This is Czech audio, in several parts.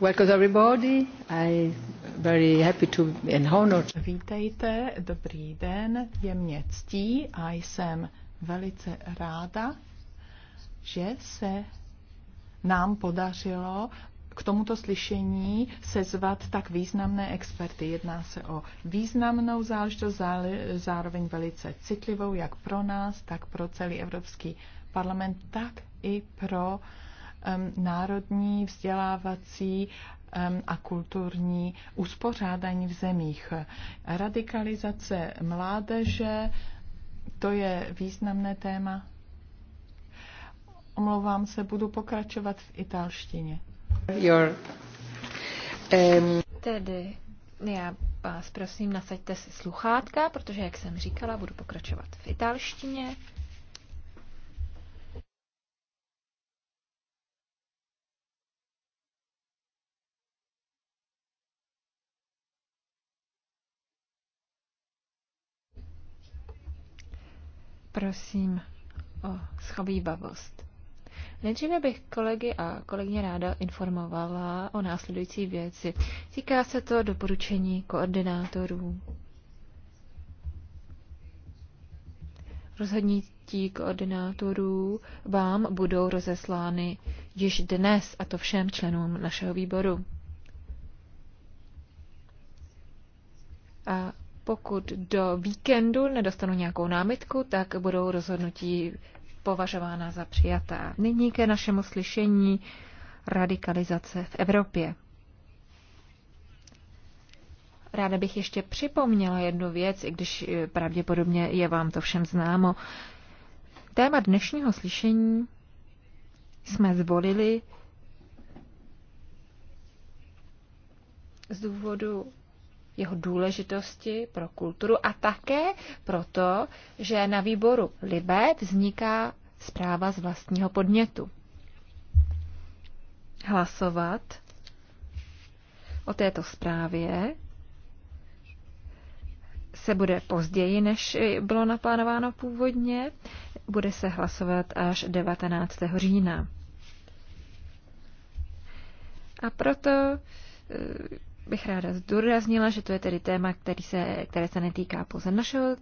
Welcome everybody. I very happy to Vítejte, dobrý den, je mě ctí a jsem velice ráda, že se nám podařilo k tomuto slyšení sezvat tak významné experty. Jedná se o významnou záležitost, zároveň velice citlivou, jak pro nás, tak pro celý Evropský parlament, tak i pro uh, Um, národní vzdělávací um, a kulturní uspořádání v zemích. Radikalizace mládeže, to je významné téma. Omlouvám se, budu pokračovat v italštině. Your, um... Tedy já vás prosím, nasaďte si sluchátka, protože, jak jsem říkala, budu pokračovat v italštině. Prosím o schovývavost. Nejdříve bych kolegy a kolegyně ráda informovala o následující věci. Týká se to doporučení koordinátorů. Rozhodnutí koordinátorů vám budou rozeslány již dnes, a to všem členům našeho výboru. A pokud do víkendu nedostanu nějakou námitku, tak budou rozhodnutí považována za přijatá. Nyní ke našemu slyšení radikalizace v Evropě. Ráda bych ještě připomněla jednu věc, i když eh, pravděpodobně je vám to všem známo. Téma dnešního slyšení jsme zvolili z důvodu jeho důležitosti pro kulturu a také proto, že na výboru Libet vzniká zpráva z vlastního podnětu. Hlasovat o této zprávě se bude později, než bylo naplánováno původně. Bude se hlasovat až 19. října. A proto bych ráda zdůraznila, že to je tedy téma, který se, které se netýká pouze našeho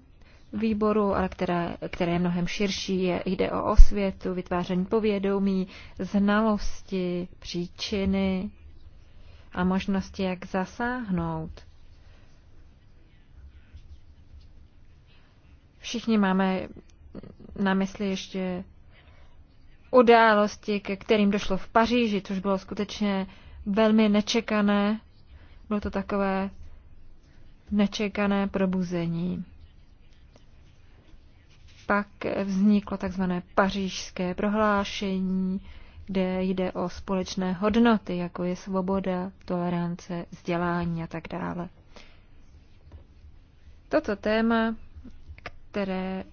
výboru, ale které, které je mnohem širší. Je, jde o osvětu, vytváření povědomí, znalosti, příčiny a možnosti, jak zasáhnout. Všichni máme na mysli ještě události, ke kterým došlo v Paříži, což bylo skutečně velmi nečekané bylo to takové nečekané probuzení. Pak vzniklo takzvané pařížské prohlášení, kde jde o společné hodnoty, jako je svoboda, tolerance, vzdělání a tak dále. Toto téma, které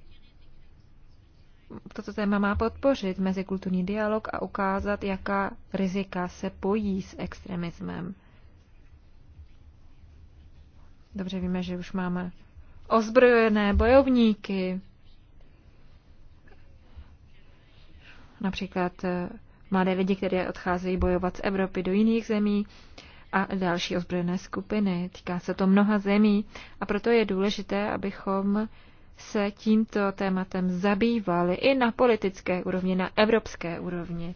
toto téma má podpořit mezikulturní dialog a ukázat, jaká rizika se pojí s extremismem. Dobře víme, že už máme ozbrojené bojovníky, například eh, mladé lidi, které odcházejí bojovat z Evropy do jiných zemí a další ozbrojené skupiny. Týká se to mnoha zemí a proto je důležité, abychom se tímto tématem zabývali i na politické úrovni, na evropské úrovni.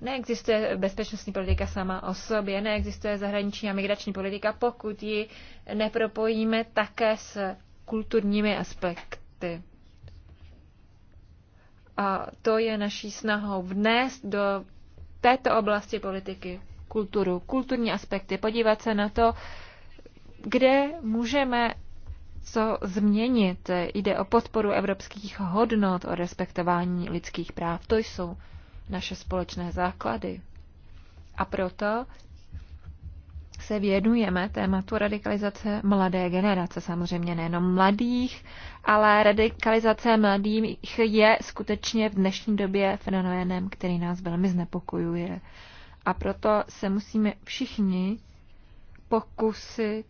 Neexistuje bezpečnostní politika sama o sobě, neexistuje zahraniční a migrační politika, pokud ji nepropojíme také s kulturními aspekty. A to je naší snahou vnést do této oblasti politiky kulturu, kulturní aspekty, podívat se na to, kde můžeme co změnit. Jde o podporu evropských hodnot, o respektování lidských práv. To jsou naše společné základy. A proto se věnujeme tématu radikalizace mladé generace, samozřejmě nejenom mladých, ale radikalizace mladých je skutečně v dnešní době fenoménem, který nás velmi znepokojuje. A proto se musíme všichni pokusit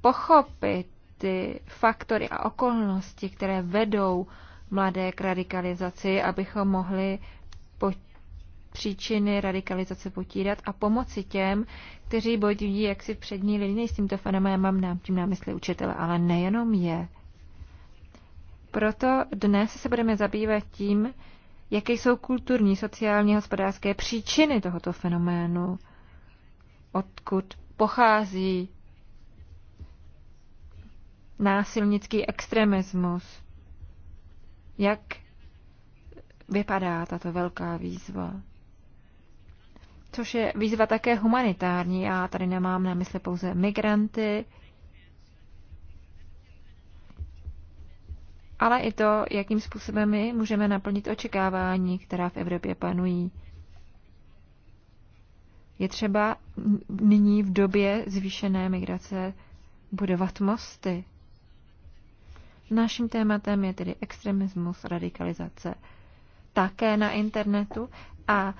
pochopit ty faktory a okolnosti, které vedou mladé k radikalizaci, abychom mohli příčiny radikalizace potírat a pomoci těm, kteří bojují jaksi v přední linii s tímto fenoménem, mám nám tím na mysli učitele, ale nejenom je. Proto dnes se budeme zabývat tím, jaké jsou kulturní, sociální hospodářské příčiny tohoto fenoménu, odkud pochází násilnický extremismus, jak vypadá tato velká výzva což je výzva také humanitární. Já tady nemám na mysli pouze migranty, ale i to, jakým způsobem my můžeme naplnit očekávání, která v Evropě panují. Je třeba nyní v době zvýšené migrace budovat mosty. Naším tématem je tedy extremismus, radikalizace také na internetu a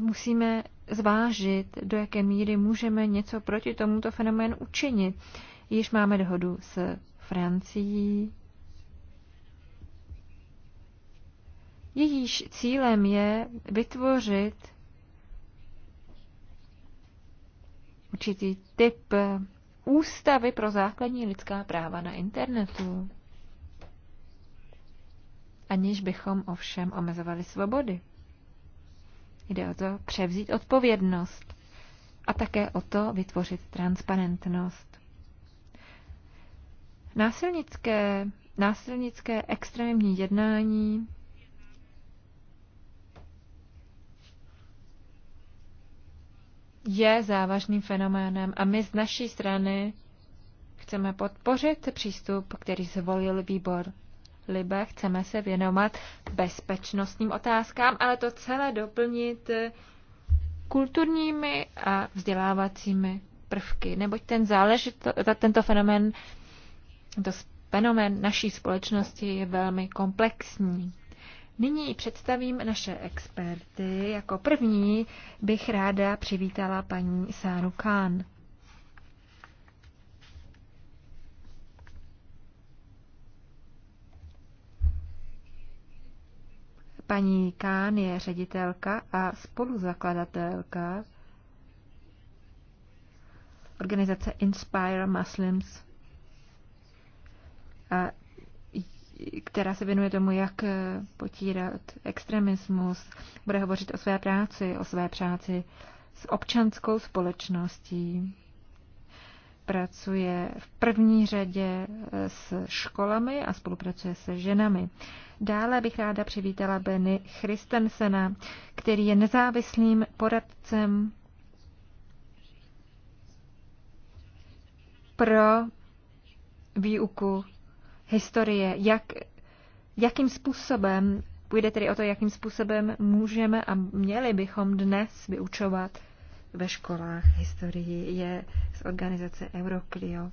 musíme zvážit, do jaké míry můžeme něco proti tomuto fenoménu učinit. Již máme dohodu s Francií. Jejíž cílem je vytvořit určitý typ ústavy pro základní lidská práva na internetu, aniž bychom ovšem omezovali svobody. Jde o to převzít odpovědnost a také o to vytvořit transparentnost. Násilnické, násilnické extrémní jednání je závažným fenoménem a my z naší strany chceme podpořit přístup, který zvolil výbor Libe chceme se věnovat bezpečnostním otázkám, ale to celé doplnit eh, kulturními a vzdělávacími prvky, neboť ten záležit, tento fenomén, to fenomén naší společnosti je velmi komplexní. Nyní představím naše experty. Jako první bych ráda přivítala paní Sáru Kán. Paní Kán je ředitelka a spoluzakladatelka organizace Inspire Muslims, a, která se věnuje tomu, jak potírat extremismus, bude hovořit o své práci, o své práci s občanskou společností pracuje v první řadě eh, s školami a spolupracuje se ženami. Dále bych ráda přivítala Benny Christensena, který je nezávislým poradcem pro výuku historie, jak, jakým způsobem, půjde tedy o to, jakým způsobem můžeme a měli bychom dnes vyučovat ve školách historii je z organizace Euroclio.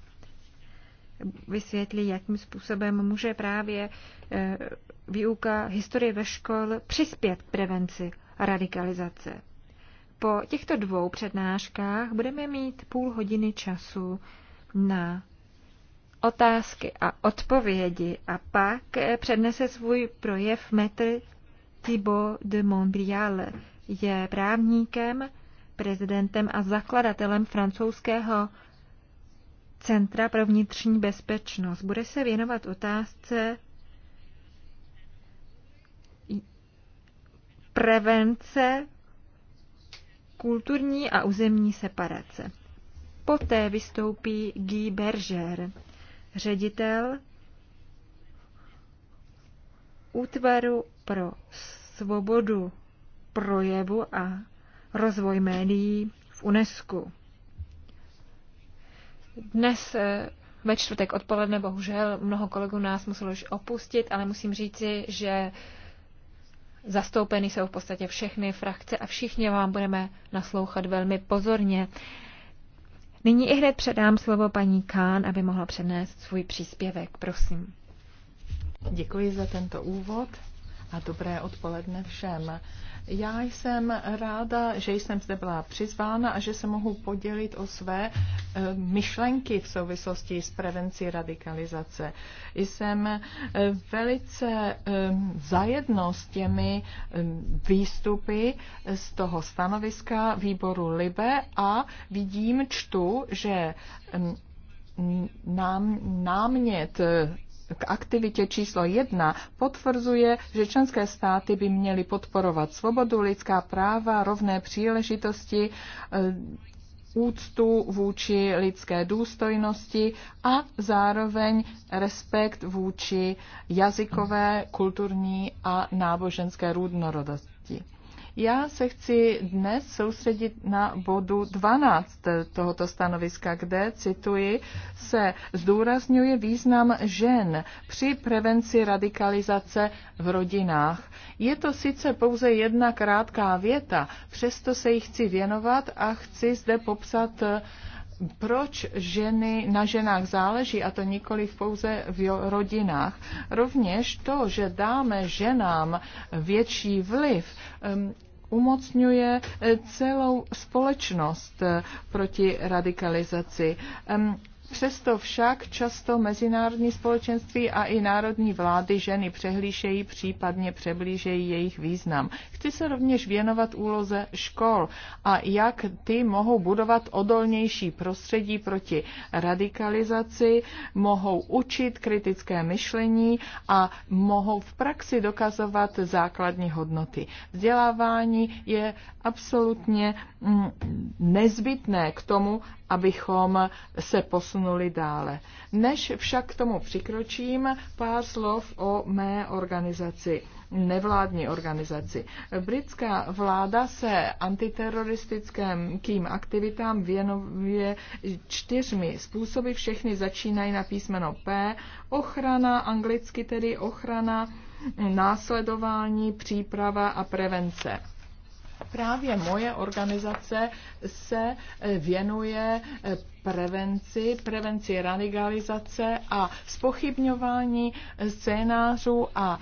Vysvětlí, jakým způsobem může právě e, výuka historie ve škol přispět k prevenci radikalizace. Po těchto dvou přednáškách budeme mít půl hodiny času na otázky a odpovědi a pak e, přednese svůj projev metr Thibaut de Montbrial. Je právníkem prezidentem a zakladatelem francouzského Centra pro vnitřní bezpečnost. Bude se věnovat otázce prevence kulturní a územní separace. Poté vystoupí Guy Berger, ředitel Útvaru pro svobodu projevu a rozvoj médií v UNESCO. Dnes eh, ve čtvrtek odpoledne bohužel mnoho kolegů nás muselo už opustit, ale musím říci, že zastoupeny jsou v podstatě všechny frakce a všichni vám budeme naslouchat velmi pozorně. Nyní i hned předám slovo paní Kán, aby mohla přenést svůj příspěvek. Prosím. Děkuji za tento úvod a dobré odpoledne všem. Já jsem ráda, že jsem zde byla přizvána a že se mohu podělit o své eh, myšlenky v souvislosti s prevencí radikalizace. Jsem eh, velice eh, zajedno s těmi výstupy z toho stanoviska výboru Libe a vidím, čtu, že mm, nám, námět k aktivitě číslo jedna potvrzuje, že členské státy by měly podporovat svobodu, lidská práva, rovné příležitosti, eh, úctu vůči lidské důstojnosti a zároveň respekt vůči jazykové, kulturní a náboženské různorodosti já se chci dnes soustředit na bodu 12 tohoto stanoviska, kde, cituji, se zdůrazňuje význam žen při prevenci radikalizace v rodinách. Je to sice pouze jedna krátká věta, přesto se jí chci věnovat a chci zde popsat eh, proč ženy na ženách záleží, a to nikoli pouze v rodinách. Rovněž to, že dáme ženám větší vliv, umocňuje eh, celou společnost eh, proti radikalizaci. Přesto však často mezinárodní společenství a i národní vlády ženy přehlíšejí, případně přeblížejí jejich význam. Chci se rovněž věnovat úloze škol a jak ty mohou budovat odolnější prostředí proti radikalizaci, mohou učit kritické myšlení a mohou v praxi dokazovat základní hodnoty. Vzdělávání je absolutně mm, nezbytné k tomu, abychom se posunuli dále. Než však k tomu přikročím, pár slov o mé organizaci nevládní organizaci. Britská vláda se antiteroristickým aktivitám věnuje čtyřmi způsoby, všechny začínají na písmeno P, ochrana, anglicky tedy ochrana, následování, příprava a prevence. Právě moje organizace se eh, věnuje eh, prevenci, prevenci radikalizace a spochybňování scénářů a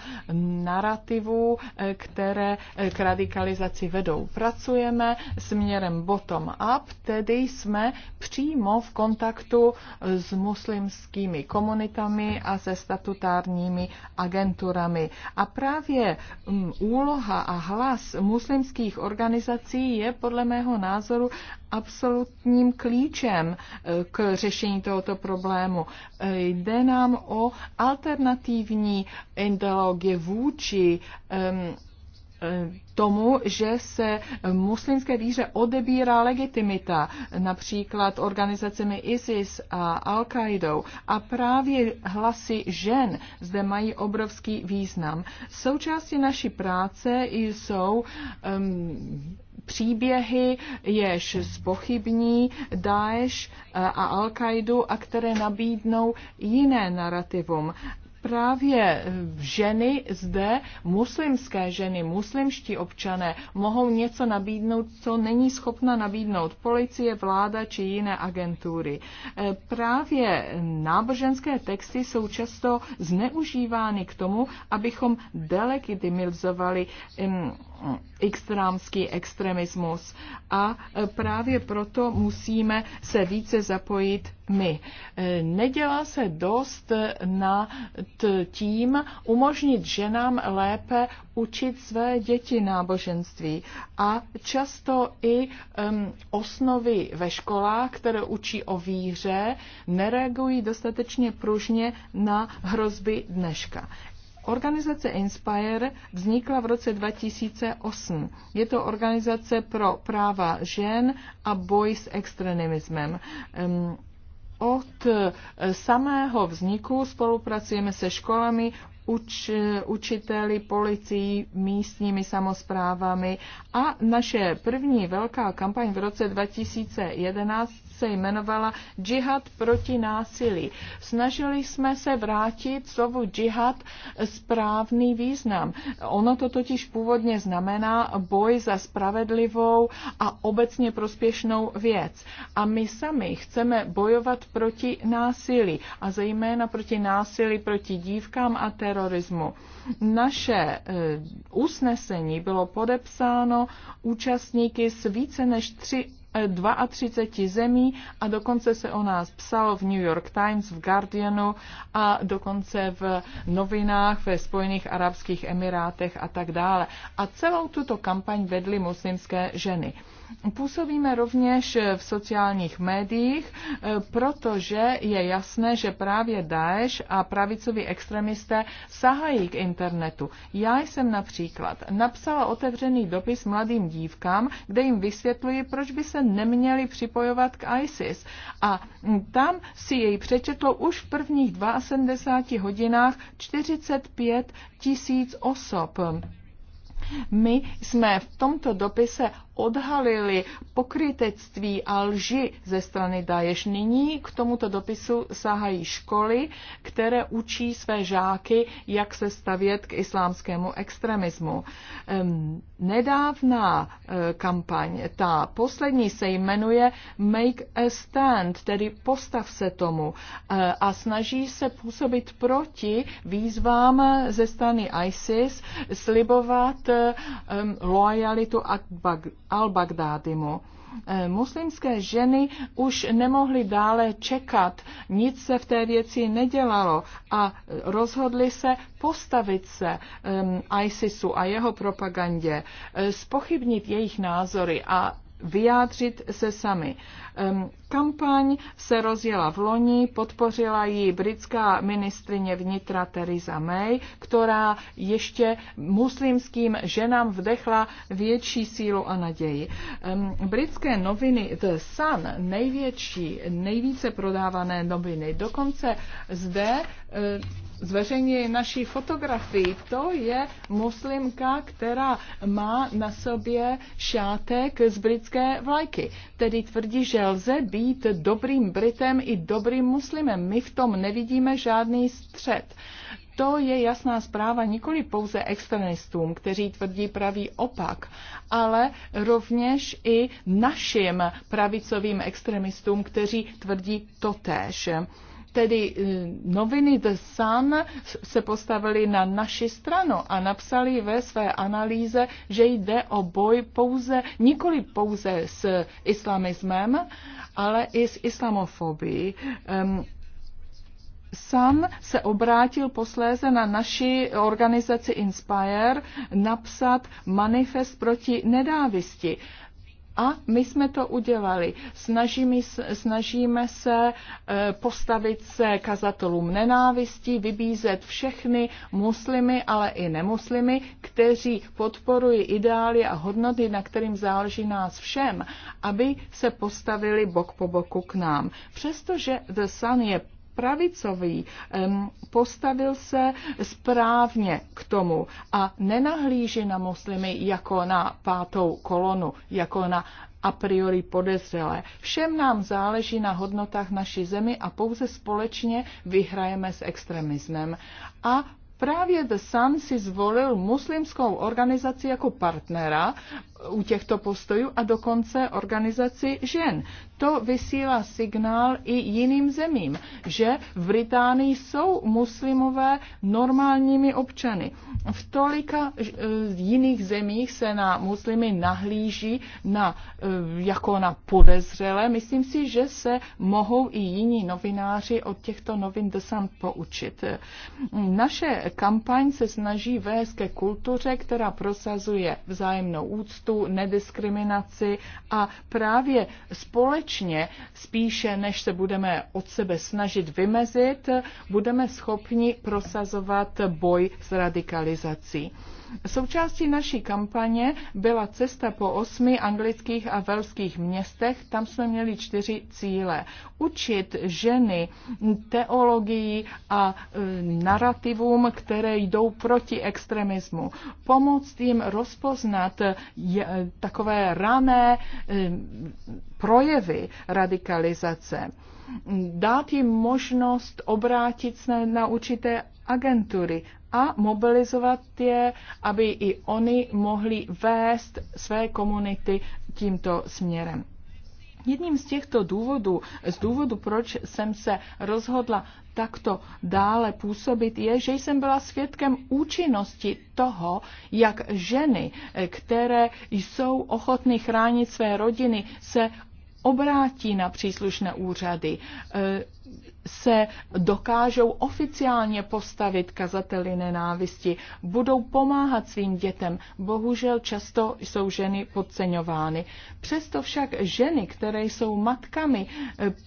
narrativů, eh, které eh, k radikalizaci vedou. Pracujeme směrem bottom-up, tedy jsme přímo v kontaktu s muslimskými komunitami a se statutárními agenturami. A právě mm, úloha a hlas muslimských organizací je podle mého názoru absolutním klíčem eh, k řešení tohoto problému. Eh, jde nám o alternativní ideologie vůči ehm, eh, tomu, že se muslimské víře odebírá legitimita, například organizacemi ISIS a al qaidou A právě hlasy žen zde mají obrovský význam. Součástí naší práce jsou um, příběhy, jež spochybní Daesh eh, a Al-Qaidu a které nabídnou jiné narrativum právě eh, ženy zde, muslimské ženy, muslimští občané, mohou něco nabídnout, co není schopna nabídnout policie, vláda či jiné agentury. Eh, právě náboženské texty jsou často zneužívány k tomu, abychom delegitimizovali extrámský extremismus. A e, právě proto musíme se více zapojit my. E, nedělá se dost na tím umožnit ženám lépe učit své děti náboženství. A často i um, osnovy ve školách, které učí o víře, nereagují dostatečně pružně na hrozby dneška. Organizace Inspire vznikla v roce 2008. Je to organizace pro práva žen a boj s extremismem. Od eh, samého vzniku spolupracujeme se školami, uč, eh, učiteli, policií, místními samozprávami. A naše první velká kampaň v roce 2011 se jmenovala Džihad proti násilí. Snažili jsme se vrátit slovu džihad správný význam. Ono to totiž původně znamená boj za spravedlivou a obecně prospěšnou věc. A my sami chceme bojovat proti násilí a zejména proti násilí proti dívkám a terorismu. Naše eh, usnesení bylo podepsáno účastníky z více než tři 32 zemí a dokonce se o nás psalo v New York Times, v Guardianu a dokonce v novinách ve Spojených Arabských Emirátech a tak dále. A celou tuto kampaň vedly muslimské ženy. Působíme rovněž v sociálních médiích, protože je jasné, že právě Daesh a pravicoví extremisté sahají k internetu. Já jsem například napsala otevřený dopis mladým dívkám, kde jim vysvětluji, proč by se neměli připojovat k ISIS. A tam si jej přečetlo už v prvních 72 hodinách 45 tisíc osob. My jsme v tomto dopise odhalili pokrytectví a lži ze strany Daješ. Nyní k tomuto dopisu sahají školy, které učí své žáky, jak se stavět k islámskému extremismu. Nedávná e, kampaň, ta poslední se jmenuje Make a Stand, tedy postav se tomu e, a snaží se působit proti výzvám ze strany ISIS, slibovat e, lojalitu a al-Bagdádimu. Eh, muslimské ženy už nemohly dále čekat, nic se v té věci nedělalo a rozhodly se postavit se ehm, ISISu a jeho propagandě, spochybnit eh, jejich názory a vyjádřit se sami. Kampaň se rozjela v loni, podpořila ji britská ministrině vnitra Theresa May, která ještě muslimským ženám vdechla větší sílu a naději. Britské noviny The Sun, největší, nejvíce prodávané noviny, dokonce zde e, zveřejnili naší fotografii. To je muslimka, která má na sobě šátek z britské britské vlajky. Tedy tvrdí, že lze být dobrým Britem i dobrým muslimem. My v tom nevidíme žádný střed. To je jasná zpráva nikoli pouze extremistům, kteří tvrdí pravý opak, ale rovněž i našim pravicovým extremistům, kteří tvrdí totéž. Tedy eh, noviny The Sun se postavili na naši stranu a napsali ve své analýze, že jde o boj pouze, nikoli pouze s islamismem, ale i s islamofobií. Um, ehm, Sam se obrátil posléze na naši organizaci Inspire napsat manifest proti nedávisti. A my jsme to udělali. Snažíme, snažíme se eh, postavit se kazatelům nenávistí, vybízet všechny muslimy, ale i nemuslimy, kteří podporují ideály a hodnoty, na kterým záleží nás všem, aby se postavili bok po boku k nám. Přestože The Sun je pravicový, postavil se správně k tomu a nenahlíží na muslimy jako na pátou kolonu, jako na a priori podezřelé. Všem nám záleží na hodnotách naší zemi a pouze společně vyhrajeme s extremismem. A Právě The Sun si zvolil muslimskou organizaci jako partnera u těchto postojů a dokonce organizaci žen. To vysílá signál i jiným zemím, že v Británii jsou muslimové normálními občany. V tolika eh, jiných zemích se na muslimy nahlíží na, eh, jako na podezřelé. Myslím si, že se mohou i jiní novináři od těchto novin The Sun poučit. Naše kampaň se snaží vést ke kultuře, která prosazuje vzájemnou úctu, tu nediskriminaci a právě společně, spíše než se budeme od sebe snažit vymezit, budeme schopni prosazovat boj s radikalizací. Součástí naší kampaně byla cesta po osmi anglických a velských městech. Tam jsme měli čtyři cíle. Učit ženy teologii a e, narrativům, které jdou proti extremismu. Pomoct jim rozpoznat e, e, takové rané projevy radikalizace dát jim možnost obrátit se na určité agentury, a mobilizovat je, aby i oni mohli vést své komunity tímto směrem. Jedním z těchto důvodů, z důvodu, proč jsem se rozhodla takto dále působit, je, že jsem byla svědkem účinnosti toho, jak ženy, které jsou ochotny chránit své rodiny, se obrátí na příslušné úřady se dokážou oficiálně postavit kazateli nenávisti, budou pomáhat svým dětem. Bohužel často jsou ženy podceňovány. Přesto však ženy, které jsou matkami,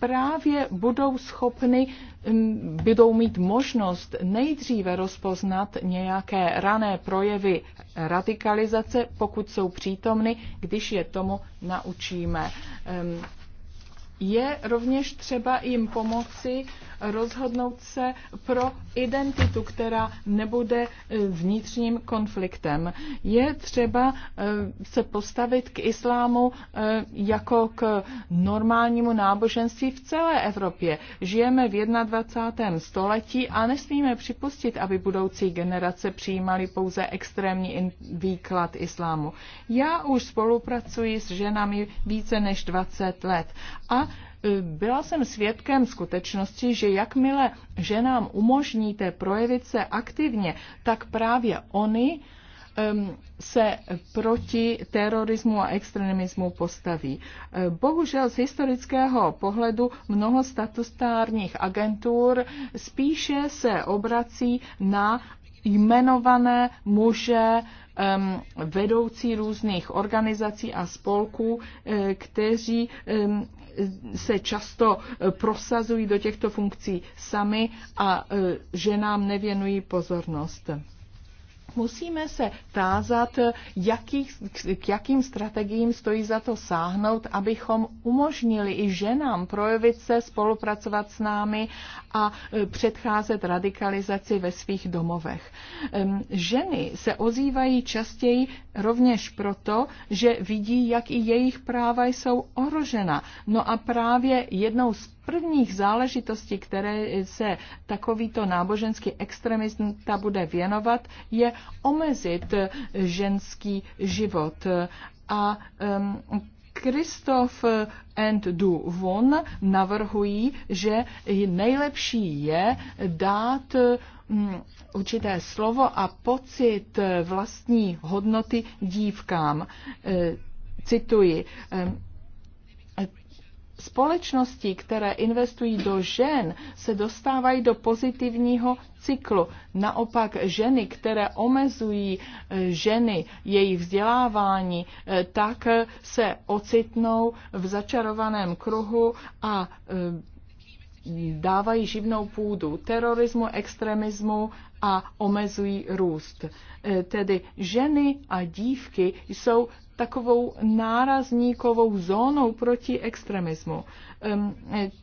právě budou schopny, mm, budou mít možnost nejdříve rozpoznat nějaké rané projevy radikalizace, pokud jsou přítomny, když je tomu naučíme je rovněž třeba jim pomoci rozhodnout se pro identitu, která nebude e, vnitřním konfliktem. Je třeba e, se postavit k islámu e, jako k normálnímu náboženství v celé Evropě. Žijeme v 21. století a nesmíme připustit, aby budoucí generace přijímaly pouze extrémní výklad islámu. Já už spolupracuji s ženami více než 20 let a byla jsem svědkem skutečnosti, že jakmile ženám umožníte projevit se aktivně, tak právě oni se proti terorismu a extremismu postaví. E, bohužel z historického pohledu mnoho statutárních agentur spíše se obrací na jmenované muže, um, vedoucí různých organizací a spolků, e, kteří um, se často eh, prosazují do těchto funkcí sami a eh, ženám nevěnují pozornost. Musíme se tázat, jaký, k jakým strategiím stojí za to sáhnout, abychom umožnili i ženám projevit se, spolupracovat s námi a e, předcházet radikalizaci ve svých domovech. Ženy se ozývají častěji rovněž proto, že vidí, jak i jejich práva jsou ohrožena. No a právě jednou z prvních záležitostí, které se takovýto náboženský extremista bude věnovat, je omezit eh, ženský život. A um, Kristof eh, and Du Von navrhují, že nejlepší je dát eh, mm, určité slovo a pocit vlastní hodnoty dívkám. Cituji, společnosti, které investují do žen, se dostávají do pozitivního cyklu. Naopak ženy, které omezují eh, ženy, jejich vzdělávání, eh, tak eh, se ocitnou v začarovaném kruhu a dávají živnou půdu terorismu, extremismu, a omezují růst. E, tedy ženy a dívky jsou takovou nárazníkovou zónou proti extremismu.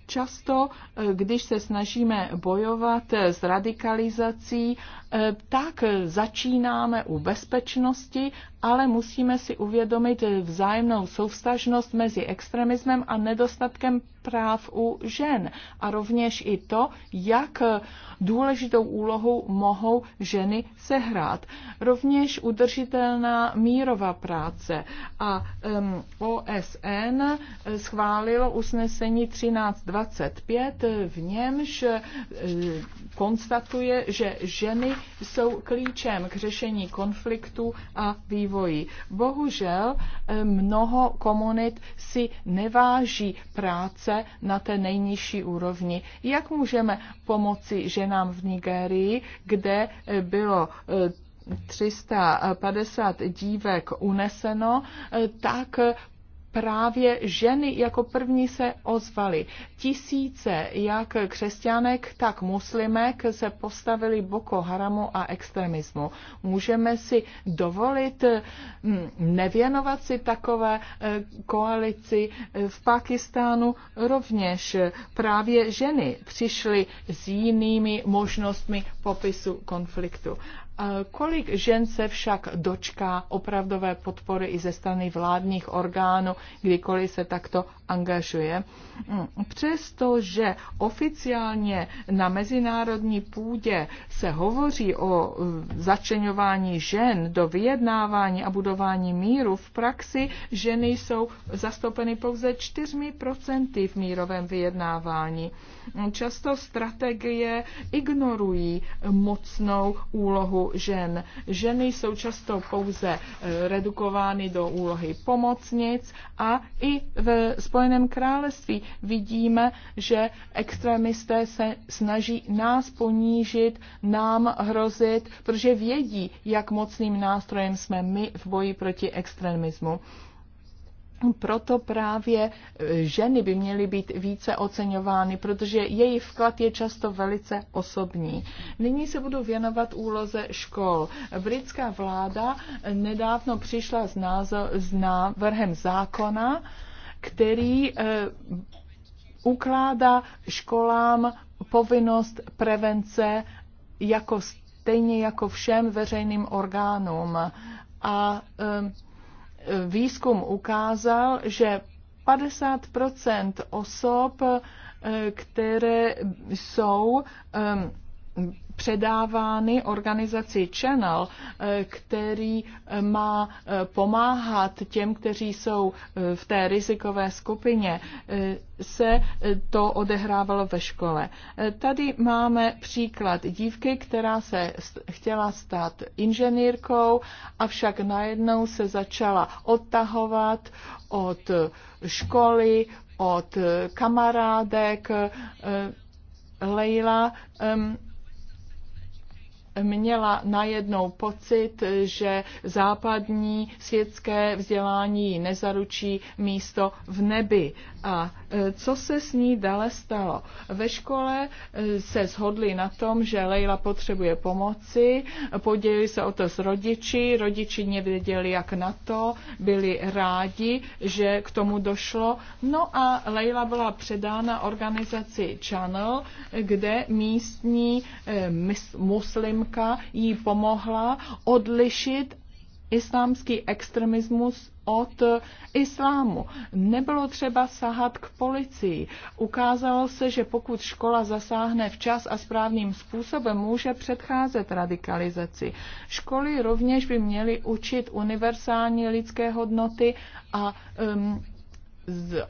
Často, eh, když se snažíme bojovat eh, s radikalizací, eh, tak začínáme u bezpečnosti, ale musíme si uvědomit vzájemnou soustažnost mezi extremismem a nedostatkem práv u žen a rovněž i to, jak důležitou úlohu mohou ženy sehrát. Rovněž udržitelná mírová práce a OSN schválilo usnesení usnesení 1325, v němž e, konstatuje, že ženy jsou klíčem k řešení konfliktu a vývoji. Bohužel e, mnoho komunit si neváží práce na té nejnižší úrovni. Jak můžeme pomoci ženám v Nigérii, kde e, bylo 350 dívek uneseno, tak právě ženy jako první se ozvaly. Tisíce, jak křesťanek, tak muslimek, se postavili Boko Haramu a extremismu. Můžeme si dovolit mm, nevěnovat si takové e, koalici. E, v Pakistánu rovněž právě ženy přišly s jinými možnostmi popisu konfliktu. Kolik žen se však dočká opravdové podpory i ze strany vládních orgánů, kdykoliv se takto angažuje? Přestože oficiálně na mezinárodní půdě se hovoří o začeňování žen do vyjednávání a budování míru, v praxi ženy jsou zastoupeny pouze 4% v mírovém vyjednávání. Často strategie ignorují mocnou úlohu žen. Ženy jsou často pouze eh, redukovány do úlohy pomocnic a i v Spojeném království vidíme, že extremisté se snaží nás ponížit, nám hrozit, protože vědí, jak mocným nástrojem jsme my v boji proti extremismu. Proto právě e, ženy by měly být více oceňovány, protože jejich vklad je často velice osobní. Nyní se budu věnovat úloze škol. Britská vláda nedávno přišla s, s návrhem zákona, který e, ukládá školám povinnost prevence jako stejně jako všem veřejným orgánům. A e, výzkum ukázal, že 50 osob, eh, které jsou předávány organizaci Channel, eh, který eh, má eh, pomáhat těm, kteří jsou v té rizikové skupině, se to odehrávalo ve škole. Tady máme příklad dívky, která se chtěla stát inženýrkou, avšak najednou se začala odtahovat od školy, od kamarádek, Leila měla najednou pocit, že západní světské vzdělání nezaručí místo v nebi. A co se s ní dále stalo? Ve škole eh, se shodli na tom, že Leila potřebuje pomoci, podělili se o to s rodiči, rodiči nevěděli, jak na to, byli rádi, že k tomu došlo. No a Leila byla předána organizaci Channel, kde místní eh, muslimka jí pomohla odlišit islámský extremismus od islámu. Nebylo třeba sahat k policii. Ukázalo se, že pokud škola zasáhne včas a správným způsobem, může předcházet radikalizaci. Školy rovněž by měly učit univerzální lidské hodnoty a um,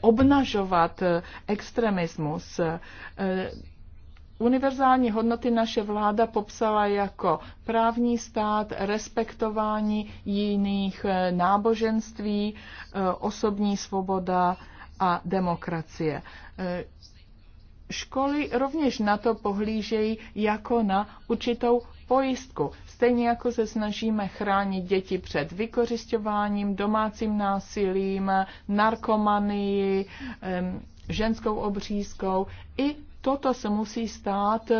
obnažovat eh, extremismus. Eh, univerzální hodnoty naše vláda popsala jako právní stát, respektování jiných eh, náboženství, eh, osobní svoboda a demokracie. Eh, školy rovněž na to pohlížejí jako na určitou pojistku. Stejně jako se snažíme chránit děti před vykořišťováním, domácím násilím, narkomanii, ženskou obřízkou. I toto se musí stát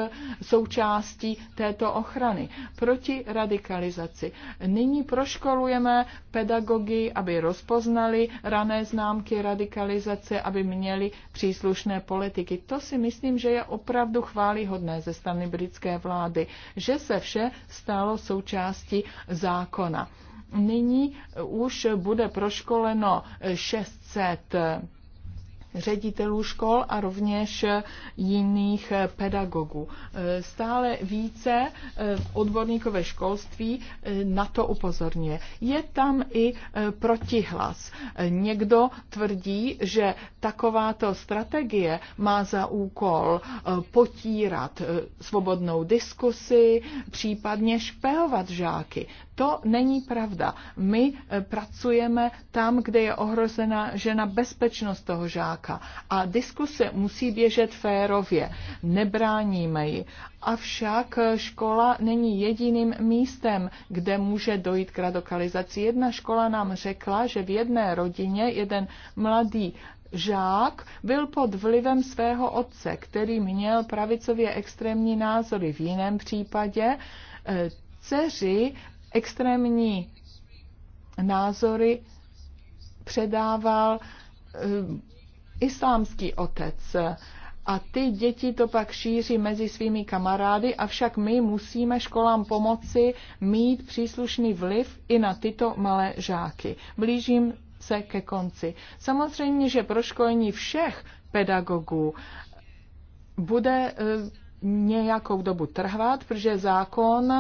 součástí této ochrany proti radikalizaci. Nyní proškolujeme pedagogy, aby rozpoznali rané známky radikalizace, aby měli příslušné politiky. To si myslím, že je opravdu chválihodné ze strany britské vlády, že se vše stalo součástí zákona. Nyní už bude proškoleno 600 ředitelů škol a rovněž jiných pedagogů. Stále více odborníkové školství na to upozorňuje. Je tam i protihlas. Někdo tvrdí, že takováto strategie má za úkol potírat svobodnou diskusi, případně špehovat žáky. To není pravda. My eh, pracujeme tam, kde je ohrozena žena bezpečnost toho žáka a diskuse musí běžet férově. Nebráníme ji. Avšak eh, škola není jediným místem, kde může dojít k radokalizaci. Jedna škola nám řekla, že v jedné rodině jeden mladý Žák byl pod vlivem svého otce, který měl pravicově extrémní názory. V jiném případě eh, dceři extrémní názory předával eh, islámský otec. A ty děti to pak šíří mezi svými kamarády, avšak my musíme školám pomoci mít příslušný vliv i na tyto malé žáky. Blížím se ke konci. Samozřejmě, že pro školení všech pedagogů bude eh, nějakou dobu trhvat, protože zákon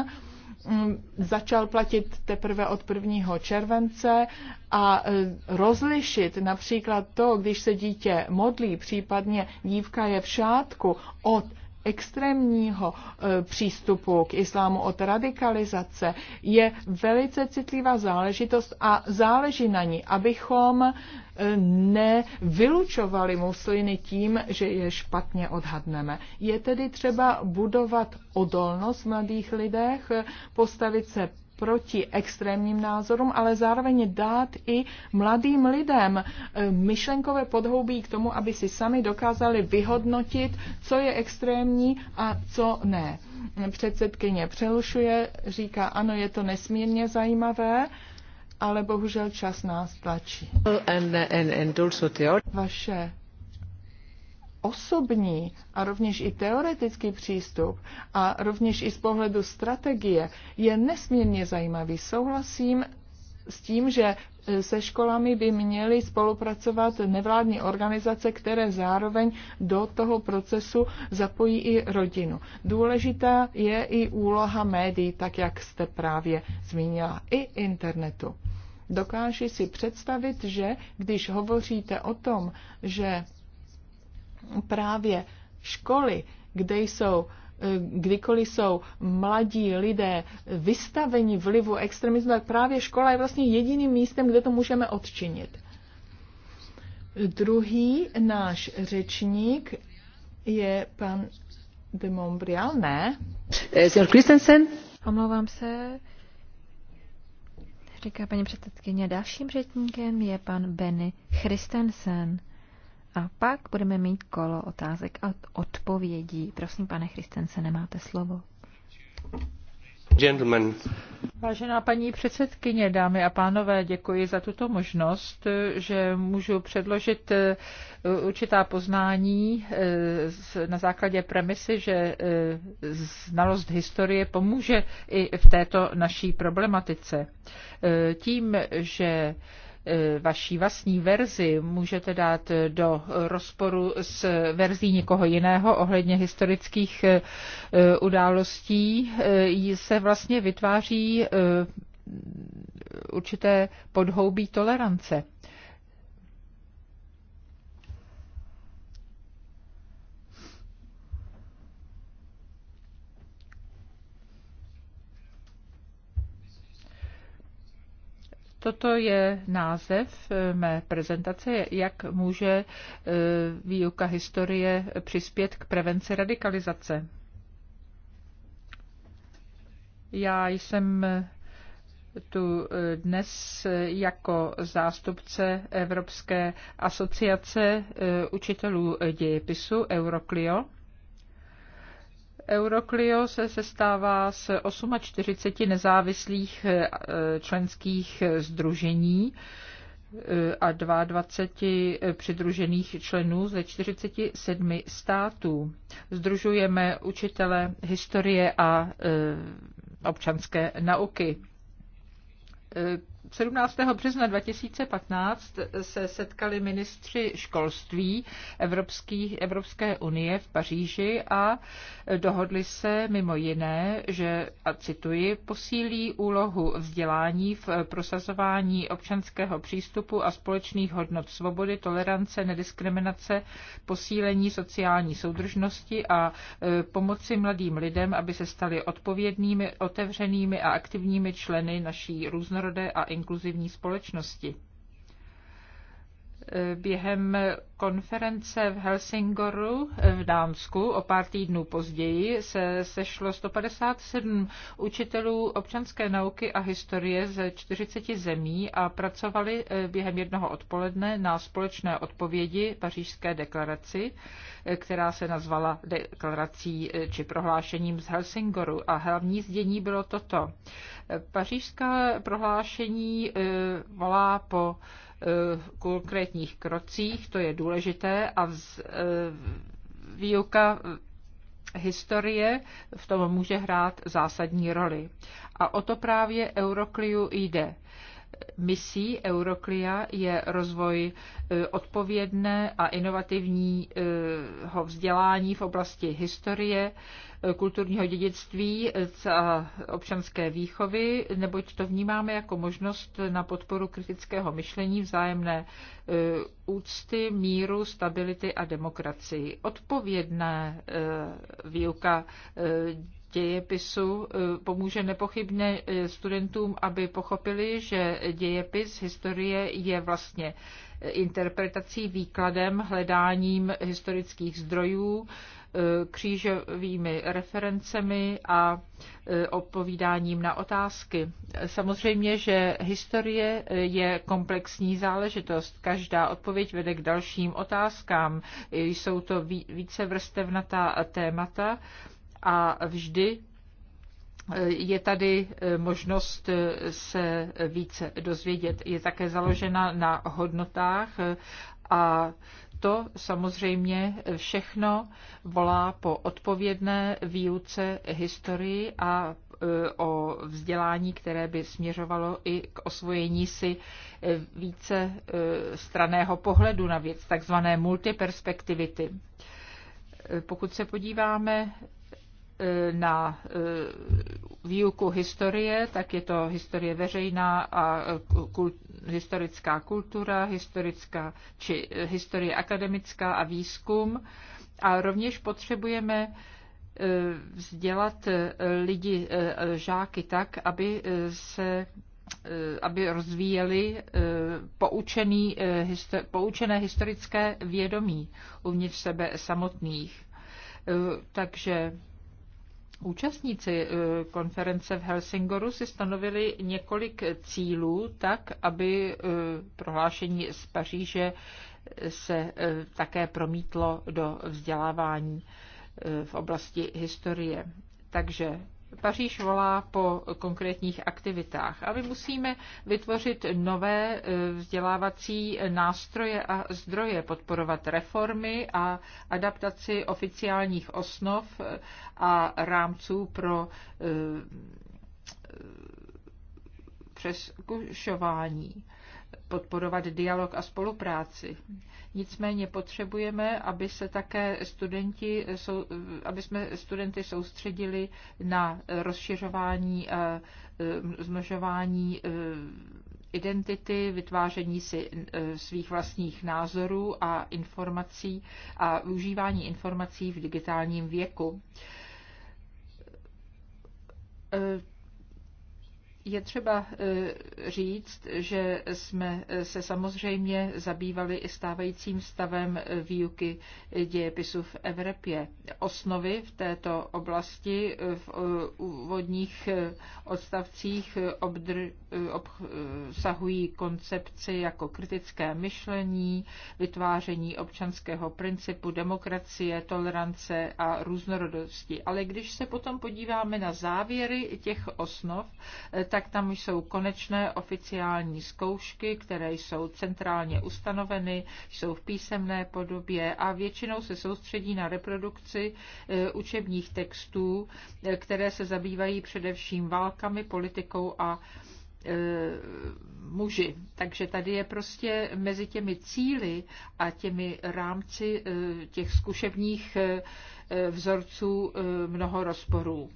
Mm, začal platit teprve od 1. července a e, rozlišit například to, když se dítě modlí, případně dívka je v šátku, od extrémního e, přístupu k islámu, od radikalizace, je velice citlivá záležitost a záleží na ní, abychom e, nevylučovali musliny tím, že je špatně odhadneme. Je tedy třeba budovat odolnost v mladých lidech, e, postavit se proti extrémním názorům, ale zároveň dát i mladým lidem eh, myšlenkové podhoubí k tomu, aby si sami dokázali vyhodnotit, co je extrémní a co ne. Předsedkyně přelušuje, říká, ano, je to nesmírně zajímavé, ale bohužel čas nás tlačí. Vaše osobní a rovněž i teoretický přístup a rovněž i z pohledu strategie je nesmírně zajímavý. Souhlasím s tím, že e, se školami by měly spolupracovat nevládní organizace, které zároveň do toho procesu zapojí i rodinu. Důležitá je i úloha médií, tak jak jste právě zmínila, i internetu. Dokáži si představit, že když hovoříte o tom, že právě školy, kde jsou eh, kdykoliv jsou mladí lidé vystaveni vlivu extremismu, tak právě škola je vlastně jediným místem, kde to můžeme odčinit. Druhý náš řečník je pan de Montbrial, ne? Eh, Sr. Christensen? Omlouvám se. Říká paní předsedkyně, dalším řečníkem je pan Benny Christensen. A pak budeme mít kolo otázek a odpovědí. Prosím, pane Christense, nemáte slovo. Gentlemen. Vážená paní předsedkyně, dámy a pánové, děkuji za tuto možnost, že můžu předložit eh, určitá poznání eh, na základě premisy, že eh, znalost historie pomůže i v této naší problematice. Tím, že Eh, vaší vlastní verzi můžete dát do rozporu s verzí někoho jiného ohledně historických eh, událostí, eh, se vlastně vytváří určité podhoubí tolerance. Toto je název eh, mé prezentace, jak může eh, výuka historie přispět k prevenci radikalizace. Já jsem tu eh, dnes jako zástupce Evropské asociace učitelů dějepisu Euroclio Euroclio se sestává z 48 nezávislých eh, členských eh, združení eh, a 22 přidružených členů ze 47 států. Združujeme učitele historie a občanské nauky 17. března 2015 se setkali ministři školství Evropský, Evropské unie v Paříži a dohodli se mimo jiné, že, a cituji, posílí úlohu vzdělání v prosazování občanského přístupu a společných hodnot svobody, tolerance, nediskriminace, posílení sociální soudržnosti a e, pomoci mladým lidem, aby se stali odpovědnými, otevřenými a aktivními členy naší různorodé a inkluzivní společnosti. Během konference v Helsingoru v Dánsku o pár týdnů později se sešlo 157 učitelů občanské nauky a historie ze 40 zemí a pracovali eh, během jednoho odpoledne na společné odpovědi pařížské deklaraci, eh, která se nazvala deklarací eh, či prohlášením z Helsingoru. A hlavní zdění bylo toto. Pařížská prohlášení volá po konkrétních krocích, to je důležité důležité a vz, e, výuka historie v tom může hrát zásadní roli. A o to právě Eurokliu jde misí Euroclia je rozvoj e, odpovědné a inovativního vzdělání v oblasti historie, e, kulturního dědictví e, a občanské výchovy, neboť to vnímáme jako možnost na podporu kritického myšlení, vzájemné úcty, míru, stability a demokracii. Odpovědná výuka dějepisu e, pomůže nepochybně e, studentům, aby pochopili, že dějepis historie je vlastně e, interpretací, výkladem, hledáním historických zdrojů, křížovými referencemi a odpovídáním na otázky. Samozřejmě, že historie je komplexní záležitost. Každá odpověď vede k dalším otázkám. Jsou to vícevrstevnatá témata a vždy e, je tady e, možnost e, se více dozvědět. Je také založena na hodnotách a to samozřejmě všechno volá po odpovědné výuce historii a o vzdělání, které by směřovalo i k osvojení si více straného pohledu na věc, takzvané multiperspektivity. Pokud se podíváme na eh, výuku historie, tak je to historie veřejná a eh, kult, historická kultura, historická či eh, historie akademická a výzkum. A rovněž potřebujeme vzdělat lidi, žáky tak, aby se aby rozvíjeli poučený, poučené historické vědomí uvnitř sebe samotných. Takže Účastníci eh, konference v Helsingoru si stanovili několik cílů tak, aby eh, prohlášení z Paříže eh, se také promítlo do vzdělávání v oblasti historie. Takže Paříž volá po konkrétních aktivitách a my musíme vytvořit nové eh, vzdělávací nástroje a zdroje, podporovat reformy a adaptaci oficiálních osnov eh, a rámců pro eh, přeskušování podporovat dialog a spolupráci. Nicméně potřebujeme, aby se také studenti, aby jsme studenty soustředili na rozšiřování, eh, eh, zmnožování eh, identity, vytváření si svých vlastních názorů a informací a využívání informací v digitálním věku je třeba e, říct, že jsme se samozřejmě zabývali i stávajícím stavem výuky dějepisu v Evropě. Osnovy v této oblasti e, v e, úvodních odstavcích obdr, obsahují koncepci jako kritické myšlení, vytváření občanského principu, demokracie, tolerance a různorodosti. Ale když se potom podíváme na závěry těch osnov, tak tak tam jsou konečné oficiální zkoušky, které jsou centrálně ustanoveny, jsou v písemné podobě a většinou se soustředí na reprodukci eh, učebních textů, eh, které se zabývají především válkami, politikou a eh, muži. Takže tady je prostě mezi těmi cíly a těmi rámci těch zkušebních vzorců mnoho rozporů.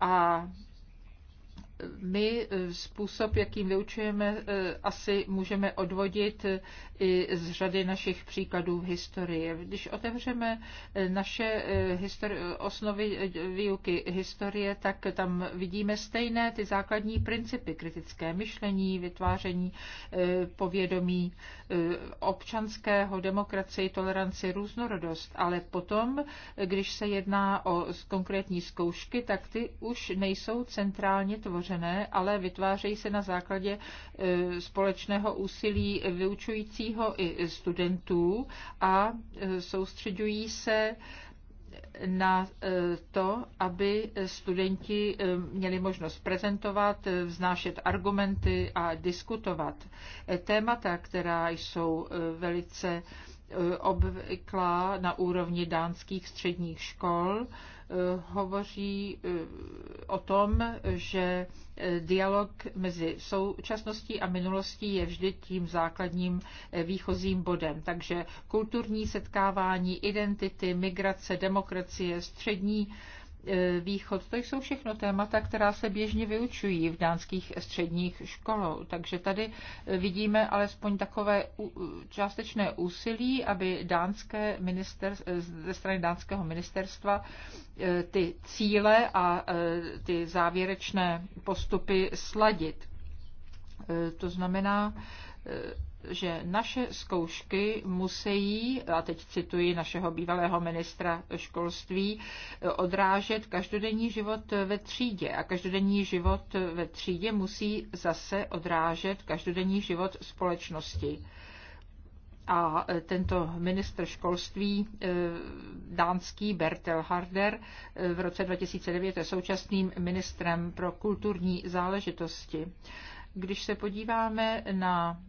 A my e, způsob, jakým vyučujeme, e, asi můžeme odvodit i z řady našich příkladů v historii. Když otevřeme e, naše histori- osnovy výuky historie, tak tam vidíme stejné ty základní principy kritické myšlení, vytváření povědomí občanského, demokracii, toleranci, různorodost. Ale potom, když se jedná o konkrétní zkoušky, tak ty už nejsou centrálně tvořené otevřené, ale vytvářejí se na základě e, společného úsilí vyučujícího i studentů a e, soustředují se na e, to, aby studenti měli možnost prezentovat, vznášet argumenty a diskutovat. Témata, která jsou velice obvyklá na úrovni dánských středních škol, hovoří o tom, že eh, dialog mezi současností a minulostí je vždy tím základním eh, výchozím bodem. Takže kulturní setkávání, identity, migrace, demokracie, střední E, východ, to jsou všechno témata, která se běžně vyučují v dánských středních školou. Takže tady e, vidíme alespoň takové částečné úsilí, aby dánské minister, e, ze strany dánského ministerstva ty cíle a ty závěrečné postupy sladit. To znamená, že naše zkoušky musí, a teď cituji našeho bývalého ministra školství, odrážet každodenní život ve třídě. A každodenní život ve třídě musí zase odrážet každodenní život společnosti. A tento ministr školství eh, dánský Bertel Harder eh, v roce 2009 je současným ministrem pro kulturní záležitosti. Když se podíváme na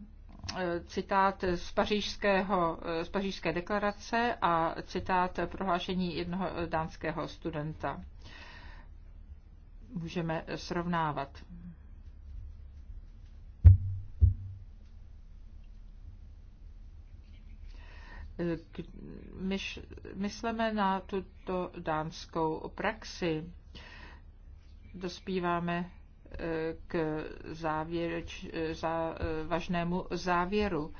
Eh, citát z, pařížského, eh, z pařížské deklarace a citát prohlášení jednoho eh, dánského studenta. Můžeme srovnávat. myš, mysleme na tuto dánskou praxi. Dospíváme k závěreč, závažnému závěru.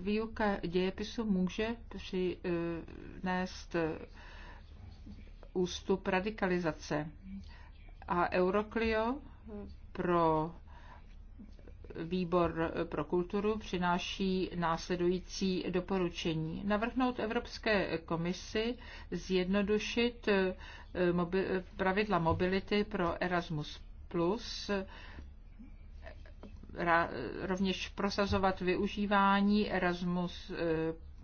Výuka dějepisu může přinést ústup radikalizace. A Euroklio pro výbor pro kulturu přináší následující doporučení. Navrhnout Evropské komisi zjednodušit pravidla mobility pro Erasmus plus rovněž prosazovat využívání Erasmus eh,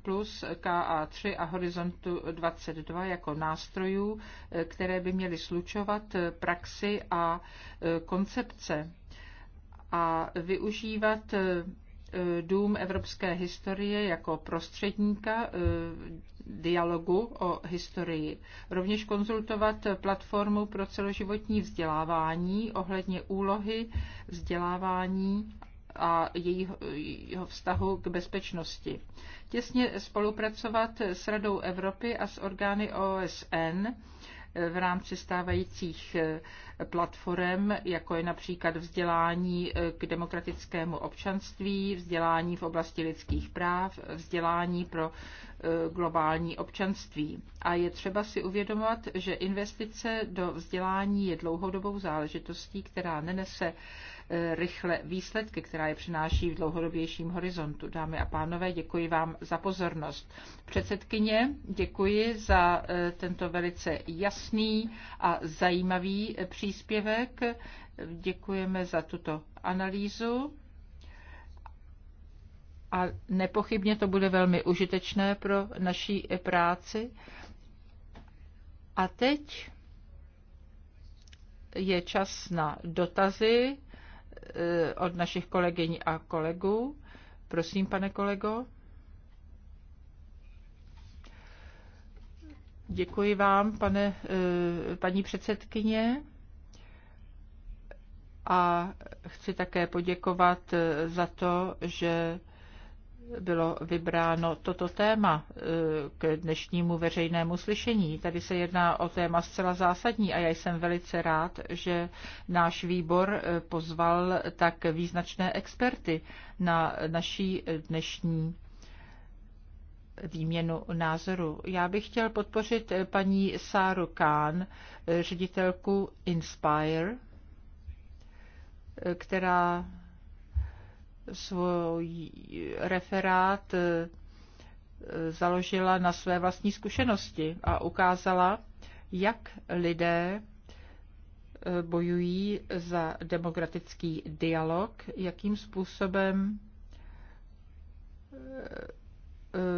plus KA3 a Horizontu 22 jako nástrojů, eh, které by měly slučovat eh, praxi a koncepce a využívat Dům evropské historie jako prostředníka dialogu o historii. Rovněž konzultovat platformu pro celoživotní vzdělávání ohledně úlohy vzdělávání a jejího vztahu k bezpečnosti. Těsně spolupracovat s Radou Evropy a s orgány OSN v rámci stávajících platform, jako je například vzdělání k demokratickému občanství, vzdělání v oblasti lidských práv, vzdělání pro E, globální občanství. A je třeba si uvědomovat, že investice do vzdělání je dlouhodobou záležitostí, která nenese e, rychle výsledky, která je přináší v dlouhodobějším horizontu. Dámy a pánové, děkuji vám za pozornost. Předsedkyně, děkuji za e, tento velice jasný a zajímavý příspěvek. Děkujeme za tuto analýzu a nepochybně to bude velmi užitečné pro naší práci. A teď je čas na dotazy eh, od našich kolegyň a kolegů. Prosím, pane kolego. Děkuji vám, pane, eh, paní předsedkyně. A chci také poděkovat eh, za to, že bylo vybráno toto téma e, k dnešnímu veřejnému slyšení. Tady se jedná o téma zcela zásadní a já jsem velice rád, že náš výbor e, pozval tak význačné experty na naší dnešní výměnu názoru. Já bych chtěl podpořit paní Sáru Kán, e, ředitelku Inspire, která svůj referát e, založila na své vlastní zkušenosti a ukázala, jak lidé e, bojují za demokratický dialog, jakým způsobem e,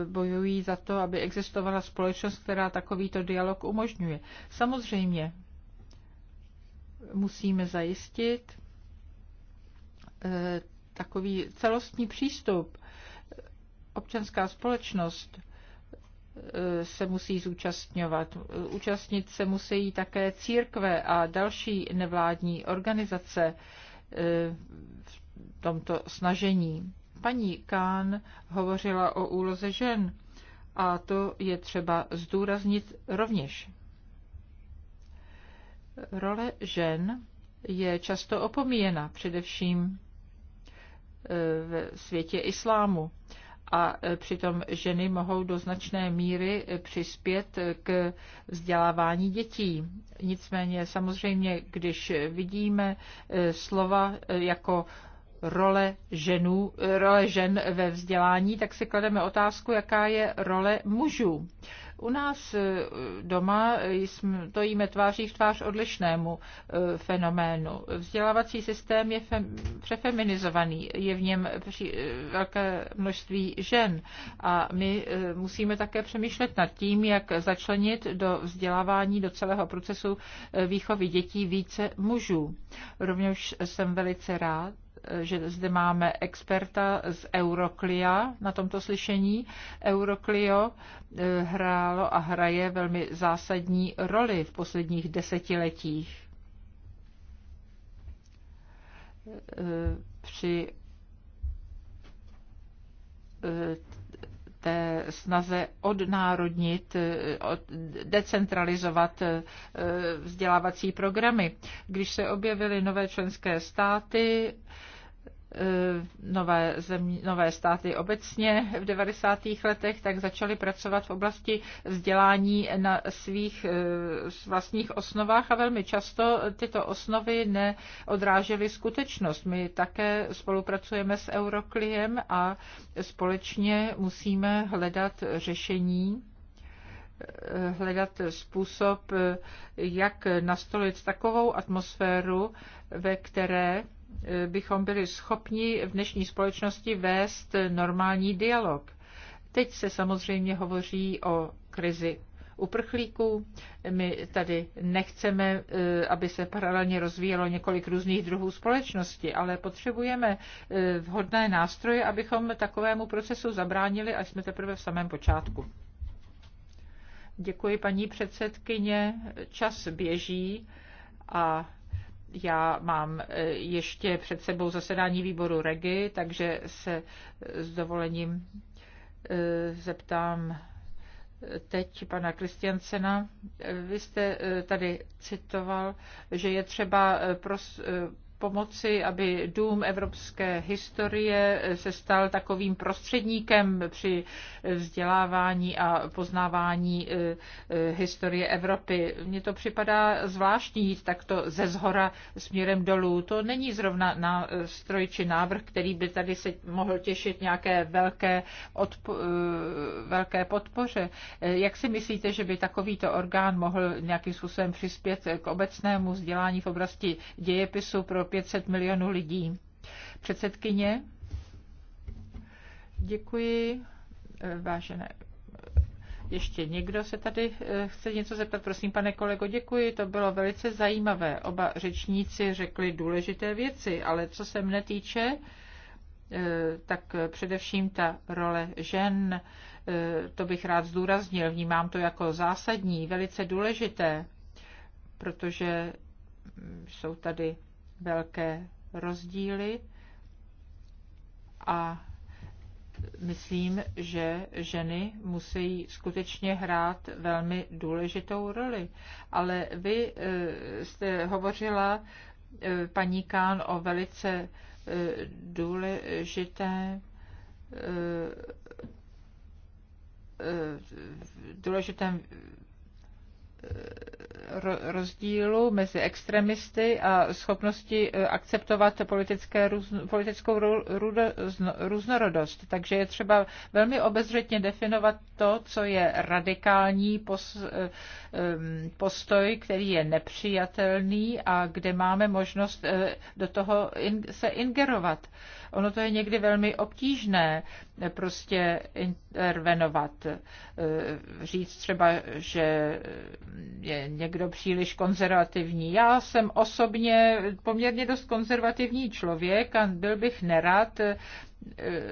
bojují za to, aby existovala společnost, která takovýto dialog umožňuje. Samozřejmě musíme zajistit takový celostní přístup. Občanská společnost eh, se musí zúčastňovat. Účastnit se musí také církve a další nevládní organizace eh, v tomto snažení. Paní Kán hovořila o úloze žen a to je třeba zdůraznit rovněž. Role žen je často opomíjena, především Eh, ve světě islámu. A eh, přitom ženy mohou do značné míry eh, přispět k vzdělávání dětí. Nicméně samozřejmě, když vidíme slova jako role, ženů, role žen ve vzdělání, tak si klademe otázku, jaká je role mužů. U nás e, doma jsme, to jíme tváří v tvář odlišnému e, fenoménu. Vzdělávací systém je fem, přefeminizovaný, je v něm při, e, velké množství žen a my musíme také přemýšlet nad tím, jak začlenit do vzdělávání, do celého procesu výchovy dětí více mužů. Rovněž jsem velice rád, že zde máme experta z Euroclia na tomto slyšení. Euroclio eh, hrálo a hraje velmi zásadní roli v posledních desetiletích eh, při eh, té snaze odnárodnit, od, decentralizovat eh, vzdělávací programy. Když se objevily nové členské státy, Eh, nové, země, nové státy obecně v 90. letech, tak začaly pracovat v oblasti vzdělání na svých eh, vlastních osnovách a velmi často tyto osnovy neodrážely skutečnost. My také spolupracujeme s Eurokliem a společně musíme hledat řešení eh, hledat způsob, jak nastolit takovou atmosféru, ve které bychom byli schopni v dnešní společnosti vést normální dialog. Teď se samozřejmě hovoří o krizi uprchlíků. My tady nechceme, eh, aby se paralelně rozvíjelo několik různých druhů společnosti, ale potřebujeme eh, vhodné nástroje, abychom takovému procesu zabránili, až jsme teprve v samém počátku. Děkuji, paní předsedkyně. Čas běží a já mám e, ještě před sebou zasedání výboru REGI, takže se s dovolením e, zeptám e, teď pana Kristiansena. Vy jste tady citoval, že je třeba pros, pomoci, aby Dům evropské historie se stal takovým prostředníkem při vzdělávání a poznávání e, e, historie Evropy. Mně to připadá zvláštní jít takto ze zhora směrem dolů. To není zrovna nástroj či návrh, který by tady se mohl těšit nějaké velké, odpo- e, velké podpoře. Jak si myslíte, že by takovýto orgán mohl nějakým způsobem přispět k obecnému vzdělání v oblasti dějepisu pro 500 milionů lidí. Předsedkyně, děkuji. Vážené ještě někdo se tady eh, chce něco zeptat? Prosím, pane kolego, děkuji, to bylo velice zajímavé. Oba řečníci řekli důležité věci, ale co se mne týče, eh, tak především ta role žen, eh, to bych rád zdůraznil, vnímám to jako zásadní, velice důležité, protože jsou tady velké rozdíly a myslím, že ženy musí skutečně hrát velmi důležitou roli. Ale vy eh, jste hovořila, eh, paní Kán, o velice eh, důležité důležitém rozdílu mezi extremisty a schopnosti eh, akceptovat politické, politickou různorodost. Takže je třeba velmi obezřetně definovat to, co je radikální eh, postoj, který je nepřijatelný a kde máme možnost eh, do toho se ingerovat. Ono to je někdy velmi obtížné prostě intervenovat, eh, říct třeba, že je někdo příliš konzervativní. Já jsem osobně poměrně dost konzervativní člověk a byl bych nerad, eh,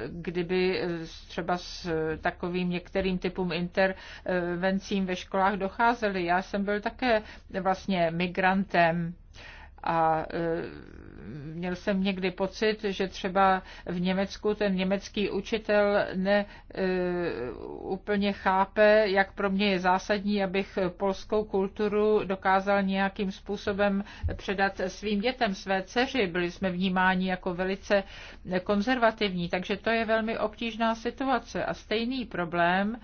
kdyby eh, třeba s takovým některým typům intervencím ve školách docházely. Já jsem byl také vlastně migrantem a měl jsem někdy pocit, že třeba v Německu ten německý učitel ne e, úplně chápe, jak pro mě je zásadní, abych polskou kulturu dokázal nějakým způsobem předat svým dětem, své dceři. Byli jsme vnímáni jako velice konzervativní, takže to je velmi obtížná situace. A stejný problém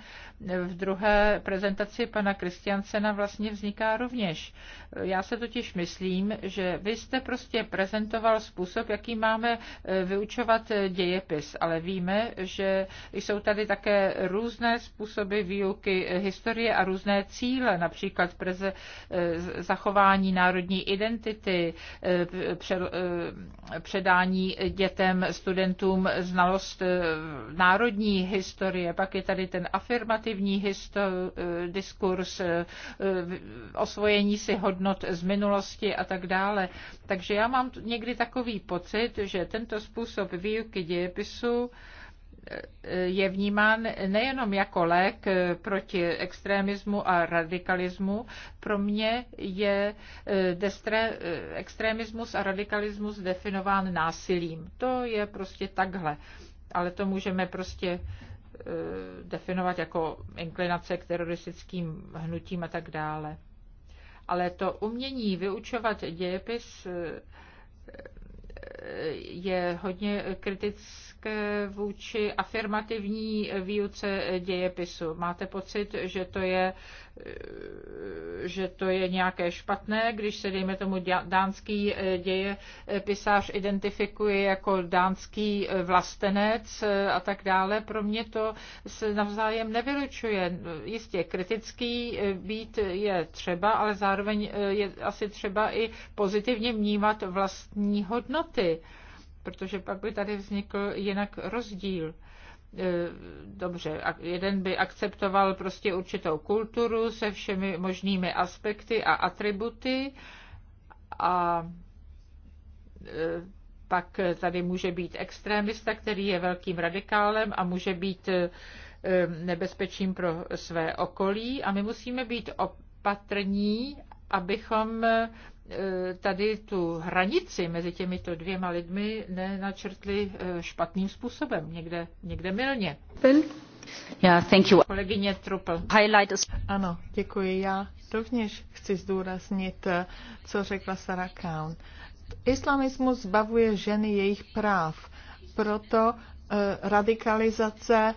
v druhé prezentaci pana Kristiancena vlastně vzniká rovněž. Já se totiž myslím, že vy jste prostě prezent komentoval způsob, jaký máme eh, vyučovat eh, dějepis, ale víme, že jsou tady také různé způsoby výuky eh, historie a různé cíle, například preze, zachování národní identity, předání dětem, studentům znalost národní historie, pak je tady ten afirmativní histo- diskurs, osvojení si hodnot z minulosti a tak dále. Takže já mám někdy takový pocit, že tento způsob výuky dějepisu eh, je vnímán nejenom jako lék eh, proti extremismu a radikalismu. Pro mě je eh, destre, extremismus a radikalismus definován násilím. To je prostě takhle. Ale to můžeme prostě definovat jako inklinace k teroristickým hnutím a tak dále. Ale to umění vyučovat dějepis je hodně kritické vůči afirmativní výuce dějepisu. Máte pocit, že to je že to je nějaké špatné, když se, dejme tomu, dánský eh, děje, eh, pisář identifikuje jako dánský eh, vlastenec a tak dále. Pro mě to se navzájem nevylučuje. Jistě kritický být je třeba, ale zároveň je asi třeba i pozitivně vnímat vlastní hodnoty, protože pak by tady vznikl jinak rozdíl. E, dobře, jeden by akceptoval prostě určitou kulturu se všemi možnými aspekty a atributy a e, pak tady může být extrémista, který je velkým radikálem a může být e, nebezpečím pro své okolí a my musíme být opatrní, abychom Eh, tady tu hranici mezi těmito dvěma lidmi nenačrtli eh, špatným způsobem, někde, někde milně. Yeah, thank you. Kolegyně Trupl. Ano, děkuji. Já rovněž chci zdůraznit, eh, co řekla Sarah Kaun. Islamismus zbavuje ženy jejich práv, proto radikalizace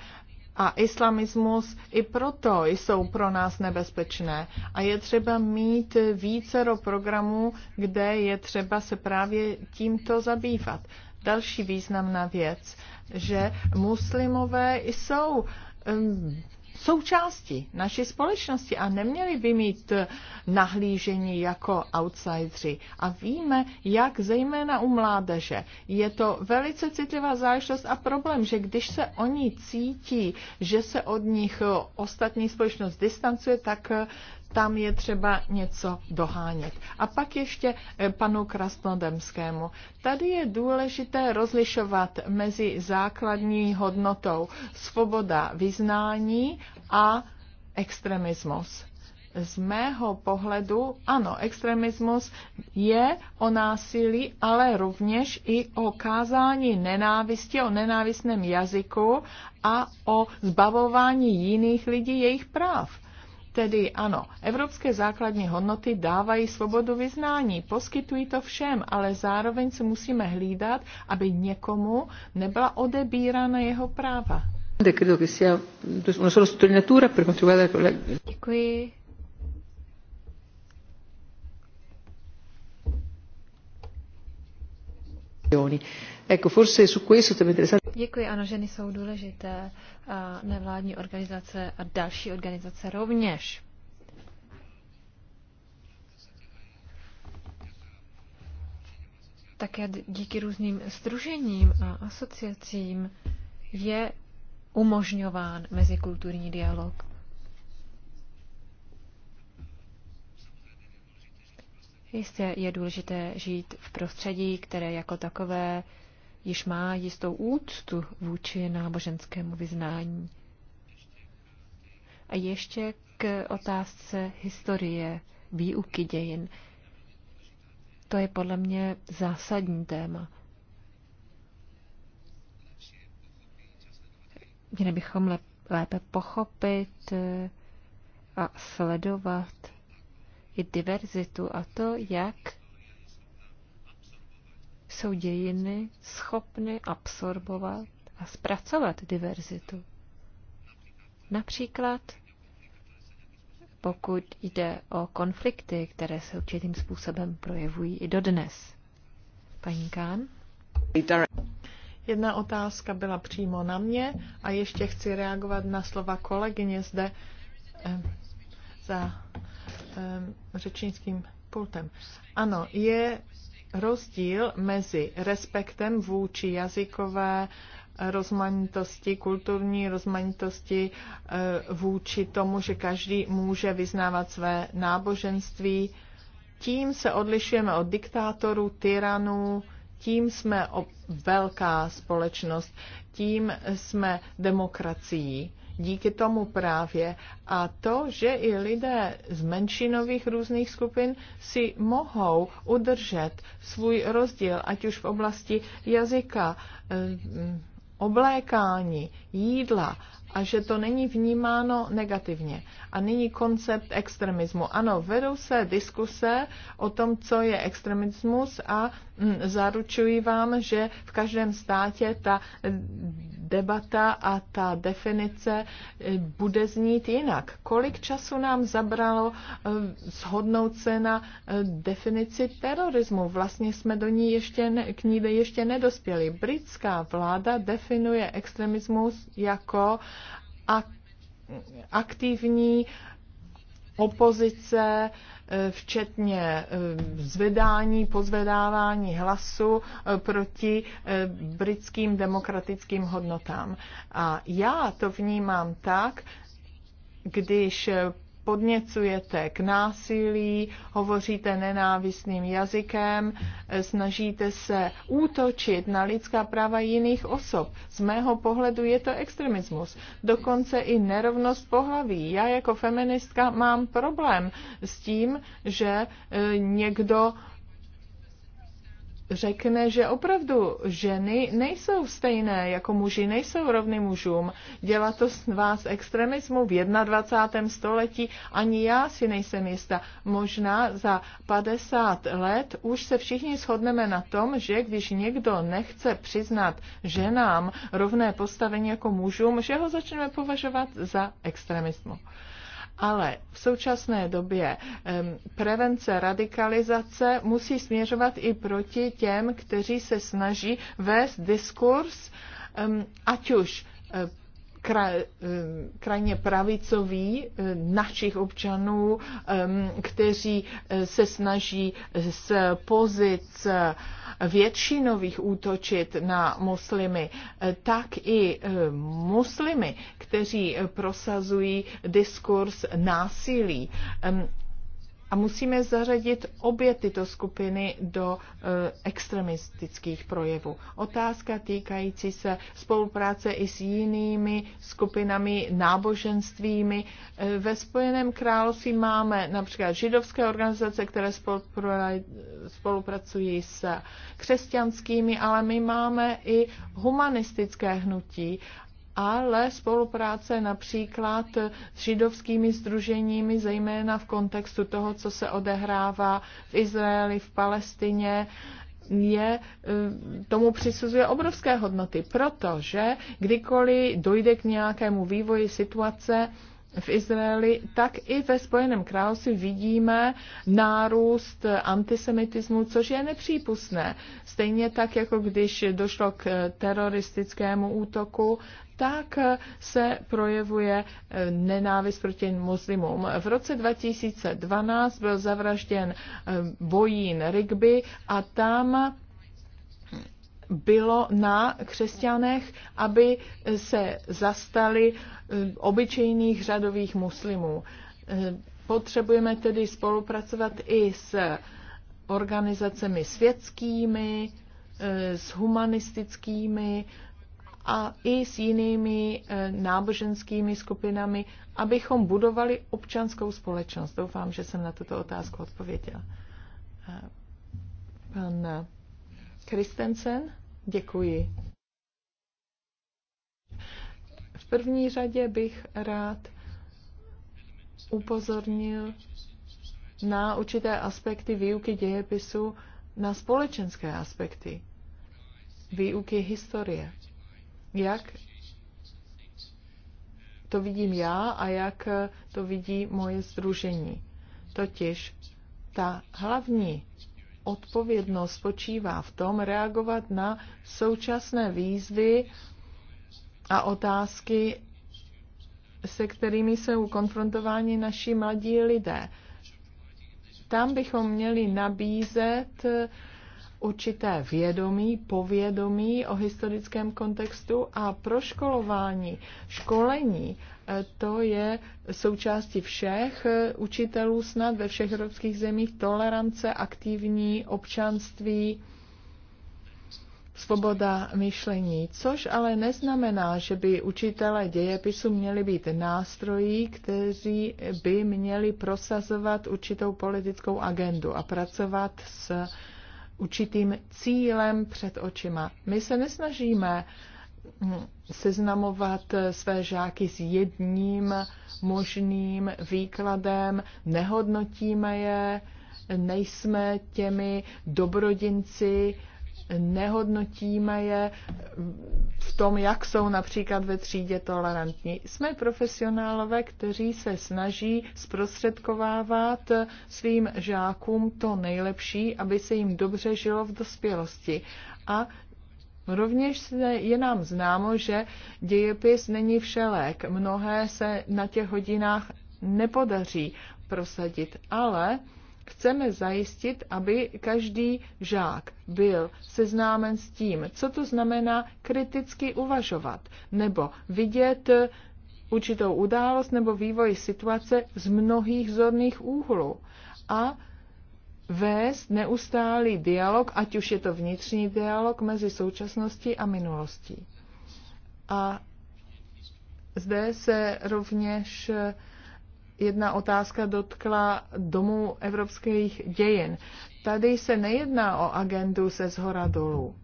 a islamismus i proto jsou pro nás nebezpečné. A je třeba mít vícero programů, kde je třeba se právě tímto zabývat. Další významná věc, že muslimové jsou součástí naší společnosti a neměli by mít nahlížení jako outsideri. A víme, jak zejména u mládeže je to velice citlivá záležitost a problém, že když se oni cítí, že se od nich ostatní společnost distancuje, tak tam je třeba něco dohánět. A pak ještě eh, panu Krasnodemskému. Tady je důležité rozlišovat mezi základní hodnotou svoboda vyznání a extremismus z mého pohledu, ano, extremismus je o násilí, ale rovněž i o kázání nenávisti, o nenávistném jazyku a o zbavování jiných lidí jejich práv. Tedy ano, evropské základní hodnoty dávají svobodu vyznání, poskytují to všem, ale zároveň se musíme hlídat, aby někomu nebyla odebírána jeho práva. Děkuji. Ecco, forse su questo è interessante. Děkuji, ano, ženy jsou důležité a nevládní organizace a další organizace rovněž. Také díky různým združením a asociacím je umožňován mezikulturní dialog. Jistě je důležité žít v prostředí, které jako takové již má jistou úctu vůči náboženskému vyznání. A ještě k otázce historie, výuky dějin. To je podle mě zásadní téma. Měli bychom lépe pochopit eh, a sledovat i diverzitu a to, jak jsou dějiny schopny absorbovat a zpracovat diverzitu. Například pokud jde o konflikty, které se určitým způsobem projevují i dodnes. Paní Kán? Jedna otázka byla přímo na mě a ještě chci reagovat na slova kolegyně zde eh, za eh, řečnickým pultem. Ano, je rozdíl mezi respektem vůči jazykové rozmanitosti, kulturní rozmanitosti eh, vůči tomu, že každý může vyznávat své náboženství. Tím se odlišujeme od diktátorů, tyranů, tím jsme velká společnost, tím jsme demokracií díky tomu právě. A to, že i lidé z menšinových různých skupin si mohou udržet svůj rozdíl, ať už v oblasti jazyka, eh, oblékání, jídla a že to není vnímáno negativně. A nyní koncept extremismu. Ano, vedou se diskuse o tom, co je extremismus a mm, zaručuji vám, že v každém státě ta eh, debata a ta definice eh, bude znít jinak. Kolik času nám zabralo eh, shodnout se na definici terorismu? Vlastně jsme do ní ještě k ní ještě nedospěli. Britská vláda definuje extremismus jako uh, aktivní opozice, eh, včetně eh, zvedání, pozvedávání hlasu eh, proti britským demokratickým hodnotám. A já to vnímám tak, když podněcujete k násilí, hovoříte nenávistným jazykem, eh, snažíte se útočit na lidská práva jiných osob. Z mého pohledu je to extremismus. Dokonce i nerovnost pohlaví. Já jako feministka mám problém s tím, že eh, někdo řekne, že opravdu ženy nejsou stejné jako muži, nejsou rovny mužům. Dělá to s vás extremismu v 21. století, ani já si nejsem jista. Možná za 50 let už se všichni shodneme na tom, že když někdo nechce přiznat ženám rovné postavení jako mužům, že ho začneme považovat za extremismu ale v současné době prevence radikalizace musí směřovat i proti těm, kteří se snaží vést diskurs, ať už Eh, krajně pravicoví eh, našich občanů, eh, kteří se snaží z pozic většinových útočit na muslimy, tak i muslimy, kteří prosazují diskurs násilí. A musíme zařadit obě tyto skupiny do e, extremistických projevů. Otázka týkající se spolupráce i s jinými skupinami, náboženstvími. E, ve Spojeném království máme například židovské organizace, které spolupracují s křesťanskými, ale my máme i humanistické hnutí ale spolupráce například s židovskými združeními, zejména v kontextu toho, co se odehrává v Izraeli, v Palestině, je, eh, tomu přisuzuje obrovské hodnoty, protože kdykoliv dojde k nějakému vývoji situace, v Izraeli, tak i ve Spojeném království vidíme nárůst antisemitismu, což je nepřípustné. Stejně tak, jako když došlo k eh, teroristickému útoku tak se projevuje eh, nenávist proti muslimům. V roce 2012 byl zavražděn eh, bojín Rigby a tam bylo na křesťanech, aby se zastali eh, obyčejných řadových muslimů. Potřebujeme tedy spolupracovat i s organizacemi světskými, s humanistickými, a i s jinými eh, náboženskými skupinami, abychom budovali občanskou společnost. Doufám, že jsem na tuto otázku odpověděla. Eh, pan Kristensen, děkuji. V první řadě bych rád upozornil na určité aspekty výuky dějepisu, na společenské aspekty výuky historie jak to vidím já a jak to vidí moje združení. Totiž ta hlavní odpovědnost spočívá v tom reagovat na současné výzvy a otázky, se kterými jsou konfrontováni naši mladí lidé. Tam bychom měli nabízet určité vědomí, povědomí o historickém kontextu a proškolování, školení, e, to je součástí všech e, učitelů snad ve všech evropských zemích tolerance, aktivní občanství, svoboda myšlení, což ale neznamená, že by učitelé dějepisu měli být nástrojí, kteří by měli prosazovat určitou politickou agendu a pracovat s určitým cílem před očima. My se nesnažíme hm, seznamovat své žáky s jedním možným výkladem, nehodnotíme je, nejsme těmi dobrodinci, nehodnotíme je v tom, jak jsou například ve třídě tolerantní. Jsme profesionálové, kteří se snaží zprostředkovávat svým žákům to nejlepší, aby se jim dobře žilo v dospělosti. A Rovněž je nám známo, že dějepis není všelék. Mnohé se na těch hodinách nepodaří prosadit, ale chceme zajistit, aby každý žák byl seznámen s tím, co to znamená kriticky uvažovat nebo vidět určitou událost nebo vývoj situace z mnohých zorných úhlů a vést neustálý dialog, ať už je to vnitřní dialog mezi současností a minulostí. A zde se rovněž jedna otázka dotkla Domu evropských dějin. Tady se nejedná o agendu se zhora dolů.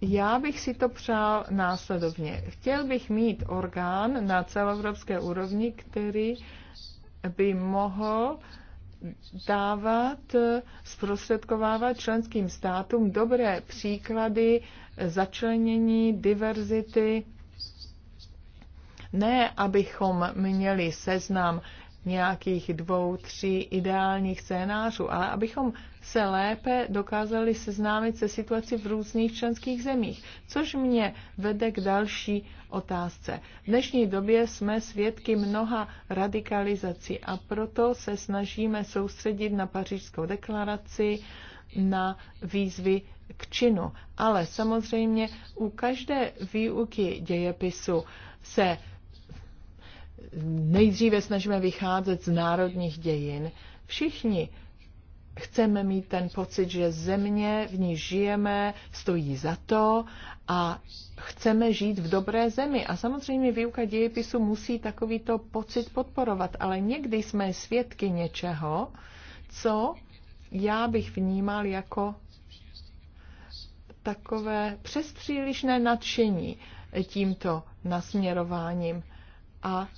Já bych si to přál následovně. Chtěl bych mít orgán na celoevropské úrovni, který by mohl dávat, zprostředkovávat členským státům dobré příklady začlenění diverzity ne, abychom měli seznam nějakých dvou, tří ideálních scénářů, ale abychom se lépe dokázali seznámit se situací v různých členských zemích, což mě vede k další otázce. V dnešní době jsme svědky mnoha radikalizací a proto se snažíme soustředit na pařížskou deklaraci, na výzvy k činu. Ale samozřejmě u každé výuky dějepisu se nejdříve snažíme vycházet z národních dějin. Všichni chceme mít ten pocit, že země, v ní žijeme, stojí za to a chceme žít v dobré zemi. A samozřejmě výuka dějepisu musí takovýto pocit podporovat, ale někdy jsme svědky něčeho, co já bych vnímal jako takové přespřílišné nadšení tímto nasměrováním. A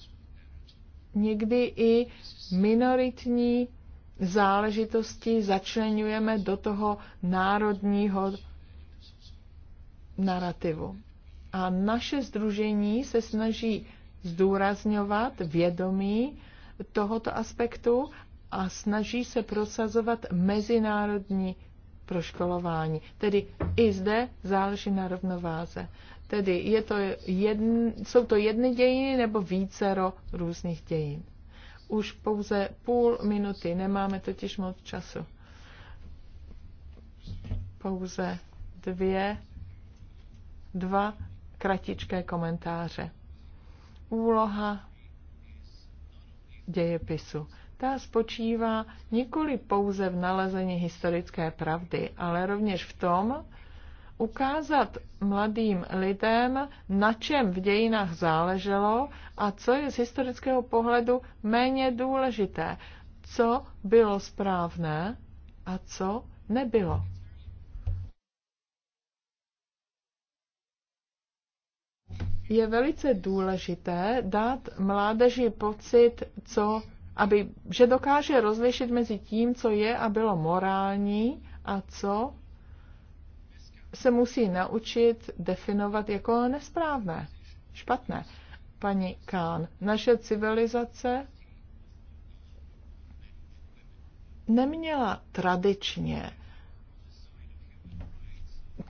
někdy i minoritní záležitosti začlenujeme do toho národního narrativu. A naše združení se snaží zdůrazňovat vědomí tohoto aspektu a snaží se prosazovat mezinárodní proškolování. Tedy i zde záleží na rovnováze. Tedy je to jedn, jsou to jedny dějiny nebo vícero různých dějin. Už pouze půl minuty, nemáme totiž moc času. Pouze dvě, dva kratičké komentáře. Úloha dějepisu. Ta spočívá nikoli pouze v nalezení historické pravdy, ale rovněž v tom, ukázat mladým lidem, na čem v dějinách záleželo a co je z historického pohledu méně důležité, co bylo správné a co nebylo. Je velice důležité dát mládeži pocit, co, aby, že dokáže rozlišit mezi tím, co je a bylo morální a co se musí naučit definovat jako nesprávné, špatné. Paní Kán, naše civilizace neměla tradičně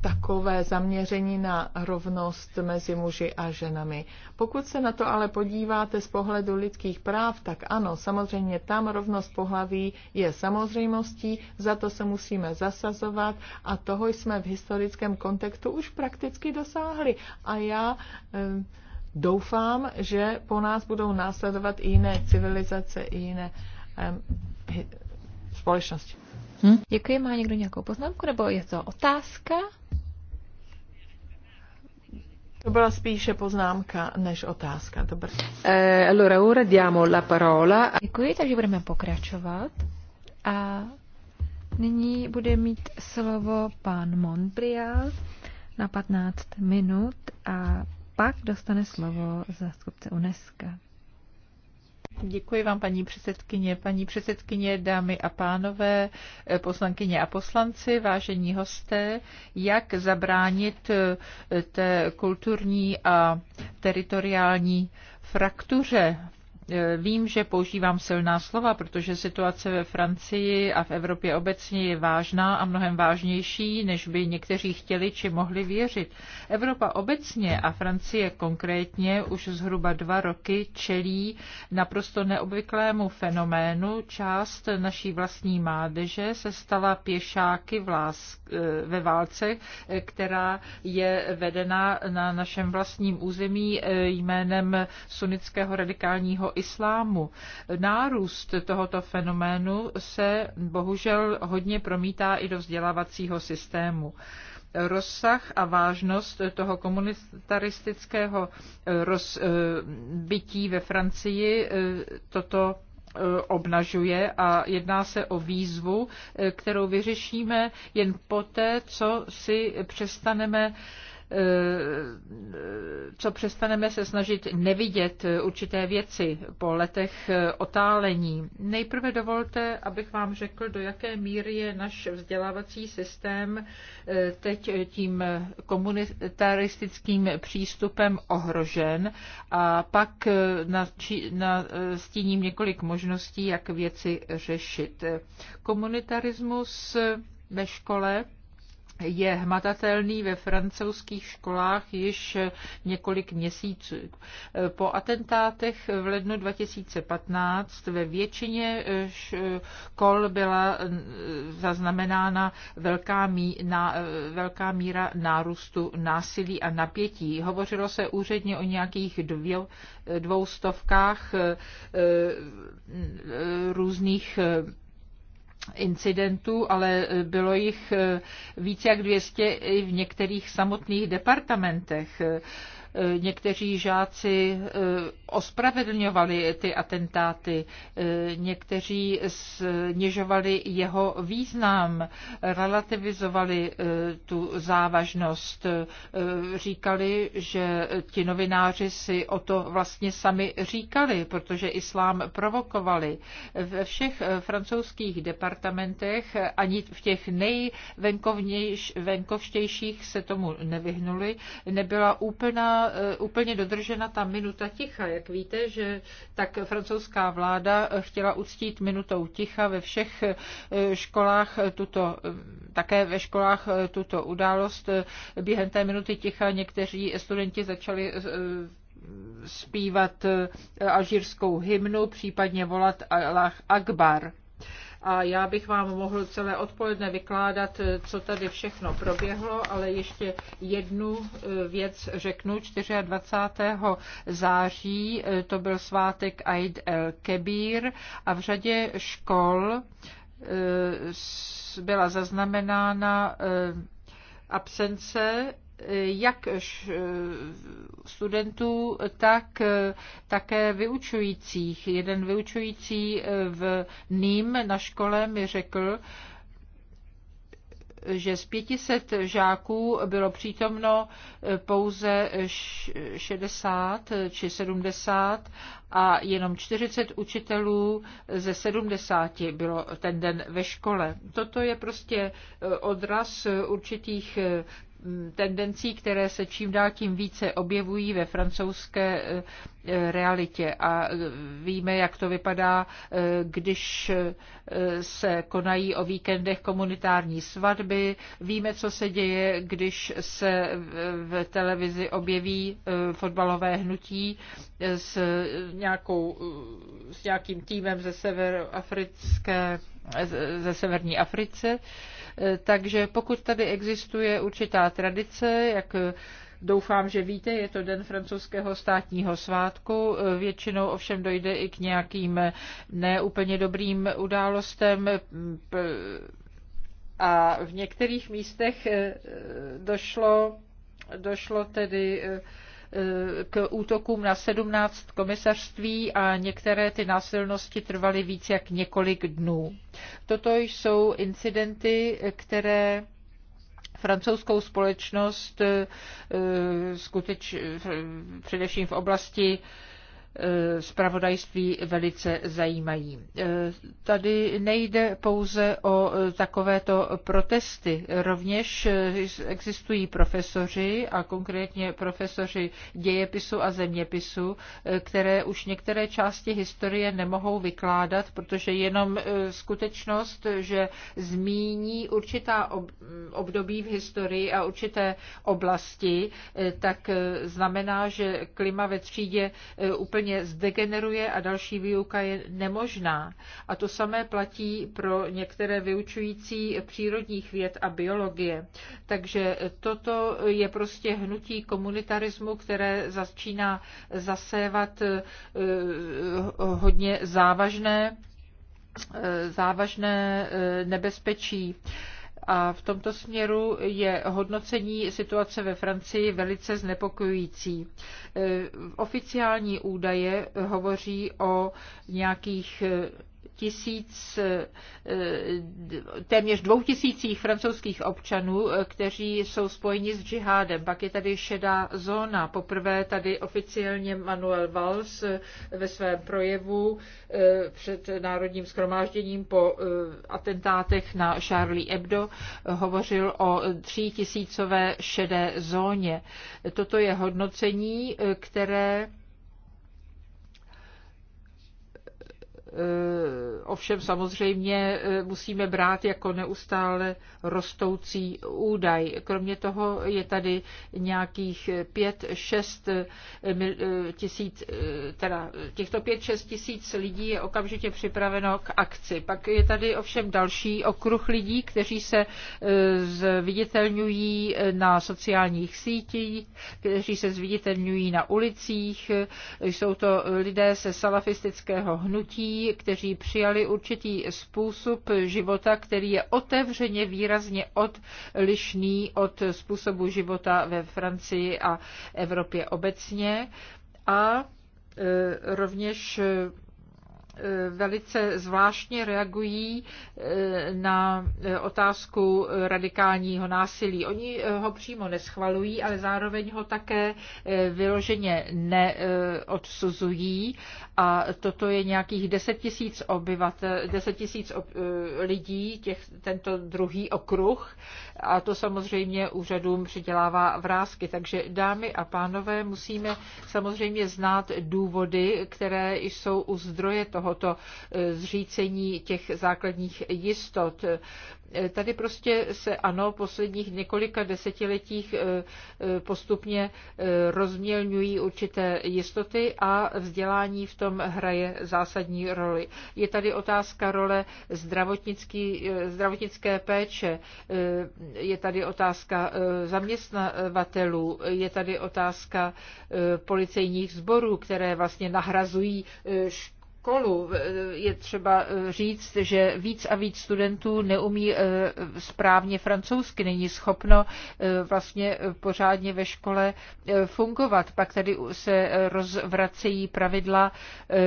takové zaměření na rovnost mezi muži a ženami. Pokud se na to ale podíváte z pohledu lidských práv, tak ano, samozřejmě tam rovnost pohlaví je samozřejmostí, za to se musíme zasazovat a toho jsme v historickém kontextu už prakticky dosáhli. A já eh, doufám, že po nás budou následovat i jiné civilizace, i jiné eh, společnosti. Hm? Děkuji. Má někdo nějakou poznámku, nebo je to otázka? To byla spíše poznámka než otázka. Dobře. Eh, allora ora diamo la parola. Děkuji, takže budeme pokračovat. A nyní bude mít slovo pan Montbrial na 15 minut a pak dostane slovo zástupce UNESCO. Děkuji vám, paní předsedkyně. Paní předsedkyně, dámy a pánové, poslankyně a poslanci, vážení hosté, jak zabránit eh, té kulturní a teritoriální fraktuře v E, vím, že používám silná slova, protože situace ve Francii a v Evropě obecně je vážná a mnohem vážnější, než by někteří chtěli či mohli věřit. Evropa obecně a Francie konkrétně už zhruba dva roky čelí naprosto neobvyklému fenoménu. Část naší vlastní mládeže se stala pěšáky v lás, e, ve válce, e, která je vedena na našem vlastním území jménem sunnického radikálního islámu. Nárůst tohoto fenoménu se bohužel hodně promítá i do vzdělávacího systému rozsah a vážnost toho komunitaristického rozbití eh, ve Francii eh, toto eh, obnažuje a jedná se o výzvu, kterou vyřešíme jen poté, co si přestaneme Eh, co přestaneme se snažit nevidět určité věci po letech otálení. Nejprve dovolte, abych vám řekl, do jaké míry je náš vzdělávací systém eh, teď tím komunitaristickým přístupem ohrožen a pak eh, nastíním několik možností, jak věci řešit. Komunitarismus ve škole je hmatatelný ve francouzských školách již několik měsíců. Po atentátech v lednu 2015 ve většině škol byla zaznamenána velká, mí, na, velká míra nárůstu násilí a napětí. Hovořilo se úředně o nějakých dvě, dvou stovkách eh, různých eh, incidentů, ale eh, bylo jich eh, více jak 200 i v některých samotných departamentech. Eh, někteří žáci eh, ospravedlňovali ty atentáty, eh, někteří snižovali jeho význam, relativizovali tu závažnost, říkali, že ti novináři si o to vlastně sami říkali, protože islám provokovali. Ve všech francouzských departamentech, ani v těch nejvenkovštějších se tomu nevyhnuli, nebyla úplná Eh, úplně dodržena ta minuta ticha. Jak víte, že tak francouzská vláda chtěla uctít minutou ticha ve všech eh, školách tuto, eh, také ve školách tuto událost. Během té minuty ticha někteří studenti začali zpívat alžírskou hymnu, případně volat Allah Akbar a já bych vám mohl celé odpoledne vykládat, co tady všechno proběhlo, ale ještě jednu e, věc řeknu. 24. září e, to byl svátek Eid el kebir a v řadě škol e, byla zaznamenána absence jak eh, studentů, tak eh, také vyučujících. Jeden vyučující eh, v ním na škole mi řekl, že z 500 žáků bylo přítomno pouze 60 či 70 a jenom 40 učitelů ze 70 bylo ten den ve škole. Toto je prostě odraz určitých tendencí, které se čím dál tím více objevují ve francouzské eh, realitě. A eh, víme, jak to vypadá, eh, když se konají o víkendech komunitární svatby. Víme, co se děje, když se v televizi objeví fotbalové hnutí s, nějakou, s nějakým týmem ze severoafrické ze Severní Africe. Eh, takže pokud tady existuje určitá tradice, jak eh, Doufám, že víte, je to den francouzského státního svátku. Eh, většinou ovšem dojde i k nějakým neúplně dobrým událostem a v některých místech došlo, došlo tedy Eh, k útokům na 17 komisařství a některé ty násilnosti trvaly víc jak několik dnů. Toto jsou incidenty, které francouzskou společnost eh, skuteč, eh, především v oblasti zpravodajství velice zajímají. E, tady nejde pouze o e, takovéto protesty. Rovněž e, existují profesoři a konkrétně profesoři dějepisu a zeměpisu, které už některé části historie nemohou vykládat, protože jenom skutečnost, že zmíní určitá období v historii a určité oblasti, tak znamená, že klima ve třídě úplně úplně zdegeneruje a další výuka je nemožná. A to samé platí pro některé vyučující přírodních věd a biologie. Takže toto je prostě hnutí komunitarismu, které začíná zasévat eh, eh, hodně závažné eh, závažné nebezpečí a v tomto směru je hodnocení situace ve Francii velice znepokojující. E, oficiální údaje hovoří o nějakých tisíc, eh, téměř dvou tisících francouzských občanů, eh, kteří jsou spojeni s džihádem. Pak je tady šedá zóna. Poprvé tady oficiálně Manuel Valls eh, ve svém projevu před Národním schromážděním po atentátech na Charlie Hebdo hovořil o třítisícové šedé zóně. Toto je hodnocení, které Eh, ovšem samozřejmě eh, musíme brát jako neustále rostoucí údaj. Kromě toho je tady nějakých 5-6 eh, tisíc, teda těchto 5-6 tisíc lidí je okamžitě připraveno k akci. Pak je tady ovšem další okruh lidí, kteří se zviditelňují na sociálních sítích, kteří se zviditelňují na ulicích. Jsou to lidé se salafistického hnutí, kteří přijali určitý způsob života, který je otevřeně výrazně odlišný od způsobu života ve Francii a Evropě obecně. A e, rovněž Eh, velice zvláštně reagují eh, na eh, otázku radikálního násilí. Oni ho přímo neschvalují, ale zároveň ho také vyloženě neodsuzují a toto je nějakých 10 tisíc obyvatel, 10 tisíc lidí, těch, tento druhý okruh a to samozřejmě úřadům přidělává vrázky. Takže dámy a pánové, musíme samozřejmě znát důvody, které jsou u zdroje toho, tohoto eh, zřícení těch základních jistot. Eh, tady prostě se ano, posledních několika desetiletích eh, postupně rozmělňují určité jistoty a vzdělání v tom hraje zásadní roli. Je tady otázka role zdravotnické péče, je tady otázka zaměstnavatelů, je tady otázka policejních sborů, které vlastně nahrazují školu. Eh, je třeba eh, říct, že víc a víc studentů neumí eh, správně francouzsky, není schopno vlastně pořádně ve škole fungovat. Pak tady se rozvracejí pravidla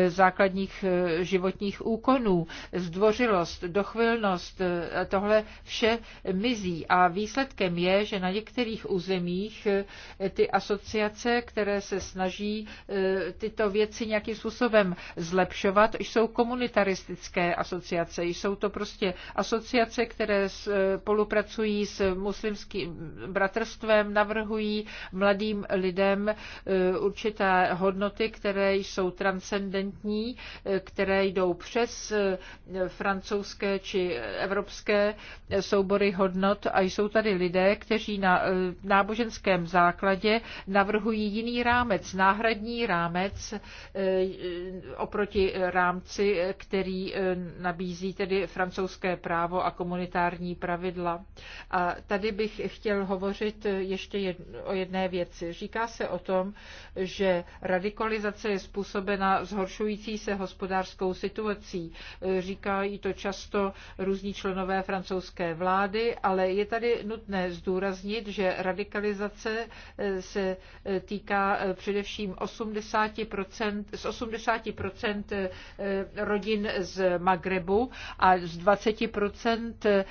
základních životních úkonů, zdvořilost, dochvilnost, tohle vše mizí. A výsledkem je, že na některých územích ty asociace, které se snaží tyto věci nějakým způsobem zlepšovat, rozlišovat, jsou komunitaristické asociace. Jsou to prostě asociace, které e, spolupracují s muslimským bratrstvem, navrhují mladým lidem e, určité hodnoty, které jsou transcendentní, e, které jdou přes francouzské či evropské soubory hodnot a jsou tady lidé, kteří na náboženském základě navrhují jiný rámec, náhradní rámec oproti rámci, který eh, nabízí tedy francouzské právo a komunitární pravidla. A tady bych chtěl hovořit eh, ještě o jedné věci. Říká se o tom, že radikalizace je způsobena zhoršující se hospodářskou situací. Eh, říkají to často různí členové francouzské vlády, ale je tady nutné zdůraznit, že radikalizace se týká především 80 z 80 Eh, rodin z Magrebu a z 20% eh,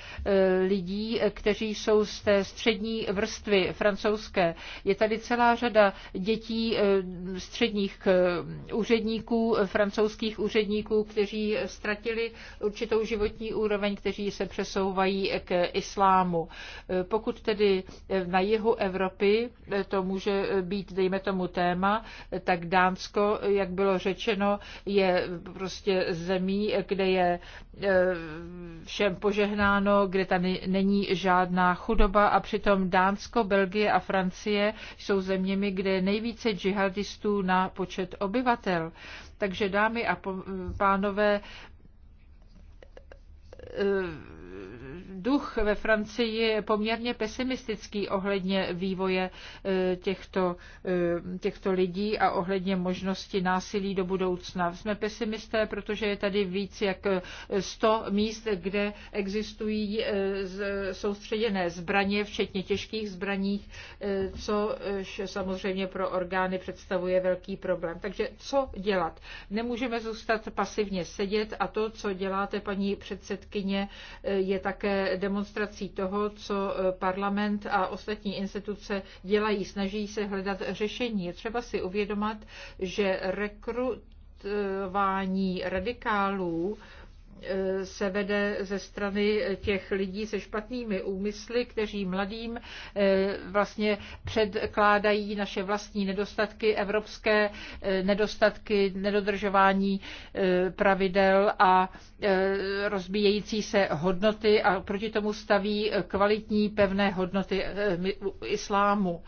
lidí, kteří jsou z té střední vrstvy francouzské. Je tady celá řada dětí eh, středních úředníků, francouzských úředníků, kteří ztratili určitou životní úroveň, kteří se přesouvají k islámu. Pokud tedy na jihu Evropy to může být, dejme tomu, téma, tak Dánsko, jak bylo řečeno, je prostě zemí, kde je eh, všem požehnáno, kde tam není žádná chudoba a přitom Dánsko, Belgie a Francie jsou zeměmi, kde je nejvíce džihadistů na počet obyvatel. Takže dámy a pánové, eh, duch ve Francii je poměrně pesimistický ohledně vývoje e, těchto, e, těchto lidí a ohledně možnosti násilí do budoucna. Jsme pesimisté, protože je tady víc jak 100 míst, kde existují e, soustředěné zbraně, včetně těžkých zbraní, což samozřejmě pro orgány představuje velký problém. Takže co dělat? Nemůžeme zůstat pasivně sedět a to, co děláte, paní předsedkyně, je také demonstrací toho, co e, parlament a ostatní instituce dělají. Snaží se hledat řešení. Je třeba si uvědomat, že rekrutování e, radikálů Eh, se vede ze strany těch lidí se špatnými úmysly, kteří mladým eh, vlastně předkládají naše vlastní nedostatky, evropské eh, nedostatky, nedodržování pravidel a rozbíjející se hodnoty a proti tomu staví kvalitní pevné hodnoty islámu.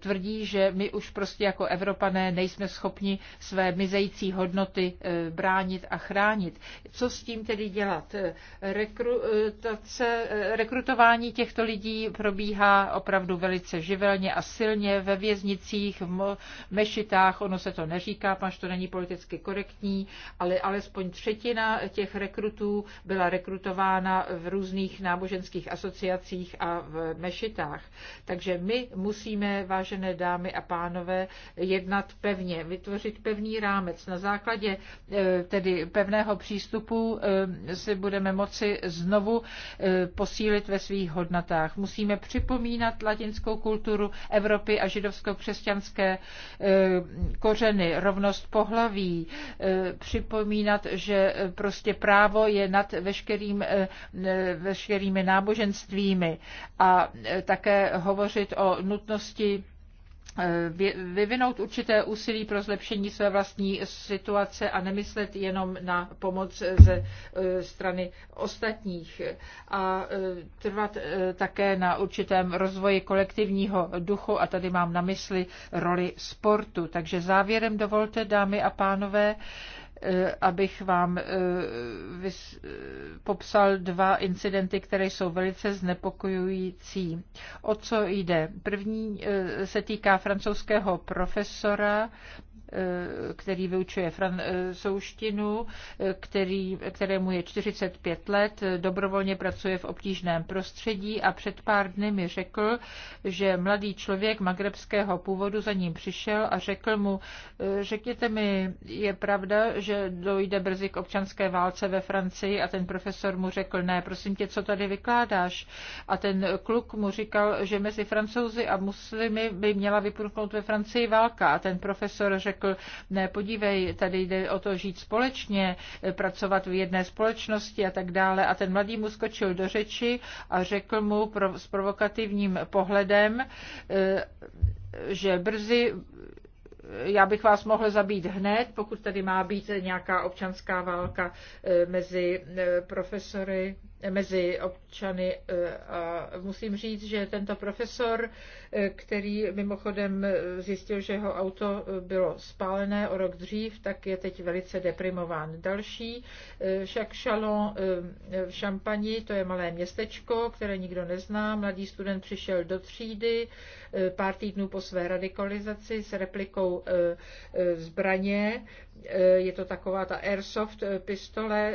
Tvrdí, že my už prostě jako Evropané nejsme schopni své mizející hodnoty bránit a chránit. Co s tím tedy dělat? Rekrutace, rekrutování těchto lidí probíhá opravdu velice živelně a silně ve věznicích, v mešitách, ono se to neříká, až to není politicky korektní, ale alespoň třetina těch rekrutů byla rekrutována v různých náboženských asociacích a v mešitách. Takže my musíme, vážené dámy a pánové, jednat pevně, vytvořit pevný rámec na základě eh, tedy pevného přístupu Eh, si budeme moci znovu eh, posílit ve svých hodnotách. Musíme připomínat latinskou kulturu Evropy a židovsko-křesťanské eh, kořeny, rovnost pohlaví, připomínat, že prostě právo je nad veškerým, veškerými náboženstvími a také hovořit o nutnosti Eh, vyvinout určité úsilí pro zlepšení své vlastní situace a nemyslet jenom na pomoc ze eh, strany ostatních a eh, trvat také na určitém rozvoji kolektivního duchu a tady mám na mysli roli sportu. Takže závěrem dovolte, dámy a pánové, Eh, abych vám eh, eh, popsal dva incidenty, které jsou velice znepokojující. O co jde? První se týká francouzského profesora, Eh, který vyučuje francouzštinu, eh, který, kterému je 45 let, dobrovolně pracuje v obtížném prostředí a před pár dny mi řekl, že mladý člověk magrebského původu za ním přišel a řekl mu, eh, řekněte mi, je pravda, že dojde brzy k občanské válce ve Francii a ten profesor mu řekl, ne, prosím tě, co tady vykládáš? A ten kluk mu říkal, že mezi francouzi a muslimy by měla vypuknout ve Francii válka a ten profesor řekl, řekl, ne, podívej, tady jde o to žít společně, pracovat v jedné společnosti a tak dále. A ten mladý mu skočil do řeči a řekl mu pro, s provokativním pohledem, eh, že brzy eh, já bych vás mohl zabít hned, pokud tady má být nějaká občanská válka eh, mezi profesory mezi občany eh, a musím říct, že tento profesor, eh, který mimochodem eh, zjistil, že jeho auto bylo spálené o rok dřív, tak je teď velice deprimován. Další, však Chalon v Šampani, to je malé městečko, které nikdo nezná, mladý student přišel do třídy pár týdnů po své radikalizaci s replikou zbraně, je to taková ta airsoft pistole,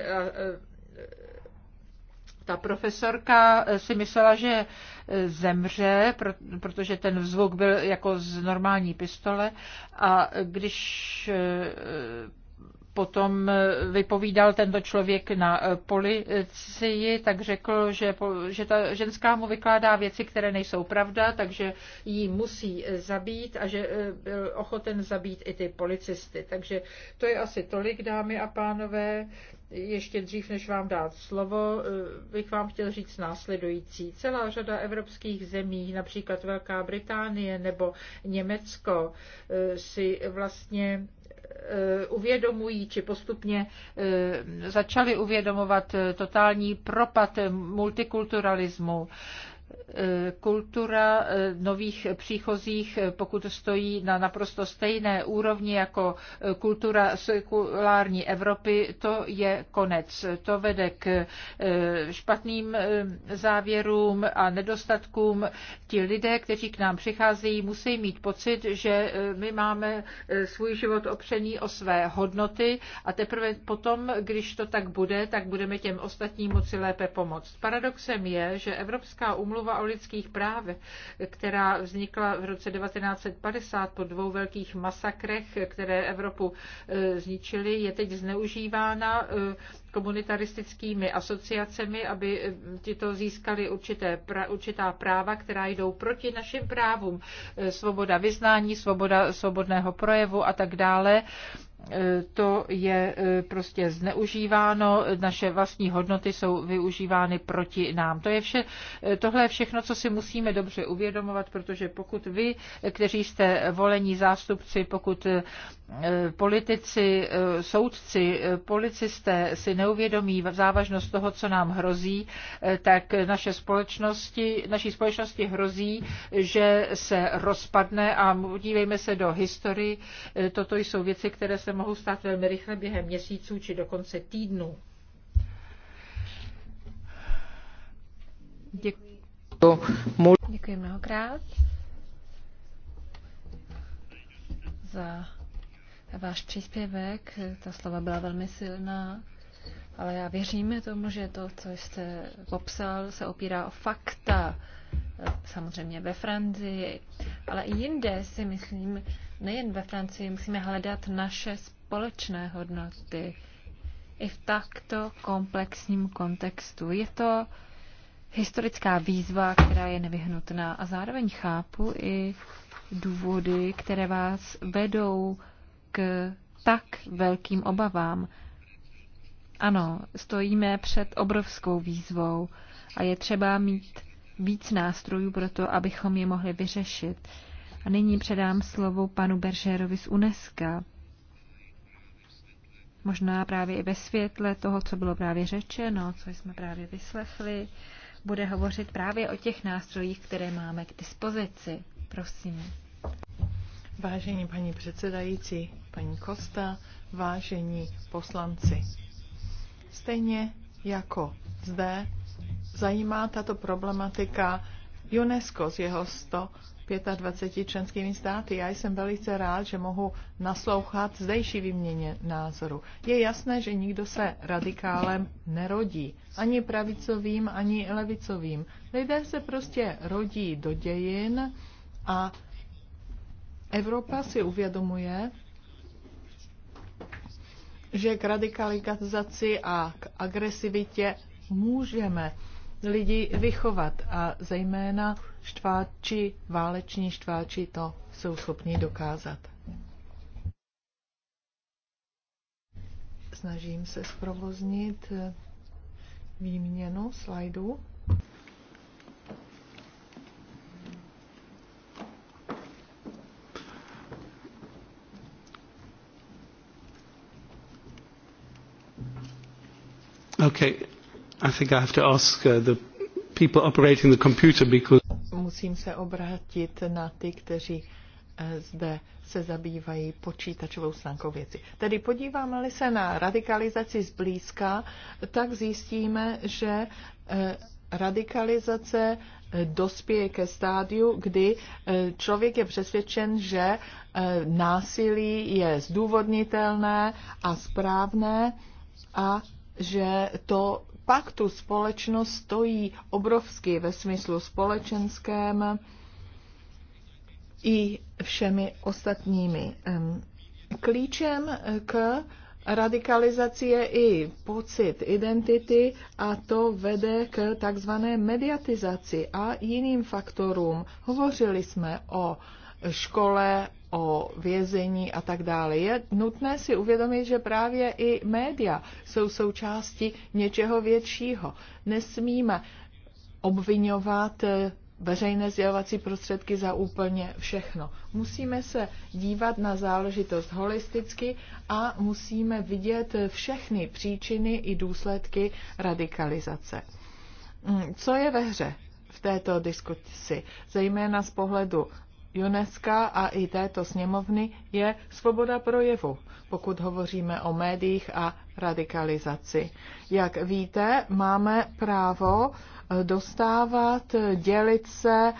ta profesorka eh, si myslela, že eh, zemře, protože ten zvuk byl jako z normální pistole a když eh, potom eh, vypovídal tento člověk na eh, policii, tak řekl, že, že ta ženská mu vykládá věci, které nejsou pravda, takže ji musí eh, zabít a že byl ochoten zabít i ty policisty. Takže to je asi tolik, dámy a pánové. Ještě dřív, než vám dát slovo, bych vám chtěl říct následující. Celá řada evropských zemí, například Velká Británie nebo Německo, si vlastně Eh, uvědomují či postupně eh, začali uvědomovat eh, totální propad multikulturalismu, Eh, kultura eh, nových příchozích, eh, pokud stojí na naprosto stejné úrovni jako kultura sekulární Evropy, to je konec. To vede k špatným závěrům a nedostatkům. Ti lidé, kteří k nám přicházejí, musí mít pocit, že my máme svůj život opřený o své hodnoty a teprve potom, když to tak bude, tak budeme těm ostatním moci lépe pomoct. Paradoxem je, že Evropská umluva úmluva o lidských právech, která vznikla v roce 1950 po dvou velkých masakrech, které Evropu e, zničily, je teď zneužívána e, komunitaristickými asociacemi, aby e, tito získali určité, pra, určitá práva, která jdou proti našim právům. Svoboda vyznání, svoboda svobodného projevu a tak dále. E, to je e, prostě zneužíváno, naše vlastní hodnoty jsou využívány proti nám. To je vše, e, tohle je všechno, co si musíme dobře uvědomovat, protože pokud vy, kteří jste volení zástupci, pokud politici, soudci, policisté si neuvědomí závažnost toho, co nám hrozí, tak naše společnosti, naší společnosti hrozí, že se rozpadne a dívejme se do historii. Toto jsou věci, které se mohou stát velmi rychle během měsíců či dokonce týdnů. Děkuji. Děkuji mnohokrát za váš příspěvek. Ta slova byla velmi silná, ale já věřím tomu, že to, co jste popsal, se opírá o fakta. Samozřejmě ve Francii, ale i jinde si myslím, nejen ve Francii, musíme hledat naše společné hodnoty i v takto komplexním kontextu. Je to historická výzva, která je nevyhnutná a zároveň chápu i důvody, které vás vedou k tak velkým obavám. Ano, stojíme před obrovskou výzvou a je třeba mít víc nástrojů pro to, abychom je mohli vyřešit. A nyní předám slovo panu Beržerovi z UNESCO. Možná právě i ve světle toho, co bylo právě řečeno, co jsme právě vyslechli, bude hovořit právě o těch nástrojích, které máme k dispozici. Prosím. Vážení paní předsedající, paní Kosta, vážení poslanci. Stejně jako zde zajímá tato problematika UNESCO z jeho 100 25 členskými státy. Já jsem velice rád, že mohu naslouchat zdejší výměně názoru. Je jasné, že nikdo se radikálem nerodí, ani pravicovým, ani levicovým. Lidé se prostě rodí do dějin a Evropa si uvědomuje, že k radikalizaci a k agresivitě můžeme lidi vychovat a zejména štváči, váleční štváči to jsou schopni dokázat. Snažím se zprovoznit eh, výměnu slajdů. Okay, I think I have to ask uh, the people operating the computer because musím se obrátit na ty, kteří eh, zde se zabývají počítačovou stránkou věci. Tedy podíváme-li se na radikalizaci zblízka, tak zjistíme, že eh, radikalizace eh, dospěje ke stádiu, kdy člověk je přesvědčen, že násilí je zdůvodnitelné a správné a že to pak tu společnost stojí obrovsky ve smyslu společenském i všemi ostatními. Klíčem k radikalizaci je i pocit identity a to vede k takzvané mediatizaci a jiným faktorům. Hovořili jsme o škole, o vězení a tak dále. Je nutné si uvědomit, že právě i média jsou součástí něčeho většího. Nesmíme obvinovat eh, veřejné sdělovací prostředky za úplně všechno. Musíme se dívat na záležitost holisticky a musíme vidět všechny příčiny i důsledky radikalizace. Mm, co je ve hře v této diskusi, zejména z pohledu UNESCO a i této sněmovny je svoboda projevu, pokud hovoříme o médiích a radikalizaci. Jak víte, máme právo eh, dostávat, dělit se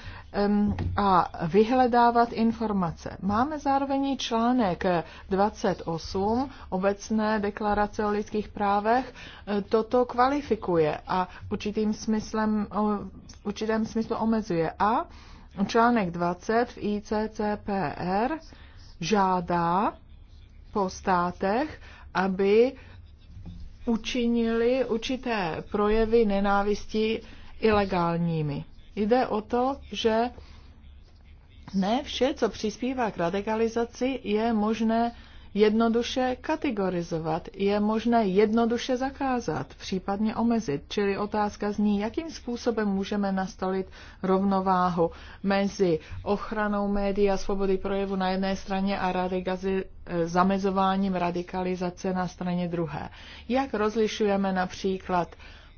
a vyhledávat informace. Máme zároveň i článek 28 obecné deklarace o lidských právech. Eh, Toto kvalifikuje a určitým smyslem, v určitém smyslu omezuje. A Článek 20 v ICCPR žádá po státech, aby učinili určité projevy nenávisti ilegálními. Jde o to, že ne vše, co přispívá k radikalizaci, je možné jednoduše kategorizovat, je možné jednoduše zakázat, případně omezit. Čili otázka zní, jakým způsobem můžeme nastolit rovnováhu mezi ochranou médií a svobody projevu na jedné straně a radikazi, eh, zamezováním radikalizace na straně druhé. Jak rozlišujeme například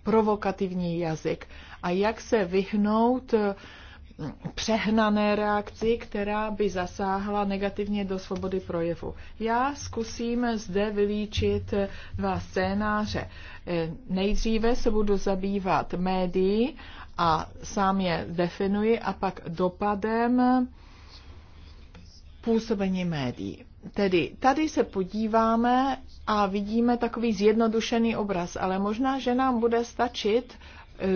provokativní jazyk a jak se vyhnout eh, přehnané reakci, která by zasáhla negativně do svobody projevu. Já zkusím zde vylíčit dva scénáře. Eh, nejdříve se budu zabývat médií a sám je definuji a pak dopadem působení médií. Tedy tady se podíváme a vidíme takový zjednodušený obraz, ale možná, že nám bude stačit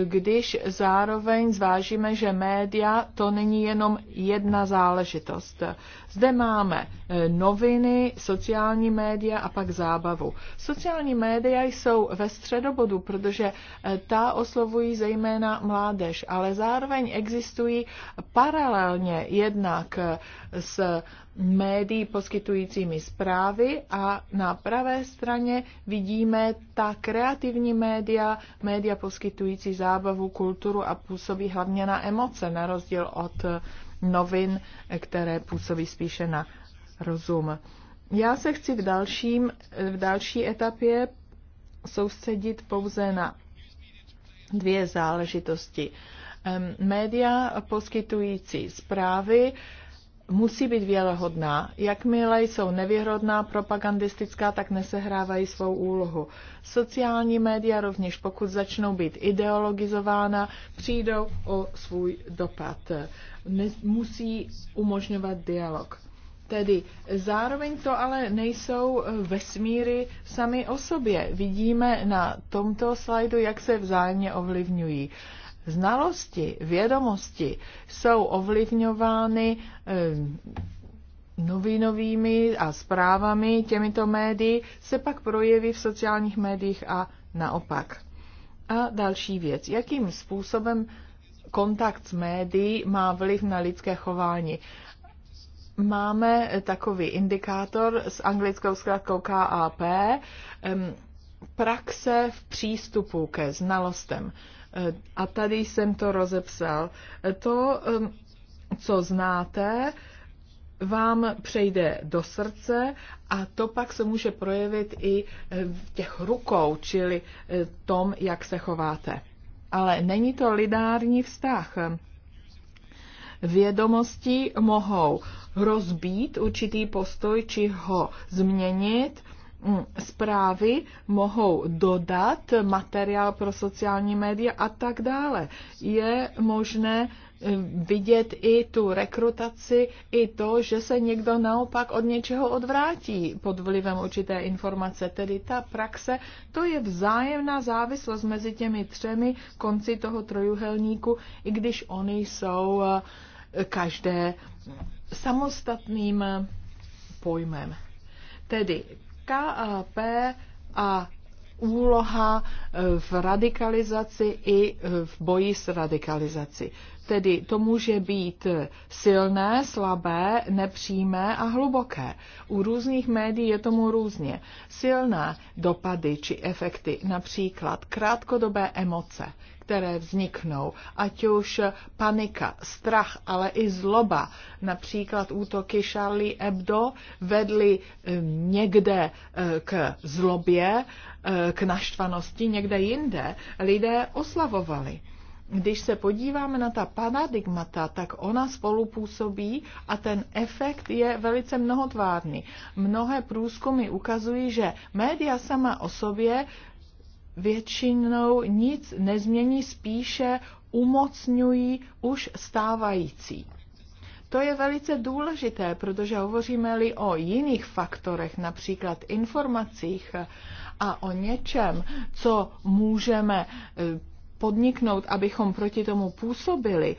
když zároveň zvážíme, že média to není jenom jedna záležitost. Zde máme e, noviny, sociální média a pak zábavu. Sociální média jsou ve středobodu, protože e, ta oslovují zejména mládež, ale zároveň existují paralelně jednak s médií poskytujícími zprávy a na pravé straně vidíme ta kreativní média, média poskytující zábavu, kulturu a působí hlavně na emoce, na rozdíl od novin, které působí spíše na rozum. Já se chci v, dalším, v další etapě soustředit pouze na dvě záležitosti. Média poskytující zprávy, musí být věrohodná. Jakmile jsou nevěrohodná, propagandistická, tak nesehrávají svou úlohu. Sociální média rovněž, pokud začnou být ideologizována, přijdou o svůj dopad. Musí umožňovat dialog. Tedy zároveň to ale nejsou eh, vesmíry sami o sobě. Vidíme na tomto slajdu, jak se vzájemně ovlivňují. Uh, znalosti, vědomosti jsou ovlivňovány eh, novinovými a zprávami těmito médií, se pak projeví v sociálních médiích a naopak. A další věc. Jakým způsobem kontakt s médií má vliv na lidské chování? Máme takový indikátor s anglickou zkratkou KAP, praxe v přístupu ke znalostem. Eh, a tady jsem to rozepsal. Eh, to, co znáte, vám přejde do srdce a to pak se může projevit i eh, v těch rukou, čili tom, jak se chováte. Ale není to lidární vztah. Vědomosti mohou rozbít určitý postoj či ho změnit, Mm, zprávy mohou dodat materiál pro sociální média a tak dále. Je možné eh, vidět i tu rekrutaci, i to, že se někdo naopak od něčeho odvrátí pod vlivem určité informace. Tedy ta praxe, to je vzájemná závislost mezi těmi třemi konci toho trojuhelníku, i když oni jsou eh, každé samostatným eh, pojmem. Tedy KAP a úloha eh, v radikalizaci i eh, v boji s radikalizací. Tedy to může být eh, silné, slabé, nepřímé a hluboké. U různých médií je tomu různě. Silné dopady či efekty, například krátkodobé emoce, které vzniknou, ať už panika, strach, ale i zloba, například útoky Charlie Hebdo vedly eh, někde eh, k zlobě, eh, k naštvanosti, někde jinde lidé oslavovali když se podíváme na ta paradigmata, tak ona spolupůsobí a ten efekt je velice mnohotvárný. Mnohé průzkumy ukazují, že média sama o sobě většinou nic nezmění, spíše umocňují už stávající. To je velice důležité, protože hovoříme-li o jiných faktorech, například informacích a o něčem, co můžeme eh, podniknout, abychom proti tomu působili,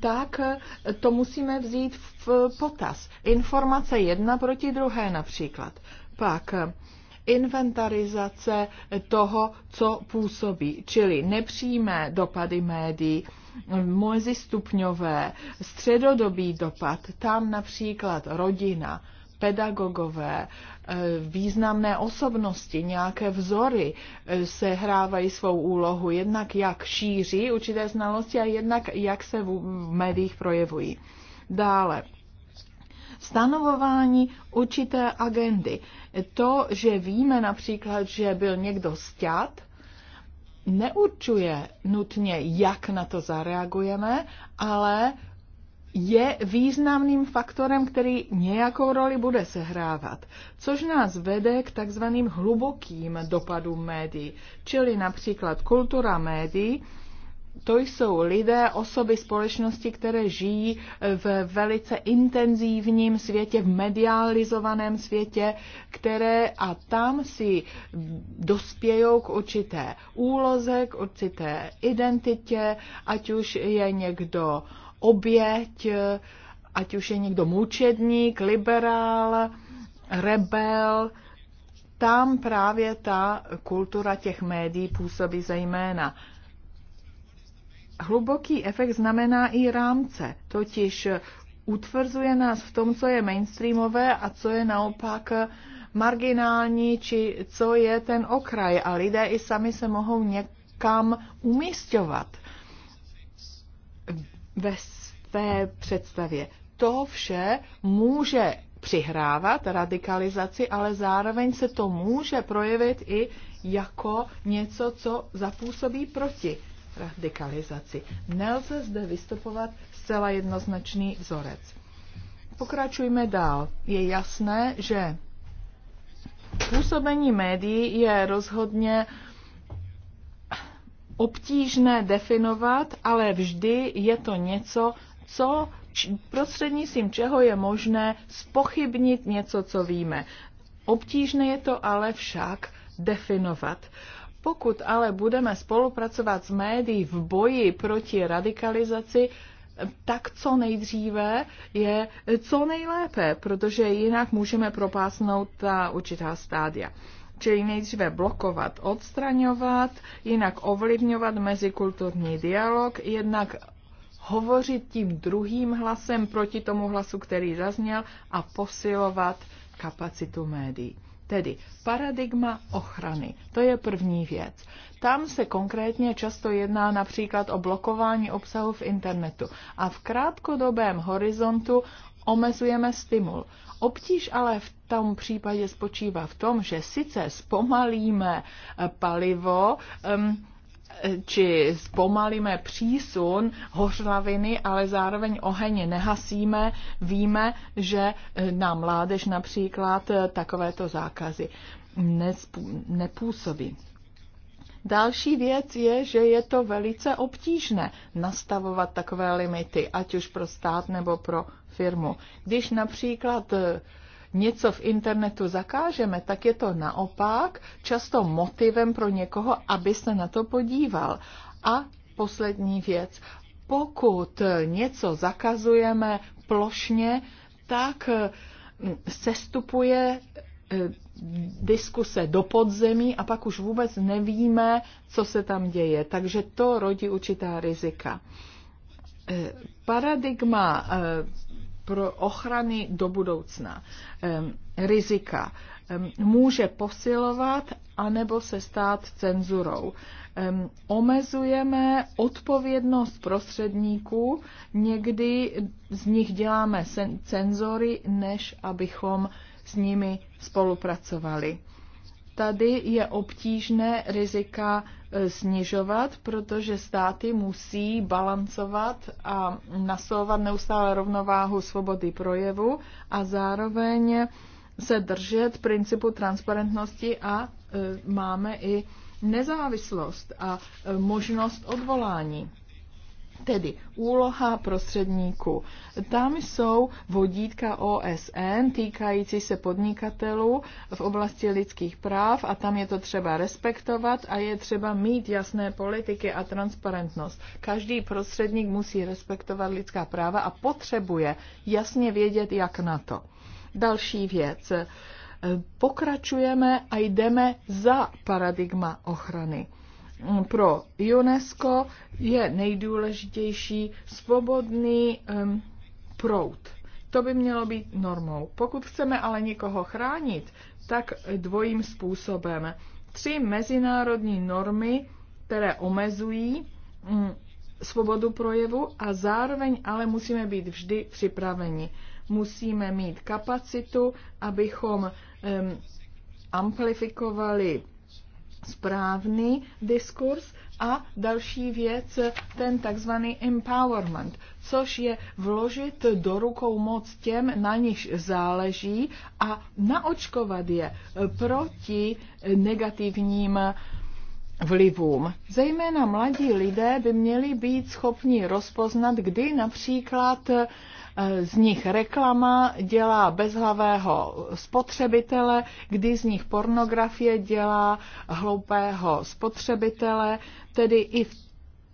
tak eh, to musíme vzít v potaz. Informace jedna proti druhé například. Pak eh, inventarizace toho, co působí, čili nepřímé dopady médií, mezistupňové, středodobý dopad, tam například rodina, pedagogové, eh, významné osobnosti, nějaké vzory eh, se hrávají svou úlohu, jednak jak šíří určité znalosti a jednak jak se v médiích projevují. Dále, stanovování určité agendy. To, že víme například, že byl někdo stěd, neurčuje nutně, jak na to zareagujeme, ale je významným faktorem, který nějakou roli bude sehrávat, což nás vede k takzvaným hlubokým dopadům médií, čili například kultura médií to jsou lidé, osoby společnosti, které žijí v velice intenzivním světě, v medializovaném světě, které a tam si dospějou k určité úloze, k určité identitě, ať už je někdo oběť, ať už je někdo mučedník, liberál, rebel, tam právě ta kultura těch médií působí zejména. Hluboký efekt znamená i rámce, totiž utvrzuje nás v tom, co je mainstreamové a co je naopak marginální, či co je ten okraj. A lidé i sami se mohou někam umístovat ve své představě. To vše může přihrávat radikalizaci, ale zároveň se to může projevit i jako něco, co zapůsobí proti radikalizaci. Nelze zde vystupovat zcela jednoznačný vzorec. Pokračujme dál. Je jasné, že působení médií je rozhodně obtížné definovat, ale vždy je to něco, co prostřednictvím čeho je možné spochybnit něco, co víme. Obtížné je to ale však definovat. Uh, pokud ale budeme spolupracovat s médií v boji proti radikalizaci, tak co nejdříve je co nejlépe, protože jinak můžeme propásnout ta určitá stádia. Čili nejdříve blokovat, odstraňovat, jinak ovlivňovat mezikulturní dialog, jednak hovořit tím druhým hlasem proti tomu hlasu, který zazněl a posilovat kapacitu médií. Tedy paradigma ochrany, to je první věc. Tam se konkrétně často jedná například o blokování obsahu v internetu a v krátkodobém horizontu omezujeme stimul. Obtíž ale v tom případě spočívá v tom, že sice zpomalíme palivo, um, či zpomalíme přísun hořlaviny, ale zároveň oheň nehasíme, víme, že e, na mládež například e, takovéto zákazy nepůsobí. Další věc je, že je to velice obtížné nastavovat takové limity, ať už pro stát nebo pro firmu. Když například e, něco v internetu zakážeme, tak je to naopak často motivem pro někoho, aby se na to podíval. A poslední věc. Pokud něco zakazujeme plošně, tak mm, sestupuje eh, diskuse do podzemí a pak už vůbec nevíme, co se tam děje. Takže to rodí určitá rizika. Eh, paradigma eh, pro ochrany do budoucna, rizika, může posilovat anebo se stát cenzurou. Omezujeme odpovědnost prostředníků, někdy z nich děláme cenzory, než abychom s nimi spolupracovali tady je obtížné rizika e, snižovat, protože státy musí balancovat a nasouvat neustále rovnováhu svobody projevu a zároveň se držet principu transparentnosti a e, máme i nezávislost a e, možnost odvolání. Tedy úloha prostředníků. Tam jsou vodítka OSN týkající se podnikatelů v oblasti lidských práv a tam je to třeba respektovat a je třeba mít jasné politiky a transparentnost. Každý prostředník musí respektovat lidská práva a potřebuje jasně vědět, jak na to. Další věc. Pokračujeme a jdeme za paradigma ochrany pro UNESCO je nejdůležitější svobodný um, proud. To by mělo být normou. Pokud chceme ale někoho chránit, tak dvojím způsobem. Tři mezinárodní normy, které omezují um, svobodu projevu a zároveň ale musíme být vždy připraveni. Musíme mít kapacitu, abychom um, amplifikovali správný diskurs a další věc, ten takzvaný empowerment, což je vložit do rukou moc těm, na niž záleží a naočkovat je proti negativním vlivům. Zejména mladí lidé by měli být schopni rozpoznat, kdy například z nich reklama dělá bezhlavého spotřebitele, kdy z nich pornografie dělá hloupého spotřebitele, tedy i v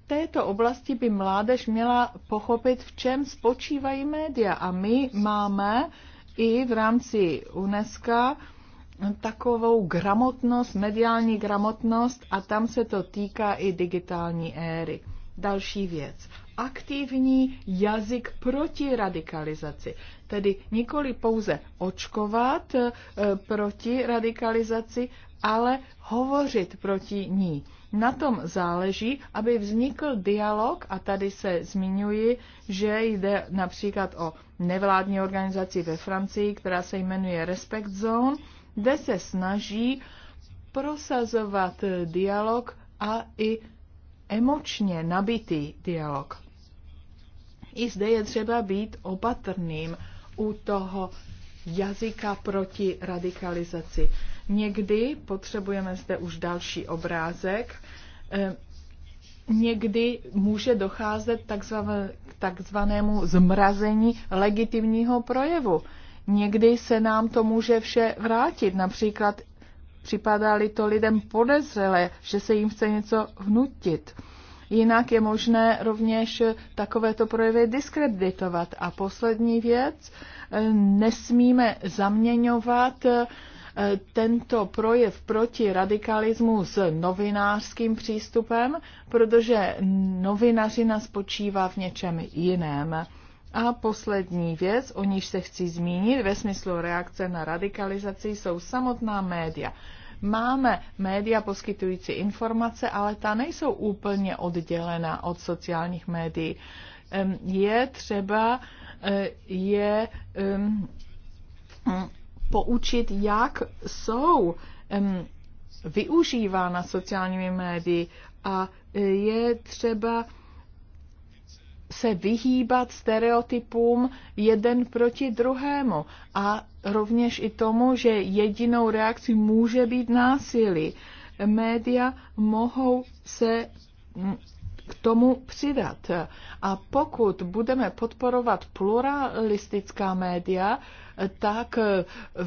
této oblasti by mládež měla pochopit, v čem spočívají média. A my máme i v rámci UNESCO takovou gramotnost, mediální gramotnost a tam se to týká i digitální éry. Další věc aktivní jazyk proti radikalizaci. Tedy nikoli pouze očkovat eh, proti radikalizaci, ale hovořit proti ní. Na tom záleží, aby vznikl dialog, a tady se zmiňuji, že jde například o nevládní organizaci ve Francii, která se jmenuje Respect Zone, kde se snaží prosazovat dialog a i emočně nabitý dialog. I zde je třeba být opatrným u toho jazyka proti radikalizaci. Někdy potřebujeme zde už další obrázek. Eh, někdy může docházet k takzvanému zmrazení legitimního projevu. Někdy se nám to může vše vrátit. Například připadá-li to lidem podezřelé, že se jim chce něco vnutit Jinak je možné rovněž takovéto projevy diskreditovat. A poslední věc, e, nesmíme zaměňovat e, tento projev proti radikalismu s novinářským přístupem, protože novinařina spočívá v něčem jiném. A poslední věc, o níž se chci zmínit ve smyslu reakce na radikalizaci, jsou samotná média. Máme média poskytující informace, ale ta nejsou úplně oddělena od sociálních médií. Je třeba eh, je poučit, jak jsou využívána sociálními médii a eh, je třeba se vyhýbat stereotypům jeden proti druhému a rovněž i tomu, že jedinou reakcí může být násilí. Média mohou se k tomu přidat. A pokud budeme podporovat pluralistická média, tak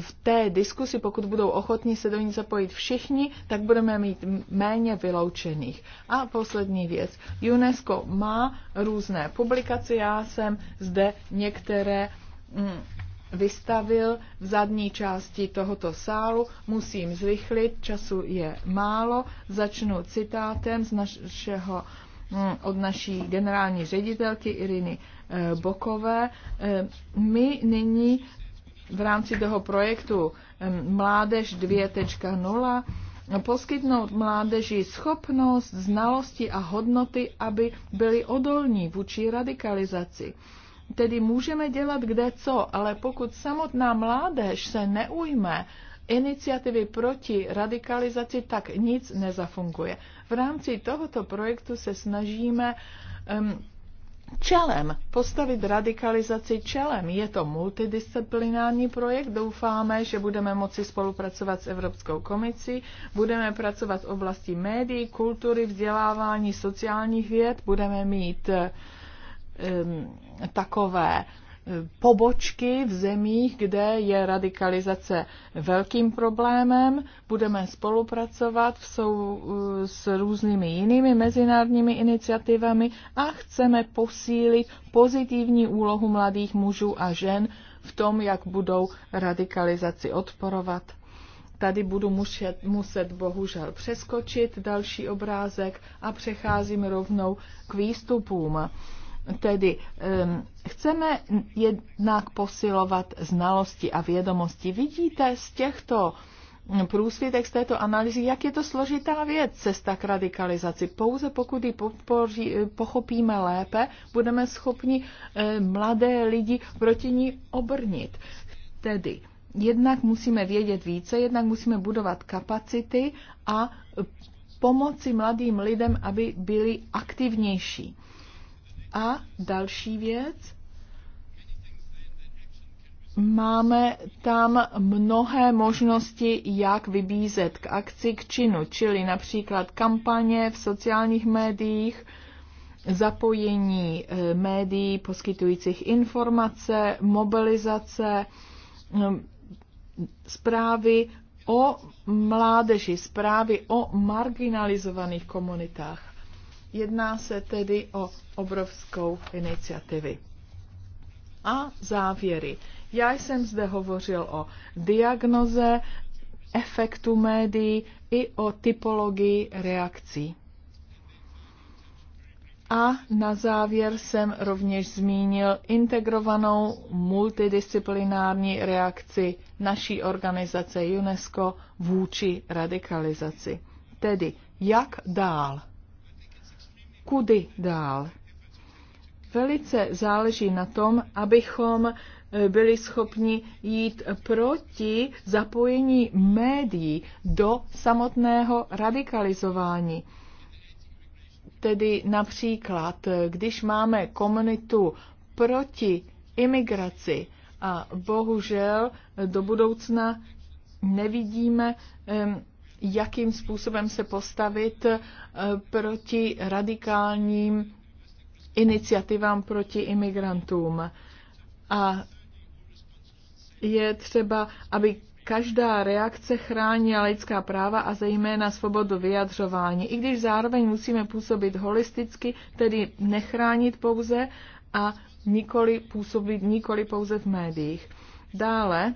v té diskusi, pokud budou ochotní se do ní zapojit všichni, tak budeme mít méně vyloučených. A poslední věc. UNESCO má různé publikace. Já jsem zde některé mm, vystavil v zadní části tohoto sálu. Musím zrychlit, času je málo. Začnu citátem z našeho od naší generální ředitelky Iriny eh, Bokové. Eh, my nyní v rámci toho projektu Mládež 2.0 poskytnout mládeži schopnost, znalosti a hodnoty, aby byli odolní vůči radikalizaci. Tedy můžeme dělat kde co, ale pokud samotná mládež se neujme iniciativy proti radikalizaci, tak nic nezafunguje. V rámci tohoto projektu se snažíme um, čelem, postavit radikalizaci čelem. Je to multidisciplinární projekt, doufáme, že budeme moci spolupracovat s Evropskou komisí, budeme pracovat v oblasti médií, kultury, vzdělávání, sociálních věd, budeme mít um, takové uh, pobočky v zemích, kde je radikalizace velkým problémem. Budeme spolupracovat v sou, s různými jinými mezinárodními iniciativami a chceme posílit pozitivní úlohu mladých mužů a žen v tom, jak budou radikalizaci odporovat. Tady budu muset, muset bohužel přeskočit další obrázek a přecházím rovnou k výstupům. Tedy um, chceme jednak posilovat znalosti a vědomosti. Vidíte z těchto průsvitek z této analýzy, jak je to složitá věc, cesta k radikalizaci. Pouze pokud ji podpoří, eh, pochopíme lépe, budeme schopni e, mladé lidi proti ní obrnit. Tedy jednak musíme vědět více, jednak musíme budovat kapacity a pomoci mladým lidem, aby byli aktivnější. A další věc, máme tam mnohé možnosti, jak vybízet k akci, k činu, čili například kampaně v sociálních médiích, zapojení eh, médií poskytujících informace, mobilizace, mm, zprávy o mládeži, zprávy o marginalizovaných komunitách. Jedná se tedy o obrovskou iniciativy. A závěry. Já jsem zde hovořil o diagnoze, efektu médií i o typologii reakcí. A na závěr jsem rovněž zmínil integrovanou multidisciplinární reakci naší organizace UNESCO vůči radikalizaci. Tedy jak dál? kudy dál. Velice záleží na tom, abychom eh, byli schopni jít proti zapojení médií do samotného radikalizování. Tedy například, eh, když máme komunitu proti imigraci a bohužel eh, do budoucna nevidíme jakým způsobem se postavit eh, proti radikálním iniciativám proti imigrantům. A je třeba, aby každá reakce chránila lidská práva a zejména svobodu vyjadřování, i když zároveň musíme působit holisticky, tedy nechránit pouze a nikoli působit nikoli pouze v médiích. Dále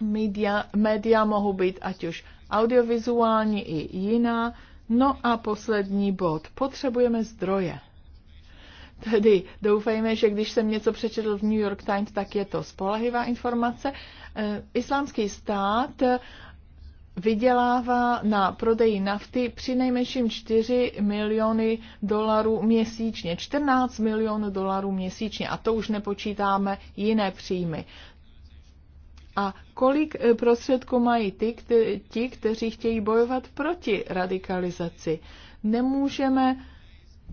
média, média mohou být ať už audiovizuální i jiná. No a poslední bod. Potřebujeme zdroje. Tedy doufejme, že když jsem něco přečetl v New York Times, tak je to spolehlivá informace. E, islámský stát e, vydělává na prodeji nafty při nejmenším 4 miliony dolarů měsíčně, 14 milionů dolarů měsíčně a to už nepočítáme jiné příjmy a kolik eh, prostředků mají ty, kte, ti, kteří chtějí bojovat proti radikalizaci. Nemůžeme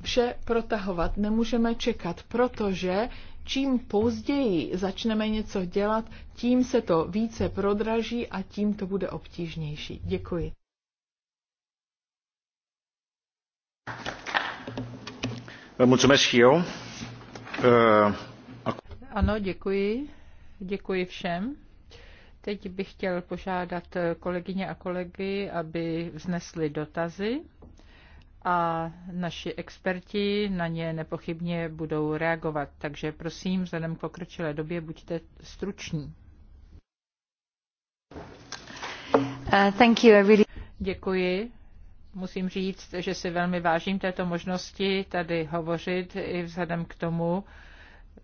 vše protahovat, nemůžeme čekat, protože čím později začneme něco dělat, tím se to více prodraží a tím to bude obtížnější. Děkuji. Mulțumesc și eu. Eh, ano, děkuji. Děkuji všem. Teď bych chtěl požádat kolegyně a kolegy, aby vznesli dotazy a naši experti na ně nepochybně budou reagovat. Takže prosím, vzhledem k pokročilé době, buďte struční. Uh, thank you, really... Děkuji. Musím říct, že si velmi vážím této možnosti tady hovořit i vzhledem k tomu,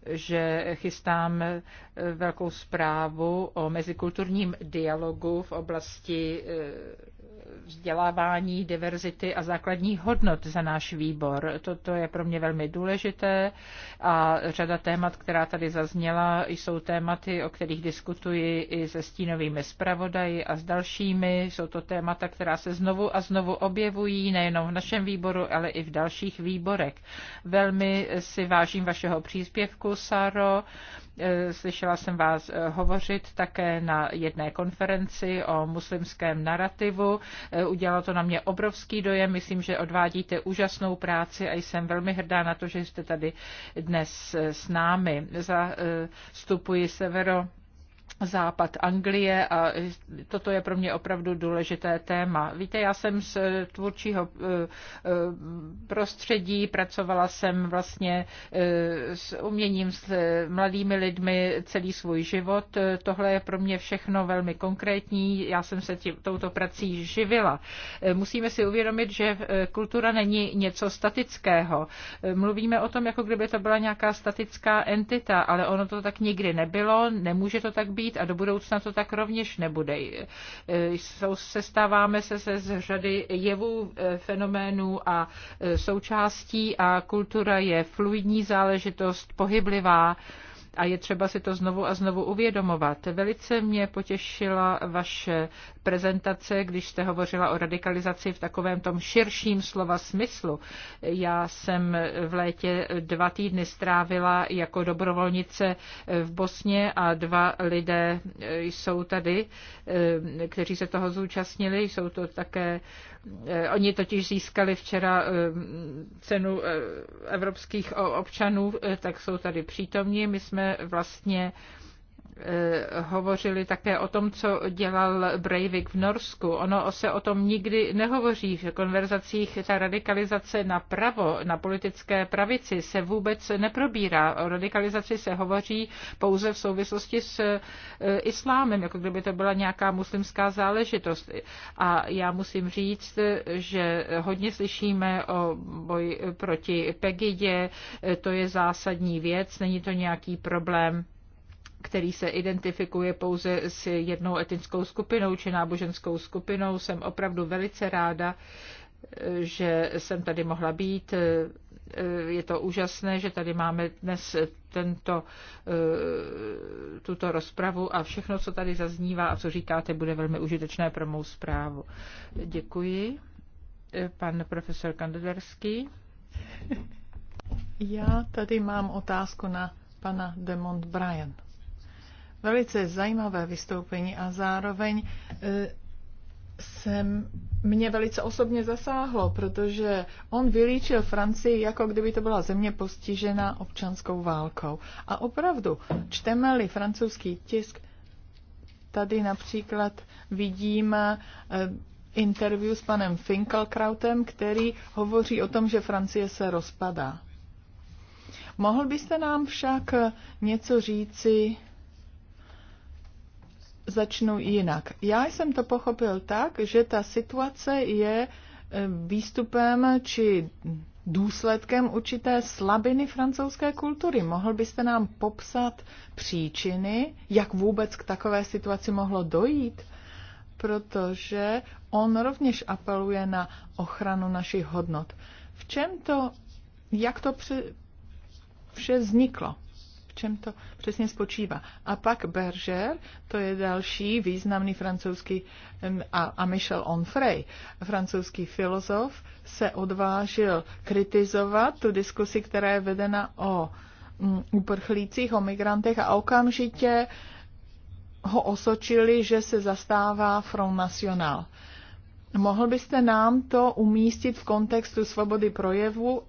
že chystám velkou zprávu o mezikulturním dialogu v oblasti eh, vzdělávání, diverzity a základních hodnot za náš výbor. Toto je pro mě velmi důležité a řada témat, která tady zazněla, jsou tématy, o kterých diskutuji i se stínovými zpravodaji a s dalšími. Jsou to témata, která se znovu a znovu objevují, nejenom v našem výboru, ale i v dalších výborech. Velmi si vážím vašeho příspěvku, Saro, Eh, slyšela jsem vás eh, hovořit také na jedné konferenci o muslimském narrativu. Eh, udělalo to na mě obrovský dojem. Myslím, že odvádíte úžasnou práci a jsem velmi hrdá na to, že jste tady dnes s námi. Zastupuji Severo západ Anglie a toto je pro mě opravdu důležité téma. Víte, já jsem z tvůrčího eh, eh, prostředí, pracovala jsem vlastně eh, s uměním s mladými lidmi celý svůj život. Tohle je pro mě všechno velmi konkrétní. Já jsem se tím, touto prací živila. Musíme si uvědomit, že kultura není něco statického. Mluvíme o tom, jako kdyby to byla nějaká statická entita, ale ono to tak nikdy nebylo, nemůže to tak být být a do budoucna to tak rovněž nebude. Sestáváme se, se z řady jevů, e, fenoménů a e, součástí a kultura je fluidní záležitost, pohyblivá a je třeba si to znovu a znovu uvědomovat. Velice mě potěšila vaše prezentace, když jste hovořila o radikalizaci v takovém tom širším slova smyslu. Já jsem v létě dva týdny strávila jako dobrovolnice v Bosně a dva lidé jsou tady, eh, kteří se toho zúčastnili. Jsou to také Eh, oni totiž získali včera eh, cenu eh, evropských občanů, tak jsou tady přítomní. My jsme vlastně Eh, hovořili také o tom, co dělal Breivik v Norsku. Ono se o tom nikdy nehovoří. V konverzacích ta radikalizace na pravo, na politické pravici se vůbec neprobírá. O radikalizaci se hovoří pouze v souvislosti s eh, islámem, jako kdyby to byla nějaká muslimská záležitost. A já musím říct, že hodně slyšíme o boji proti Pegidě, to je zásadní věc, není to nějaký problém který se identifikuje pouze s jednou etnickou skupinou či náboženskou skupinou. Jsem opravdu velice ráda, že jsem tady mohla být. Je to úžasné, že tady máme dnes tento, tuto rozpravu a všechno, co tady zaznívá a co říkáte, bude velmi užitečné pro mou zprávu. Děkuji. Pan profesor Kandederský. Já tady mám otázku na pana Demont Bryan velice zajímavé vystoupení a zároveň e, jsem, mě velice osobně zasáhlo, protože on vylíčil Francii, jako kdyby to byla země postižená občanskou válkou. A opravdu, čteme-li francouzský tisk, tady například vidíme interview s panem Finkelkrautem, který hovoří o tom, že Francie se rozpadá. Mohl byste nám však něco říci začnu jinak. Já jsem to pochopil tak, že ta situace je e, výstupem či důsledkem určité slabiny francouzské kultury. Mohl byste nám popsat příčiny, jak vůbec k takové situaci mohlo dojít? Protože on rovněž apeluje na ochranu našich hodnot. V čem to, jak to pře- vše vzniklo? čem to přesně spočívá. A pak Berger, to je další významný francouzský, a, a Michel Onfray, francouzský filozof, se odvážil kritizovat tu diskusi, která je vedena o mm, uprchlících, o migrantech a okamžitě ho osočili, že se zastává Front National. Mohl byste nám to umístit v kontextu svobody projevu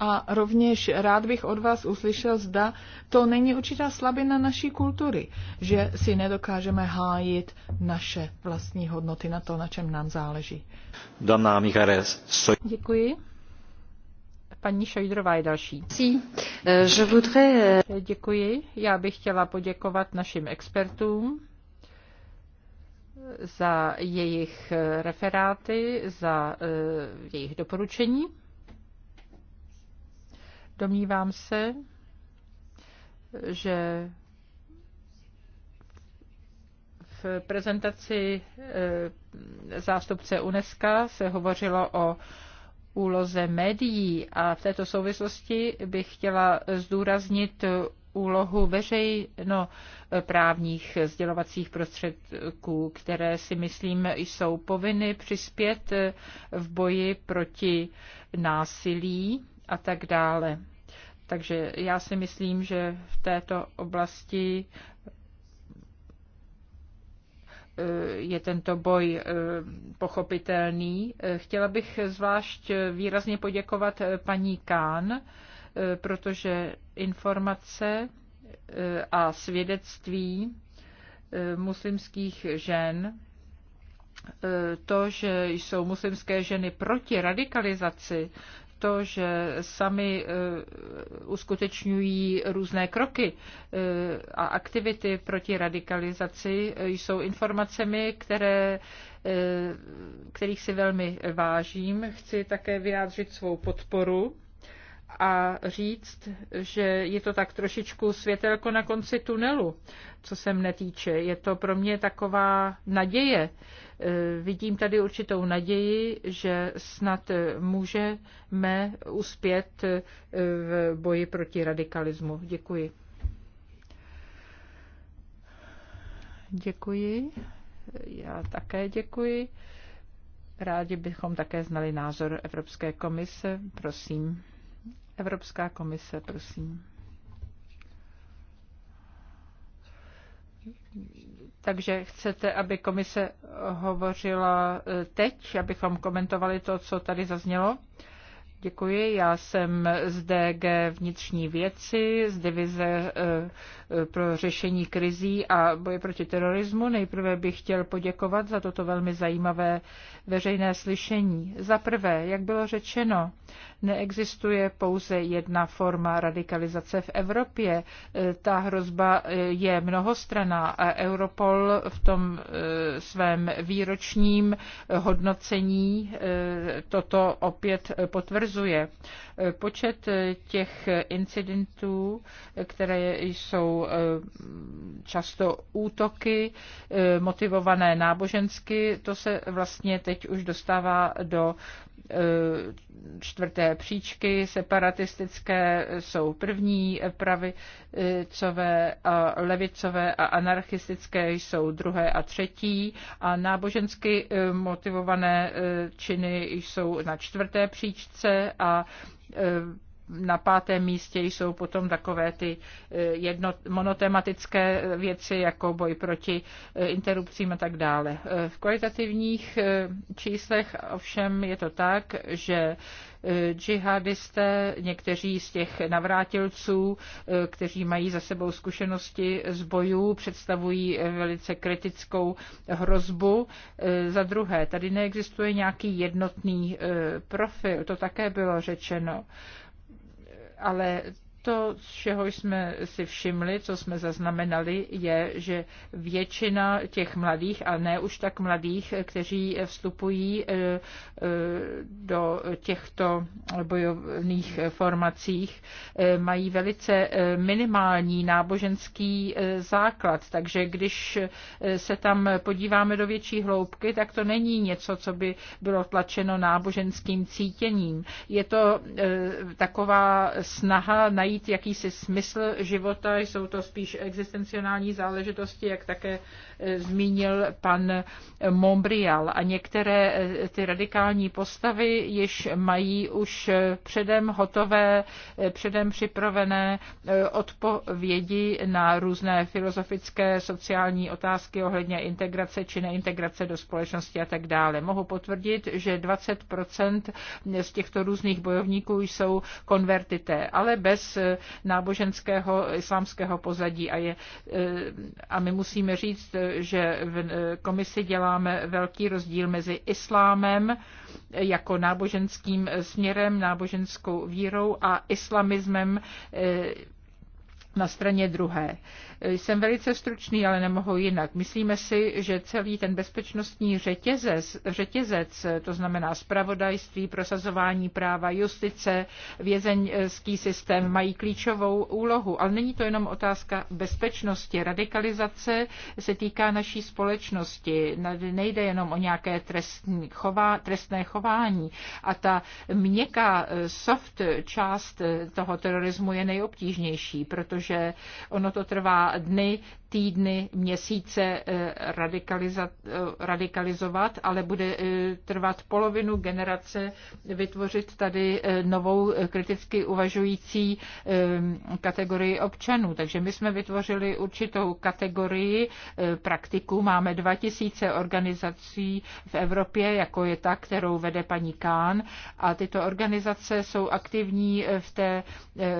a rovněž rád bych od vás uslyšel, zda to není určitá slabina naší kultury, že si nedokážeme hájit naše vlastní hodnoty na to, na čem nám záleží. Dana Michares. So... Děkuji. Paní Šajdrová je další. Eh, je voudrais... Eh, Děkuji. Já bych chtěla poděkovat našim expertům za jejich eh, referáty, za jejich doporučení. Domnívám se, že v prezentaci eh, zástupce UNESCO se hovořilo o úloze médií a v této souvislosti bych chtěla zdůraznit úlohu veřejnoprávních sdělovacích prostředků, které si myslím jsou povinny přispět v boji proti násilí a tak dále. Takže já si myslím, že v této oblasti eh, je tento boj eh, pochopitelný. Eh, chtěla bych zvlášť výrazně poděkovat paní Kán, protože informace a svědectví muslimských žen, to, že jsou muslimské ženy proti radikalizaci, to, že sami e, uskutečňují různé kroky e, a aktivity proti radikalizaci, jsou informacemi, které e, kterých si velmi vážím. Chci také vyjádřit svou podporu a říct, že je to tak trošičku světelko na konci tunelu, co se mne týče. Je to pro mě taková naděje, Eh, vidím tady určitou naději, že snad eh, můžeme uspět eh, v boji proti radikalismu. Děkuji. Děkuji. Já také děkuji. Rádi bychom také znali názor Evropské komise. Prosím. Evropská komise, prosím. Takže chcete, aby komise hovořila eh, teď, abychom komentovali to, co tady zaznělo? Děkuji. Já jsem z DG vnitřní věci, z divize eh, eh, pro řešení krizí a boje proti terorismu. Nejprve bych chtěl poděkovat za toto velmi zajímavé veřejné slyšení. Za prvé, jak bylo řečeno, neexistuje pouze jedna forma radikalizace v Evropě. Eh, ta hrozba je mnohostraná a Europol v tom svém výročním hodnocení toto opět potvrzuje potvrzuje. Eh, počet eh, těch eh, incidentů, které jsou často útoky motivované nábožensky, to se vlastně teď už dostává do Eh, čtvrté příčky, separatistické jsou první pravicové a levicové a anarchistické jsou druhé a třetí a nábožensky eh, motivované eh, činy jsou na čtvrté příčce a na pátém místě jsou potom takové ty eh, jedno, monotematické věci, jako boj proti eh, interrupcím a tak dále. Eh, v kvalitativních číslech ovšem je to tak, že džihadisté, někteří z těch navrátilců, kteří mají za sebou zkušenosti z bojů, představují velice kritickou hrozbu. Za druhé, tady neexistuje nějaký jednotný profil, to také bylo řečeno ale to, z čeho jsme si všimli, co jsme zaznamenali, je, že většina těch mladých, a ne už tak mladých, kteří vstupují e, e, do těchto bojovných formacích, e, mají velice minimální náboženský základ. Takže když se tam podíváme do větší hloubky, tak to není něco, co by bylo tlačeno náboženským cítěním. Je to taková snaha najít najít jakýsi smysl života, jsou to spíš existenciální záležitosti, jak také zmínil pan Mombrial. A některé eh, ty radikální postavy již mají už eh, předem hotové, eh, předem připravené odpovědi na různé filozofické, sociální otázky ohledně integrace či neintegrace do společnosti a tak dále. Mohu potvrdit, že 20 z těchto různých bojovníků jsou konvertité, ale bez náboženského islámského pozadí. A, je, a my musíme říct že v eh, komisi děláme velký rozdíl mezi islámem jako náboženským směrem, náboženskou vírou a islamismem eh, na straně druhé. Jsem velice stručný, ale nemohu jinak. Myslíme si, že celý ten bezpečnostní řetězec, řetězec to znamená spravodajství, prosazování práva, justice, vězeňský systém, mají klíčovou úlohu. Ale není to jenom otázka bezpečnosti. Radikalizace se týká naší společnosti. Nejde jenom o nějaké trestní chová, trestné chování. A ta měkká soft část toho terorismu je nejobtížnější, protože že ono to trvá dny, týdny, měsíce eh, eh, radikalizovat, ale bude eh, trvat polovinu generace vytvořit tady novou kriticky uvažující kategorii občanů. Takže my jsme vytvořili určitou kategorii praktiků. Máme 2000 organizací v Evropě, jako je ta, kterou vede paní Kán. A tyto organizace jsou aktivní v, té,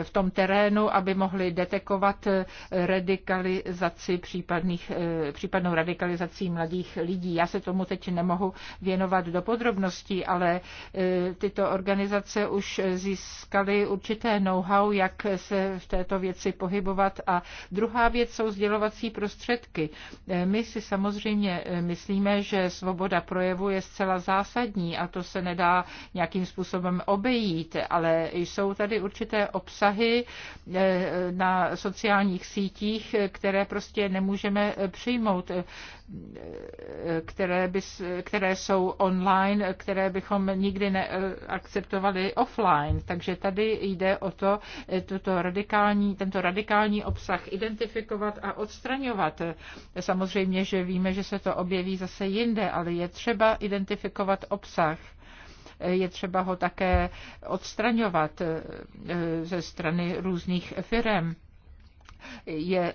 v tom terénu, aby mohly detekovat radikalizaci radikalizaci, případných, eh, případnou radikalizací mladých lidí. Já se tomu teď nemohu věnovat do podrobností, ale eh, tyto organizace už získaly určité know-how, jak se v této věci pohybovat. A druhá věc jsou sdělovací prostředky. Eh, my si samozřejmě myslíme, že svoboda projevu je zcela zásadní a to se nedá nějakým způsobem obejít, ale jsou tady určité obsahy na sociálních sítích, které prostě prostě nemůžeme eh, přijmout, eh, které, by, které jsou online, které bychom nikdy neakceptovali offline. Takže tady jde o to, eh, tuto radikální, tento radikální obsah identifikovat a odstraňovat. Samozřejmě, že víme, že se to objeví zase jinde, ale je třeba identifikovat obsah je třeba ho také odstraňovat ze strany různých firm je e,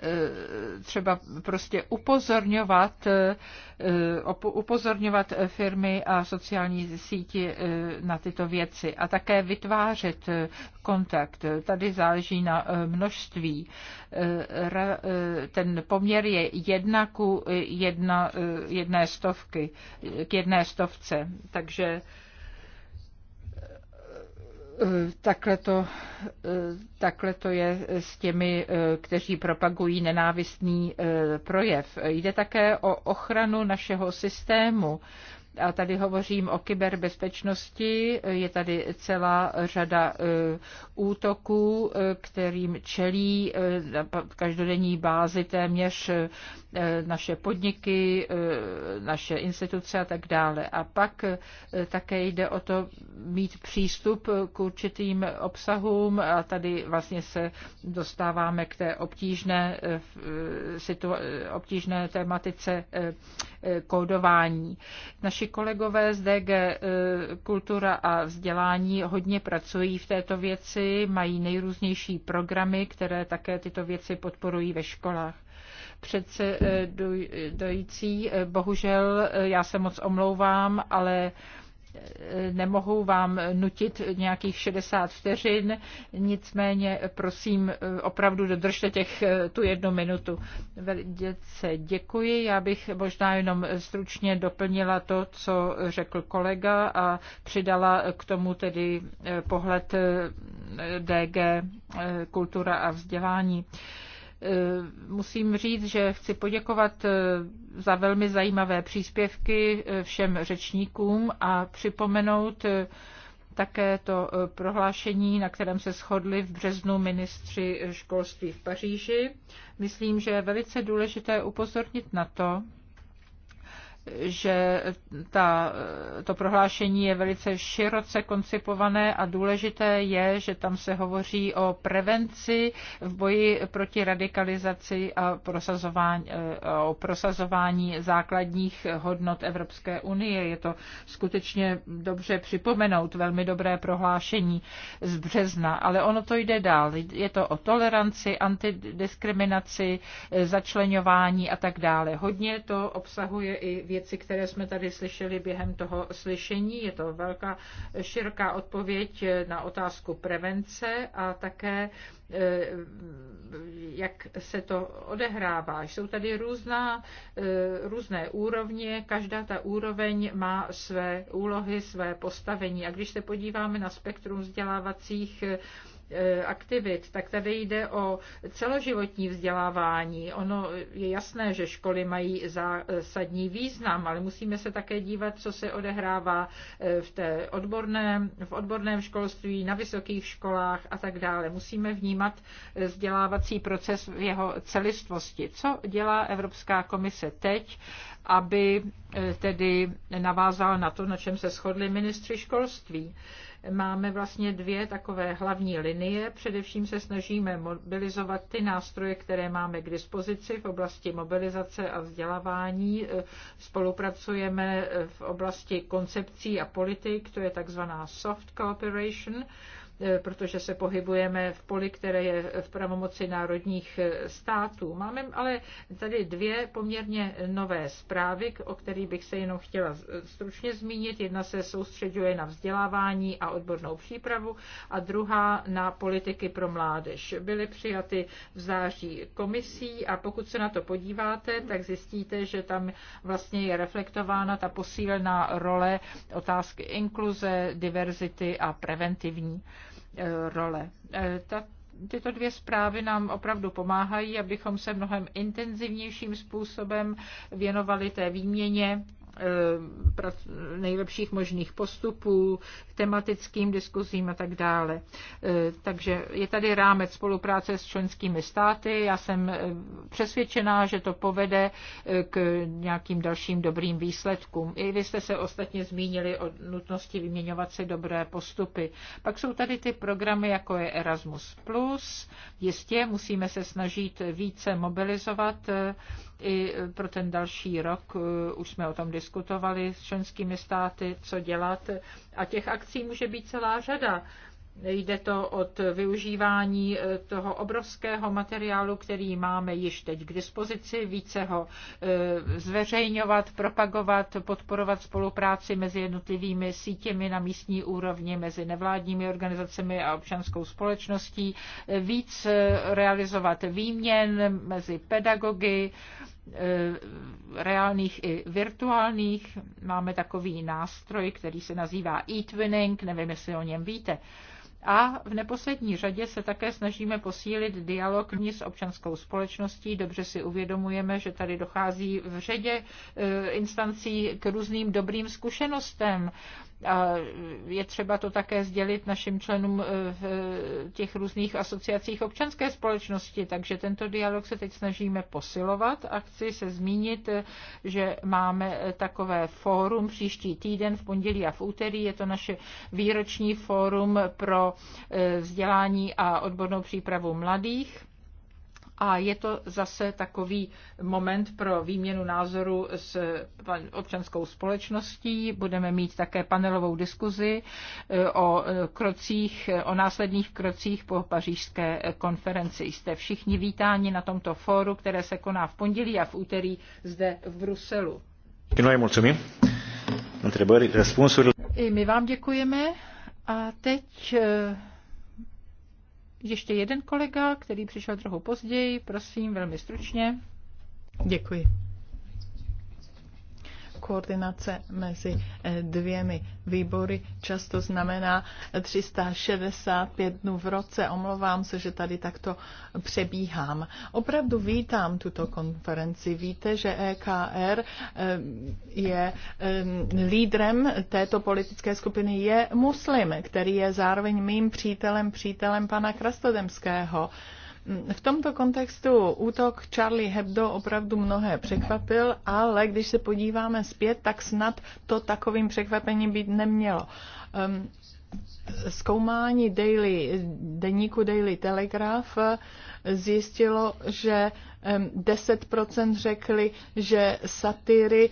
třeba prostě upozorňovat, e, upozorňovat firmy a sociální síti e, na tyto věci a také vytvářet kontakt. Tady záleží na množství. Ten poměr je jedna ku jedna, jedné stovky, k jedné stovce. Takže Eh, takhle to, eh, takhle to je s těmi, eh, kteří propagují nenávistný projev. Jde také o ochranu našeho systému a tady hovořím o kyberbezpečnosti. Je tady celá řada e, útoků, e, kterým čelí na e, každodenní bázi téměř naše podniky, naše instituce a tak dále. A pak také jde o to mít přístup k určitým obsahům a tady vlastně se dostáváme k té obtížné, obtížné tématice kódování. Naši naši kolegové z DG eh, Kultura a vzdělání hodně pracují v této věci, mají nejrůznější programy, které také tyto věci podporují ve školách eh, dojící, eh, Bohužel, já se moc omlouvám, ale nemohu vám nutit nějakých 60 vteřin, nicméně prosím, opravdu dodržte těch eh, tu jednu minutu. Velice děkuji. Já bych možná jenom stručně doplnila to, co řekl kolega a přidala k tomu tedy eh, pohled eh, DG kultura a vzdělání. Eh, musím říct, že chci poděkovat eh, za velmi zajímavé příspěvky eh, všem řečníkům a připomenout také to prohlášení, na kterém se shodli v březnu ministři školství v Paříži. Myslím, že je velice důležité upozornit na to, že ta, to prohlášení je velice široce koncipované a důležité je, že tam se hovoří o prevenci v boji proti radikalizaci a prosazování, eh, o prosazování základních hodnot Evropské unie. Je to skutečně dobře připomenout, velmi dobré prohlášení z března, ale ono to jde dál. Je to o toleranci, antidiskriminaci, eh, začlenování a tak dále. Hodně to obsahuje i věci, které jsme tady slyšeli během toho slyšení. Je to velká široká odpověď na otázku prevence a také e, jak se to odehrává. Jsou tady různá, e, různé úrovně, každá ta úroveň má své úlohy, své postavení. A když se podíváme na spektrum vzdělávacích, Eh, aktivit, tak tady jde o celoživotní vzdělávání. Ono je jasné, že školy mají zásadní význam, ale musíme se také dívat, co se odehrává eh, v, té odborném, v odborném školství, na vysokých školách a tak dále. Musíme vnímat eh, vzdělávací proces v jeho celistvosti. Co dělá Evropská komise teď, aby tedy navázala na to, na čem se shodli ministři školství? máme vlastně dvě takové hlavní linie. Především se snažíme mobilizovat ty nástroje, které máme k dispozici v oblasti mobilizace a vzdělávání. Spolupracujeme v oblasti koncepcí a politik, to je takzvaná soft cooperation Eh, protože se pohybujeme v poli, které je v pravomoci národních eh, států. Máme ale tady dvě poměrně nové zprávy, o kterých bych se jenom chtěla stručně zmínit. Jedna se soustředuje na vzdělávání a odbornou přípravu a druhá na politiky pro mládež. Byly přijaty v září komisí a pokud se na to podíváte, tak zjistíte, že tam vlastně je reflektována ta posílená role otázky inkluze, diverzity a preventivní Eh, role. Eh, ta tyto dvě zprávy nám opravdu pomáhají, abychom se mnohem intenzivnějším způsobem věnovali té výměně Eh, nejlepších možných postupů, tematickým diskuzím a tak dále. Eh, takže je tady rámec spolupráce s členskými státy. Já jsem eh, přesvědčená, že to povede k nějakým dalším dobrým výsledkům. I vy jste se ostatně zmínili o nutnosti vyměňovat si dobré postupy. Pak jsou tady ty programy, jako je Erasmus+. Jistě musíme se snažit více mobilizovat i pro ten další rok. Eh, už jsme o tom diskutovali s členskými státy, co dělat. A těch akcí může být celá řada. Jde to od využívání eh, toho obrovského materiálu, který máme již teď k dispozici, více ho eh, zveřejňovat, propagovat, podporovat spolupráci mezi jednotlivými sítěmi na místní úrovni, mezi nevládními organizacemi a občanskou společností, víc realizovat výměn mezi pedagogy, Eh, reálných i virtuálních. Máme takový nástroj, který se nazývá e-twinning, nevím, jestli o něm víte. A v neposlední řadě se také snažíme posílit dialog s občanskou společností. Dobře si uvědomujeme, že tady dochází v řadě eh, instancí k různým dobrým zkušenostem. A je třeba to také sdělit našim členům eh, v eh, těch různých asociacích občanské společnosti, takže tento dialog se teď snažíme posilovat a chci se zmínit, eh, že máme takové fórum příští týden v pondělí a v úterý. Je to naše výroční fórum pro vzdělání a odbornou přípravu mladých a je to zase takový moment pro výměnu názoru s občanskou společností. Budeme mít také panelovou diskuzi e, o e, krocích, e, o následných krocích po pařížské konferenci. Jste všichni vítáni na tomto fóru, které se koná v pondělí a v úterý zde v Bruselu. I my vám děkujeme a teď ještě jeden kolega, který přišel trochu později, prosím, velmi stručně. Děkuji koordinace mezi eh, dvěmi výbory často znamená 365 dnů v roce. Omlouvám se, že tady takto přebíhám. Opravdu vítám tuto konferenci. Víte, že EKR eh, je eh, lídrem této politické skupiny je muslim, který je zároveň mým přítelem, přítelem pana Krastodemského. V tomto kontextu útok Charlie Hebdo opravdu mnohé překvapil, ale když se podíváme zpět, tak snad to takovým překvapením být nemělo. Um, zkoumání daily, deníku Daily Telegraph eh, zjistilo, že 10% ehm, řekli, že satiry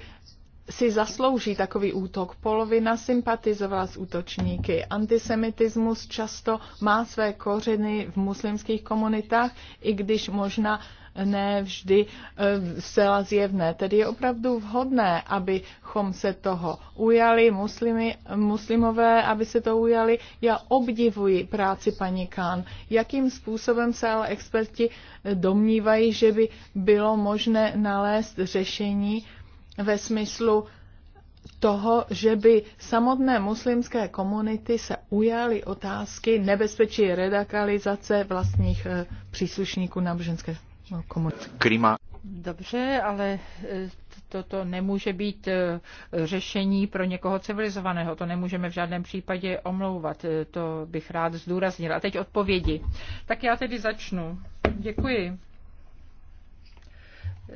si zaslouží takový útok. Polovina sympatizovala s útočníky. Antisemitismus často má své kořeny v muslimských komunitách, i když možná ne vždy eh, zcela zjevné. Tedy je opravdu vhodné, abychom se toho ujali, muslimy, muslimové, aby se to ujali. Já obdivuji práci paní Kán. Jakým způsobem se ale experti domnívají, že by bylo možné nalézt řešení, ve smyslu toho, že by samotné muslimské komunity se ujaly otázky nebezpečí radikalizace vlastních eh, příslušníků náboženské komunity. Klima. Dobře, ale eh, toto nemůže být eh, řešení pro někoho civilizovaného. To nemůžeme v žádném případě omlouvat. To bych rád zdůraznil. A teď odpovědi. Tak já tedy začnu. Děkuji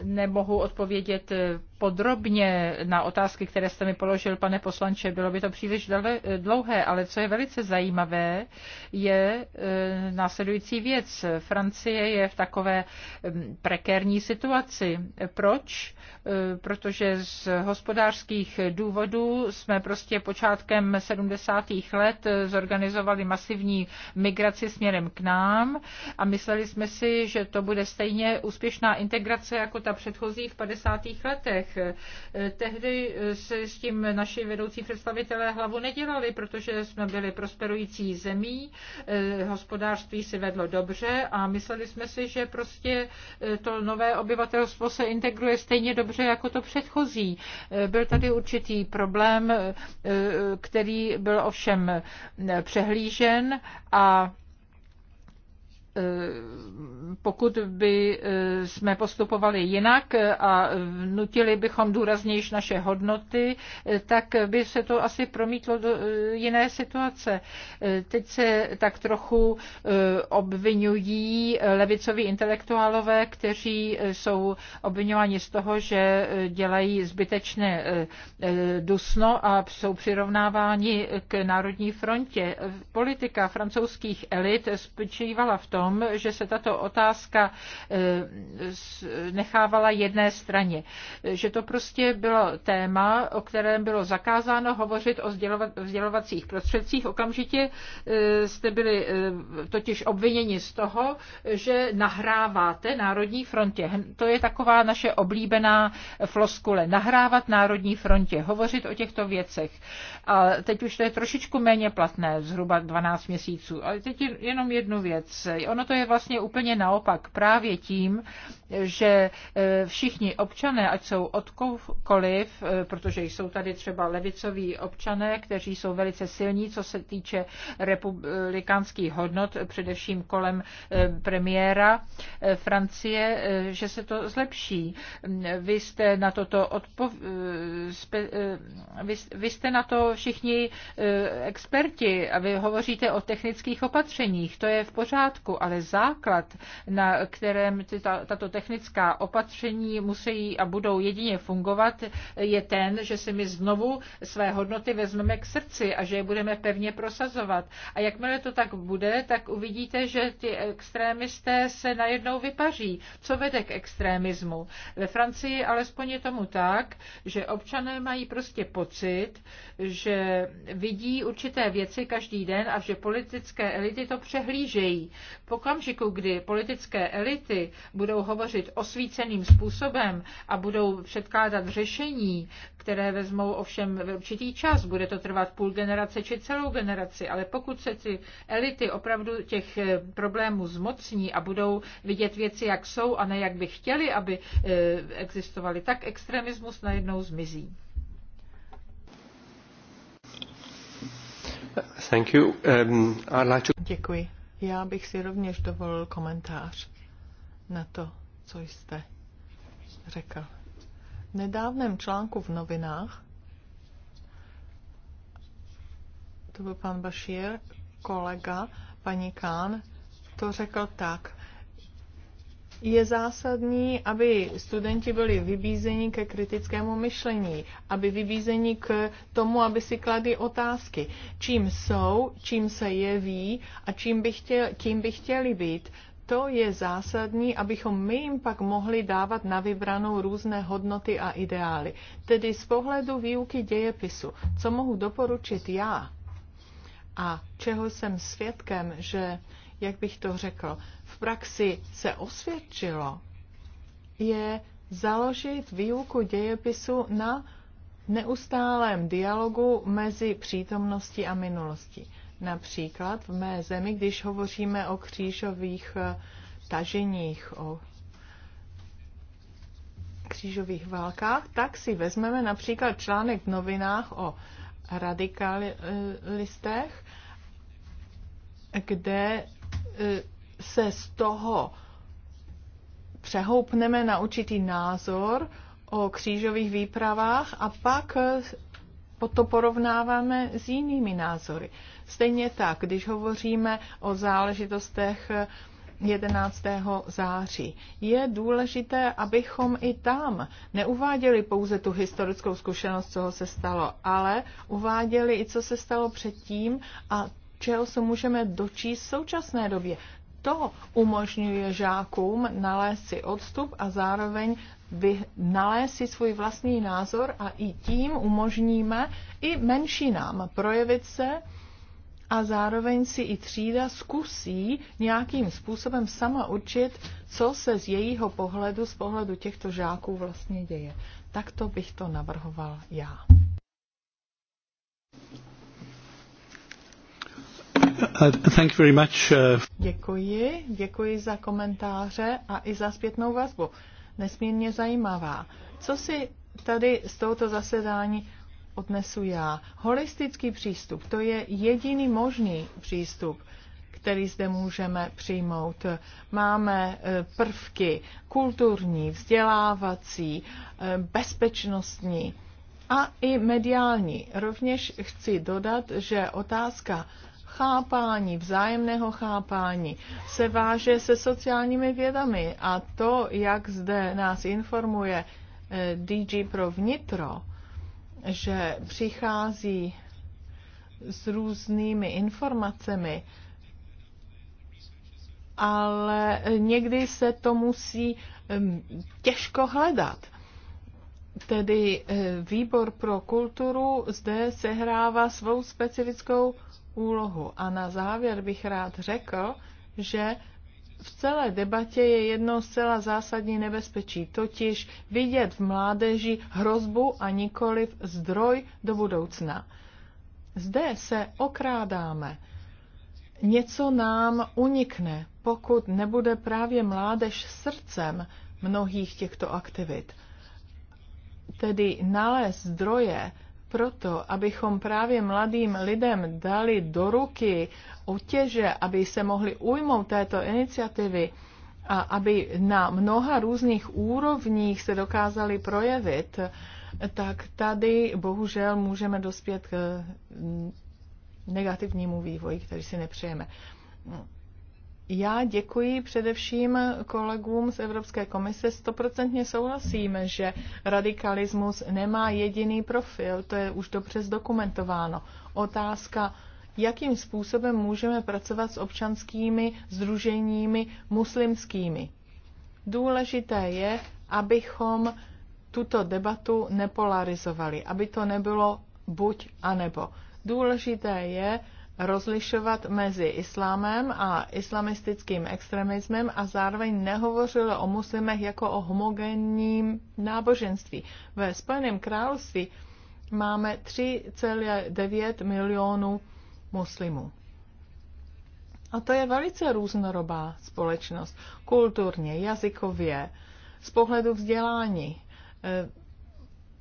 nemohu odpovědět eh, podrobně na otázky, které jste mi položil, pane poslanče. Bylo by to příliš eh, dlouhé, ale co je velice zajímavé, je eh, následující věc. Francie je v takové mm, prekérní situaci. Proč? Protože z hospodářských důvodů jsme prostě počátkem 70. let zorganizovali masivní migraci směrem k nám a mysleli jsme si, že to bude stejně úspěšná integrace jako ta předchozí v 50. letech. Eh, Tehdy se s tím naši vedoucí představitelé hlavu nedělali, protože jsme byli prosperující zemí, eh, hospodářství si vedlo dobře a mysleli jsme si, že prostě eh, to nové obyvatelstvo se integruje stejně dobře jako to předchozí. Byl tady určitý problém, který byl ovšem přehlížen a Eh, pokud by eh, jsme postupovali jinak eh, a nutili bychom důraznější naše hodnoty, tak by se to asi promítlo do jiné situace. Teď se tak trochu obvinují levicoví intelektuálové, kteří jsou obvinováni z toho, že dělají zbytečné dusno a jsou přirovnáváni k Národní frontě. Politika francouzských elit spočívala v tom, tom, že se tato otázka eh, nechávala jedné straně. Že to prostě bylo téma, o kterém bylo zakázáno hovořit o vzdělovacích prostředcích. Okamžitě eh, jste byli eh, totiž obviněni z toho, že nahráváte Národní frontě. Hm, to je taková naše oblíbená floskule. Nahrávat Národní frontě, hovořit o těchto věcech. A teď už to je trošičku méně platné, zhruba 12 měsíců. Ale teď jenom jednu věc ono to je vlastně úplně naopak. Právě tím, že e, všichni občané, ať jsou odkoliv, e, protože jsou tady třeba levicoví občané, kteří jsou velice silní, co se týče republikánských hodnot, především kolem e, premiéra Francie, že se to zlepší. Vy jste na toto odpov... vy jste na to všichni experti a vy hovoříte o technických opatřeních. To je v pořádku, ale základ, na kterém tato technická opatření musí a budou jedině fungovat, je ten, že si my znovu své hodnoty vezmeme k srdci a že je budeme pevně prosazovat. A jakmile to tak bude, tak uvidíte, že ty extrémisté se najednou vypaří. Co vede k extrémismu? Ve Francii alespoň je tomu tak, že občané mají prostě pocit, že vidí určité věci každý den a že politické elity to přehlížejí okamžiku, kdy politické elity budou hovořit osvíceným způsobem a budou předkládat řešení, které vezmou ovšem určitý čas, bude to trvat půl generace či celou generaci, ale pokud se ty elity opravdu těch eh, problémů zmocní a budou vidět věci, jak jsou a ne jak by chtěli, aby eh, existovaly, tak extremismus najednou zmizí. Thank you. Um, I'd like to... Děkuji. Já bych si rovněž dovolil komentář na to, co jste řekl. V nedávném článku v novinách, to byl pan Bashir, kolega, paní Kán, to řekl tak je zásadní, aby studenti byli vybízeni ke kritickému myšlení, aby vybízeni k tomu, aby si kladli otázky, čím jsou, čím se jeví a čím by chtěl, kým by chtěli být. To je zásadní, abychom my jim pak mohli dávat na vybranou různé hodnoty a ideály. Tedy z pohledu výuky dějepisu, co mohu doporučit já a čeho jsem svědkem, že jak bych to řekl, v praxi se osvědčilo, je založit výuku dějepisu na neustálém dialogu mezi přítomností a minulostí. Například v mé zemi, když hovoříme o křížových eh, taženích, o křížových válkách, tak si vezmeme například článek v novinách o radikalistech, eh, kde Eh, se z toho přehoupneme na určitý názor o křížových výpravách a pak eh, to porovnáváme s jinými názory. Stejně tak, když hovoříme o záležitostech 11. Eh, září. Je důležité, abychom i tam neuváděli pouze tu historickou zkušenost, co se stalo, ale uváděli i, co se stalo předtím a čeho se můžeme dočíst v současné době. To umožňuje žákům nalézt si odstup a zároveň vy, nalézt si svůj vlastní názor a i tím umožníme i menšinám projevit se a zároveň si i třída zkusí nějakým způsobem sama určit, co se z jejího pohledu, z pohledu těchto žáků vlastně děje. Tak to bych to navrhoval já. Uh, thank you very much. Uh, děkuji, děkuji za komentáře a i za zpětnou vazbu. Nesmírně zajímavá. Co si tady z tohoto zasedání odnesu já? Holistický přístup, to je jediný možný přístup který zde můžeme přijmout. Máme eh, prvky kulturní, vzdělávací, eh, bezpečnostní a i mediální. Rovněž chci dodat, že otázka chápání, vzájemného chápání se váže se sociálními vědami a to, jak zde nás informuje eh, DG pro vnitro, že přichází s různými informacemi, ale někdy se to musí těžko hledat. Tedy eh, výbor pro kulturu zde sehrává svou specifickou úlohu. A na závěr bych rád řekl, že v celé debatě je jedno zcela zásadní nebezpečí, totiž vidět v mládeži hrozbu a nikoliv zdroj do budoucna. Zde se okrádáme. Něco nám unikne, pokud nebude právě mládež srdcem mnohých těchto aktivit. Tedy nalézt zdroje, proto, abychom právě mladým lidem dali do ruky otěže, aby se mohli ujmout této iniciativy a aby na mnoha různých úrovních se dokázali projevit, tak tady bohužel můžeme dospět k negativnímu vývoji, který si nepřejeme. Já děkuji především kolegům z Evropské komise. Stoprocentně souhlasíme, že radikalismus nemá jediný profil, to je už dobře zdokumentováno. Otázka, jakým způsobem můžeme pracovat s občanskými združeními muslimskými. Důležité je, abychom tuto debatu nepolarizovali, aby to nebylo buď a nebo. Důležité je, rozlišovat mezi islámem a islamistickým extremismem a zároveň nehovořil o muslimech jako o homogenním náboženství. Ve Spojeném království máme 3,9 milionů muslimů. A to je velice různorobá společnost. Kulturně, jazykově, z pohledu vzdělání, eh,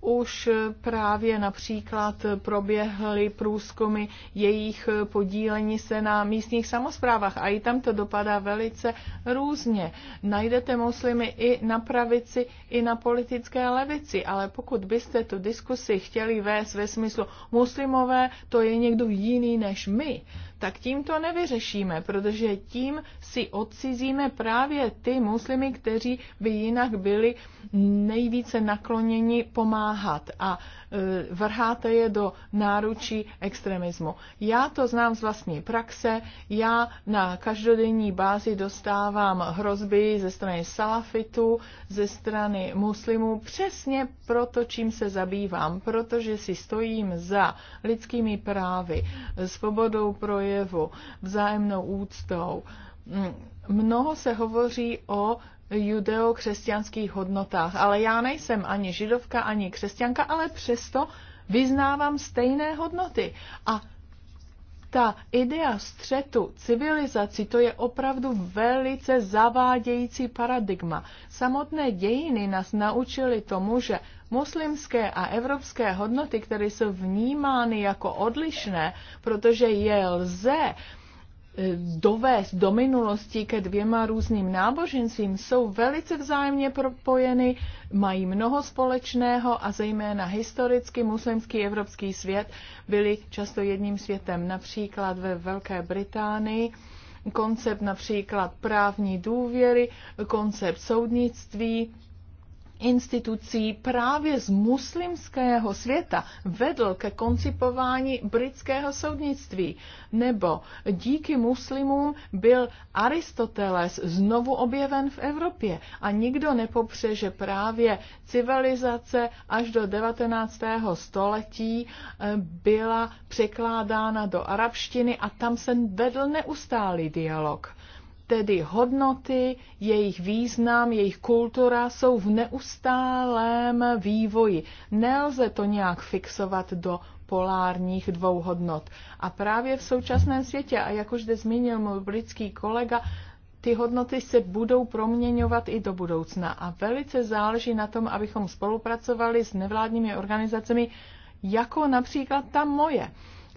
už právě například proběhly průzkumy jejich podílení se na místních samozprávách a i tam to dopadá velice různě. Najdete muslimy i na pravici, i na politické levici, ale pokud byste tu diskusi chtěli vést ve smyslu muslimové, to je někdo jiný než my, tak tím to nevyřešíme, protože tím si odcizíme právě ty muslimy, kteří by jinak byli nejvíce nakloněni pomáhat. A E, vrháte je do náručí extremismu. Já to znám z vlastní praxe, já na každodenní bázi dostávám hrozby ze strany salafitu, ze strany muslimů, přesně proto, čím se zabývám, protože si stojím za lidskými právy, svobodou projevu, vzájemnou úctou. Mm, mnoho se hovoří o judeokřesťanských hodnotách. Ale já nejsem ani židovka, ani křesťanka, ale přesto vyznávám stejné hodnoty. A ta idea střetu civilizací, to je opravdu velice zavádějící paradigma. Samotné dějiny nás naučily tomu, že muslimské a evropské hodnoty, které jsou vnímány jako odlišné, protože je lze uh, dovést do minulosti ke dvěma různým náboženstvím, jsou velice vzájemně propojeny, mají mnoho společného a zejména historicky muslimský evropský svět byly často jedním světem. Například ve Velké Británii koncept například právní důvěry, koncept soudnictví, institucí právě z muslimského světa vedl ke koncipování britského soudnictví. Nebo díky muslimům byl Aristoteles znovu objeven v Evropě a nikdo nepopře, že právě civilizace až do 19. století eh, byla překládána do arabštiny a tam se vedl neustálý dialog Tedy hodnoty, jejich význam, jejich kultura jsou v neustálém vývoji. Nelze to nějak fixovat do polárních dvou hodnot. A právě v současném světě, a jak už zde zmínil můj britský kolega, ty hodnoty se budou proměňovat i do budoucna a velice záleží na tom, abychom spolupracovali s nevládními organizacemi, jako například ta moje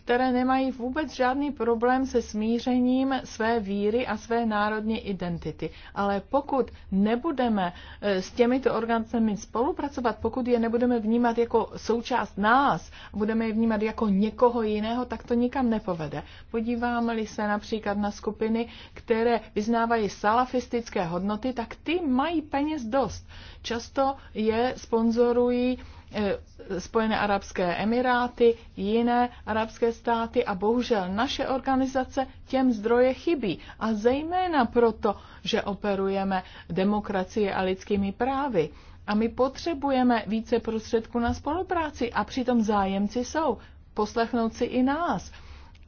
které nemají vůbec žádný problém se smířením své víry a své národní identity. Ale pokud nebudeme eh, s těmito organizacemi spolupracovat, pokud je nebudeme vnímat jako součást nás, budeme je vnímat jako někoho jiného, tak to nikam nepovede. Podíváme-li se například na skupiny, které vyznávají salafistické hodnoty, tak ty mají peněz dost. Často je sponzorují E, Spojené arabské emiráty, jiné arabské státy a bohužel naše organizace těm zdroje chybí. A zejména proto, že operujeme demokracie a lidskými právy. A my potřebujeme více prostředků na spolupráci a přitom zájemci jsou. Poslechnout si i nás.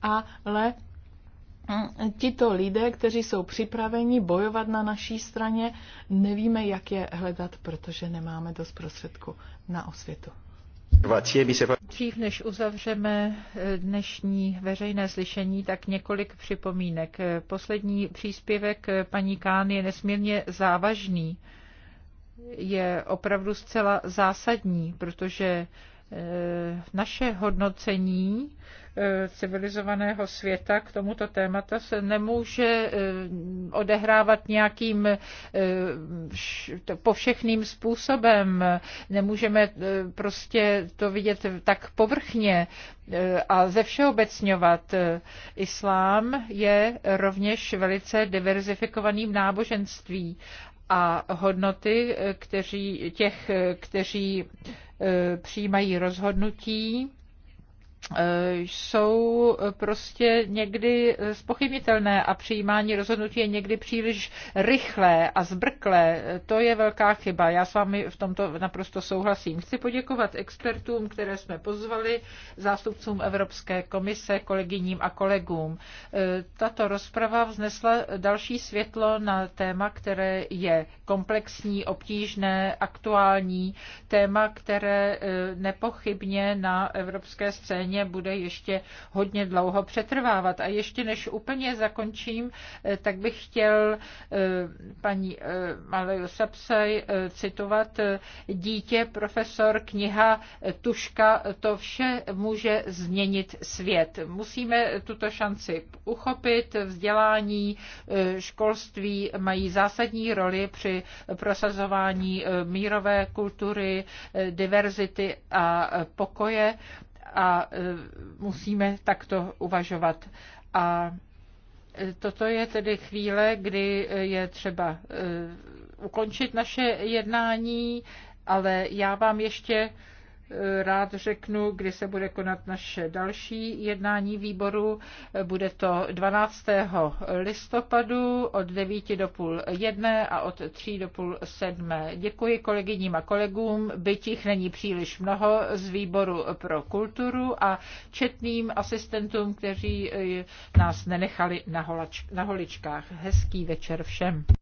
Ale Mm, tito lidé, kteří jsou připraveni bojovat na naší straně, nevíme, jak je hledat, protože nemáme dost prostředku na osvětu. Dřív než uzavřeme eh, dnešní veřejné slyšení, tak několik připomínek. Poslední příspěvek eh, paní Kán je nesmírně závažný. Je opravdu zcela zásadní, protože eh, naše hodnocení Eh, civilizovaného světa k tomuto tématu se nemůže eh, odehrávat nějakým eh, povšechným způsobem. Nemůžeme prostě to vidět tak povrchně a zevšeobecňovat. Islám je rovněž velice diverzifikovaným náboženství a hodnoty kteří, těch, kteří přijímají rozhodnutí, Eh, jsou eh, prostě někdy eh, spochybnitelné a přijímání rozhodnutí je někdy příliš rychlé a zbrklé. To je velká chyba. Já s vámi v tomto naprosto souhlasím. Chci poděkovat expertům, které jsme pozvali, zástupcům Evropské komise, kolegyním a kolegům. Tato rozprava vznesla další světlo na téma, které je komplexní, obtížné, aktuální, téma, které nepochybně na evropské scéně samozřejmě bude ještě hodně dlouho přetrvávat. A ještě než úplně zakončím, eh, tak bych chtěl eh, paní eh, Malejo Sapsaj citovat dítě, profesor, kniha, tuška, to vše může změnit svět. Musíme tuto šanci uchopit, vzdělání, školství mají zásadní roli při prosazování mírové kultury, diverzity a pokoje a e, musíme takto uvažovat. A e, toto je tedy chvíle, kdy e, je třeba ukončit naše jednání, ale já vám ještě rád řeknu, kdy se bude konat naše další jednání výboru. Bude to 12. listopadu od 9 do půl jedné a od 3 do půl sedmé. Děkuji kolegyním a kolegům, byť jich není příliš mnoho z výboru pro kulturu a četným asistentům, kteří eh, nás nenechali na holičkách. Hezký večer všem.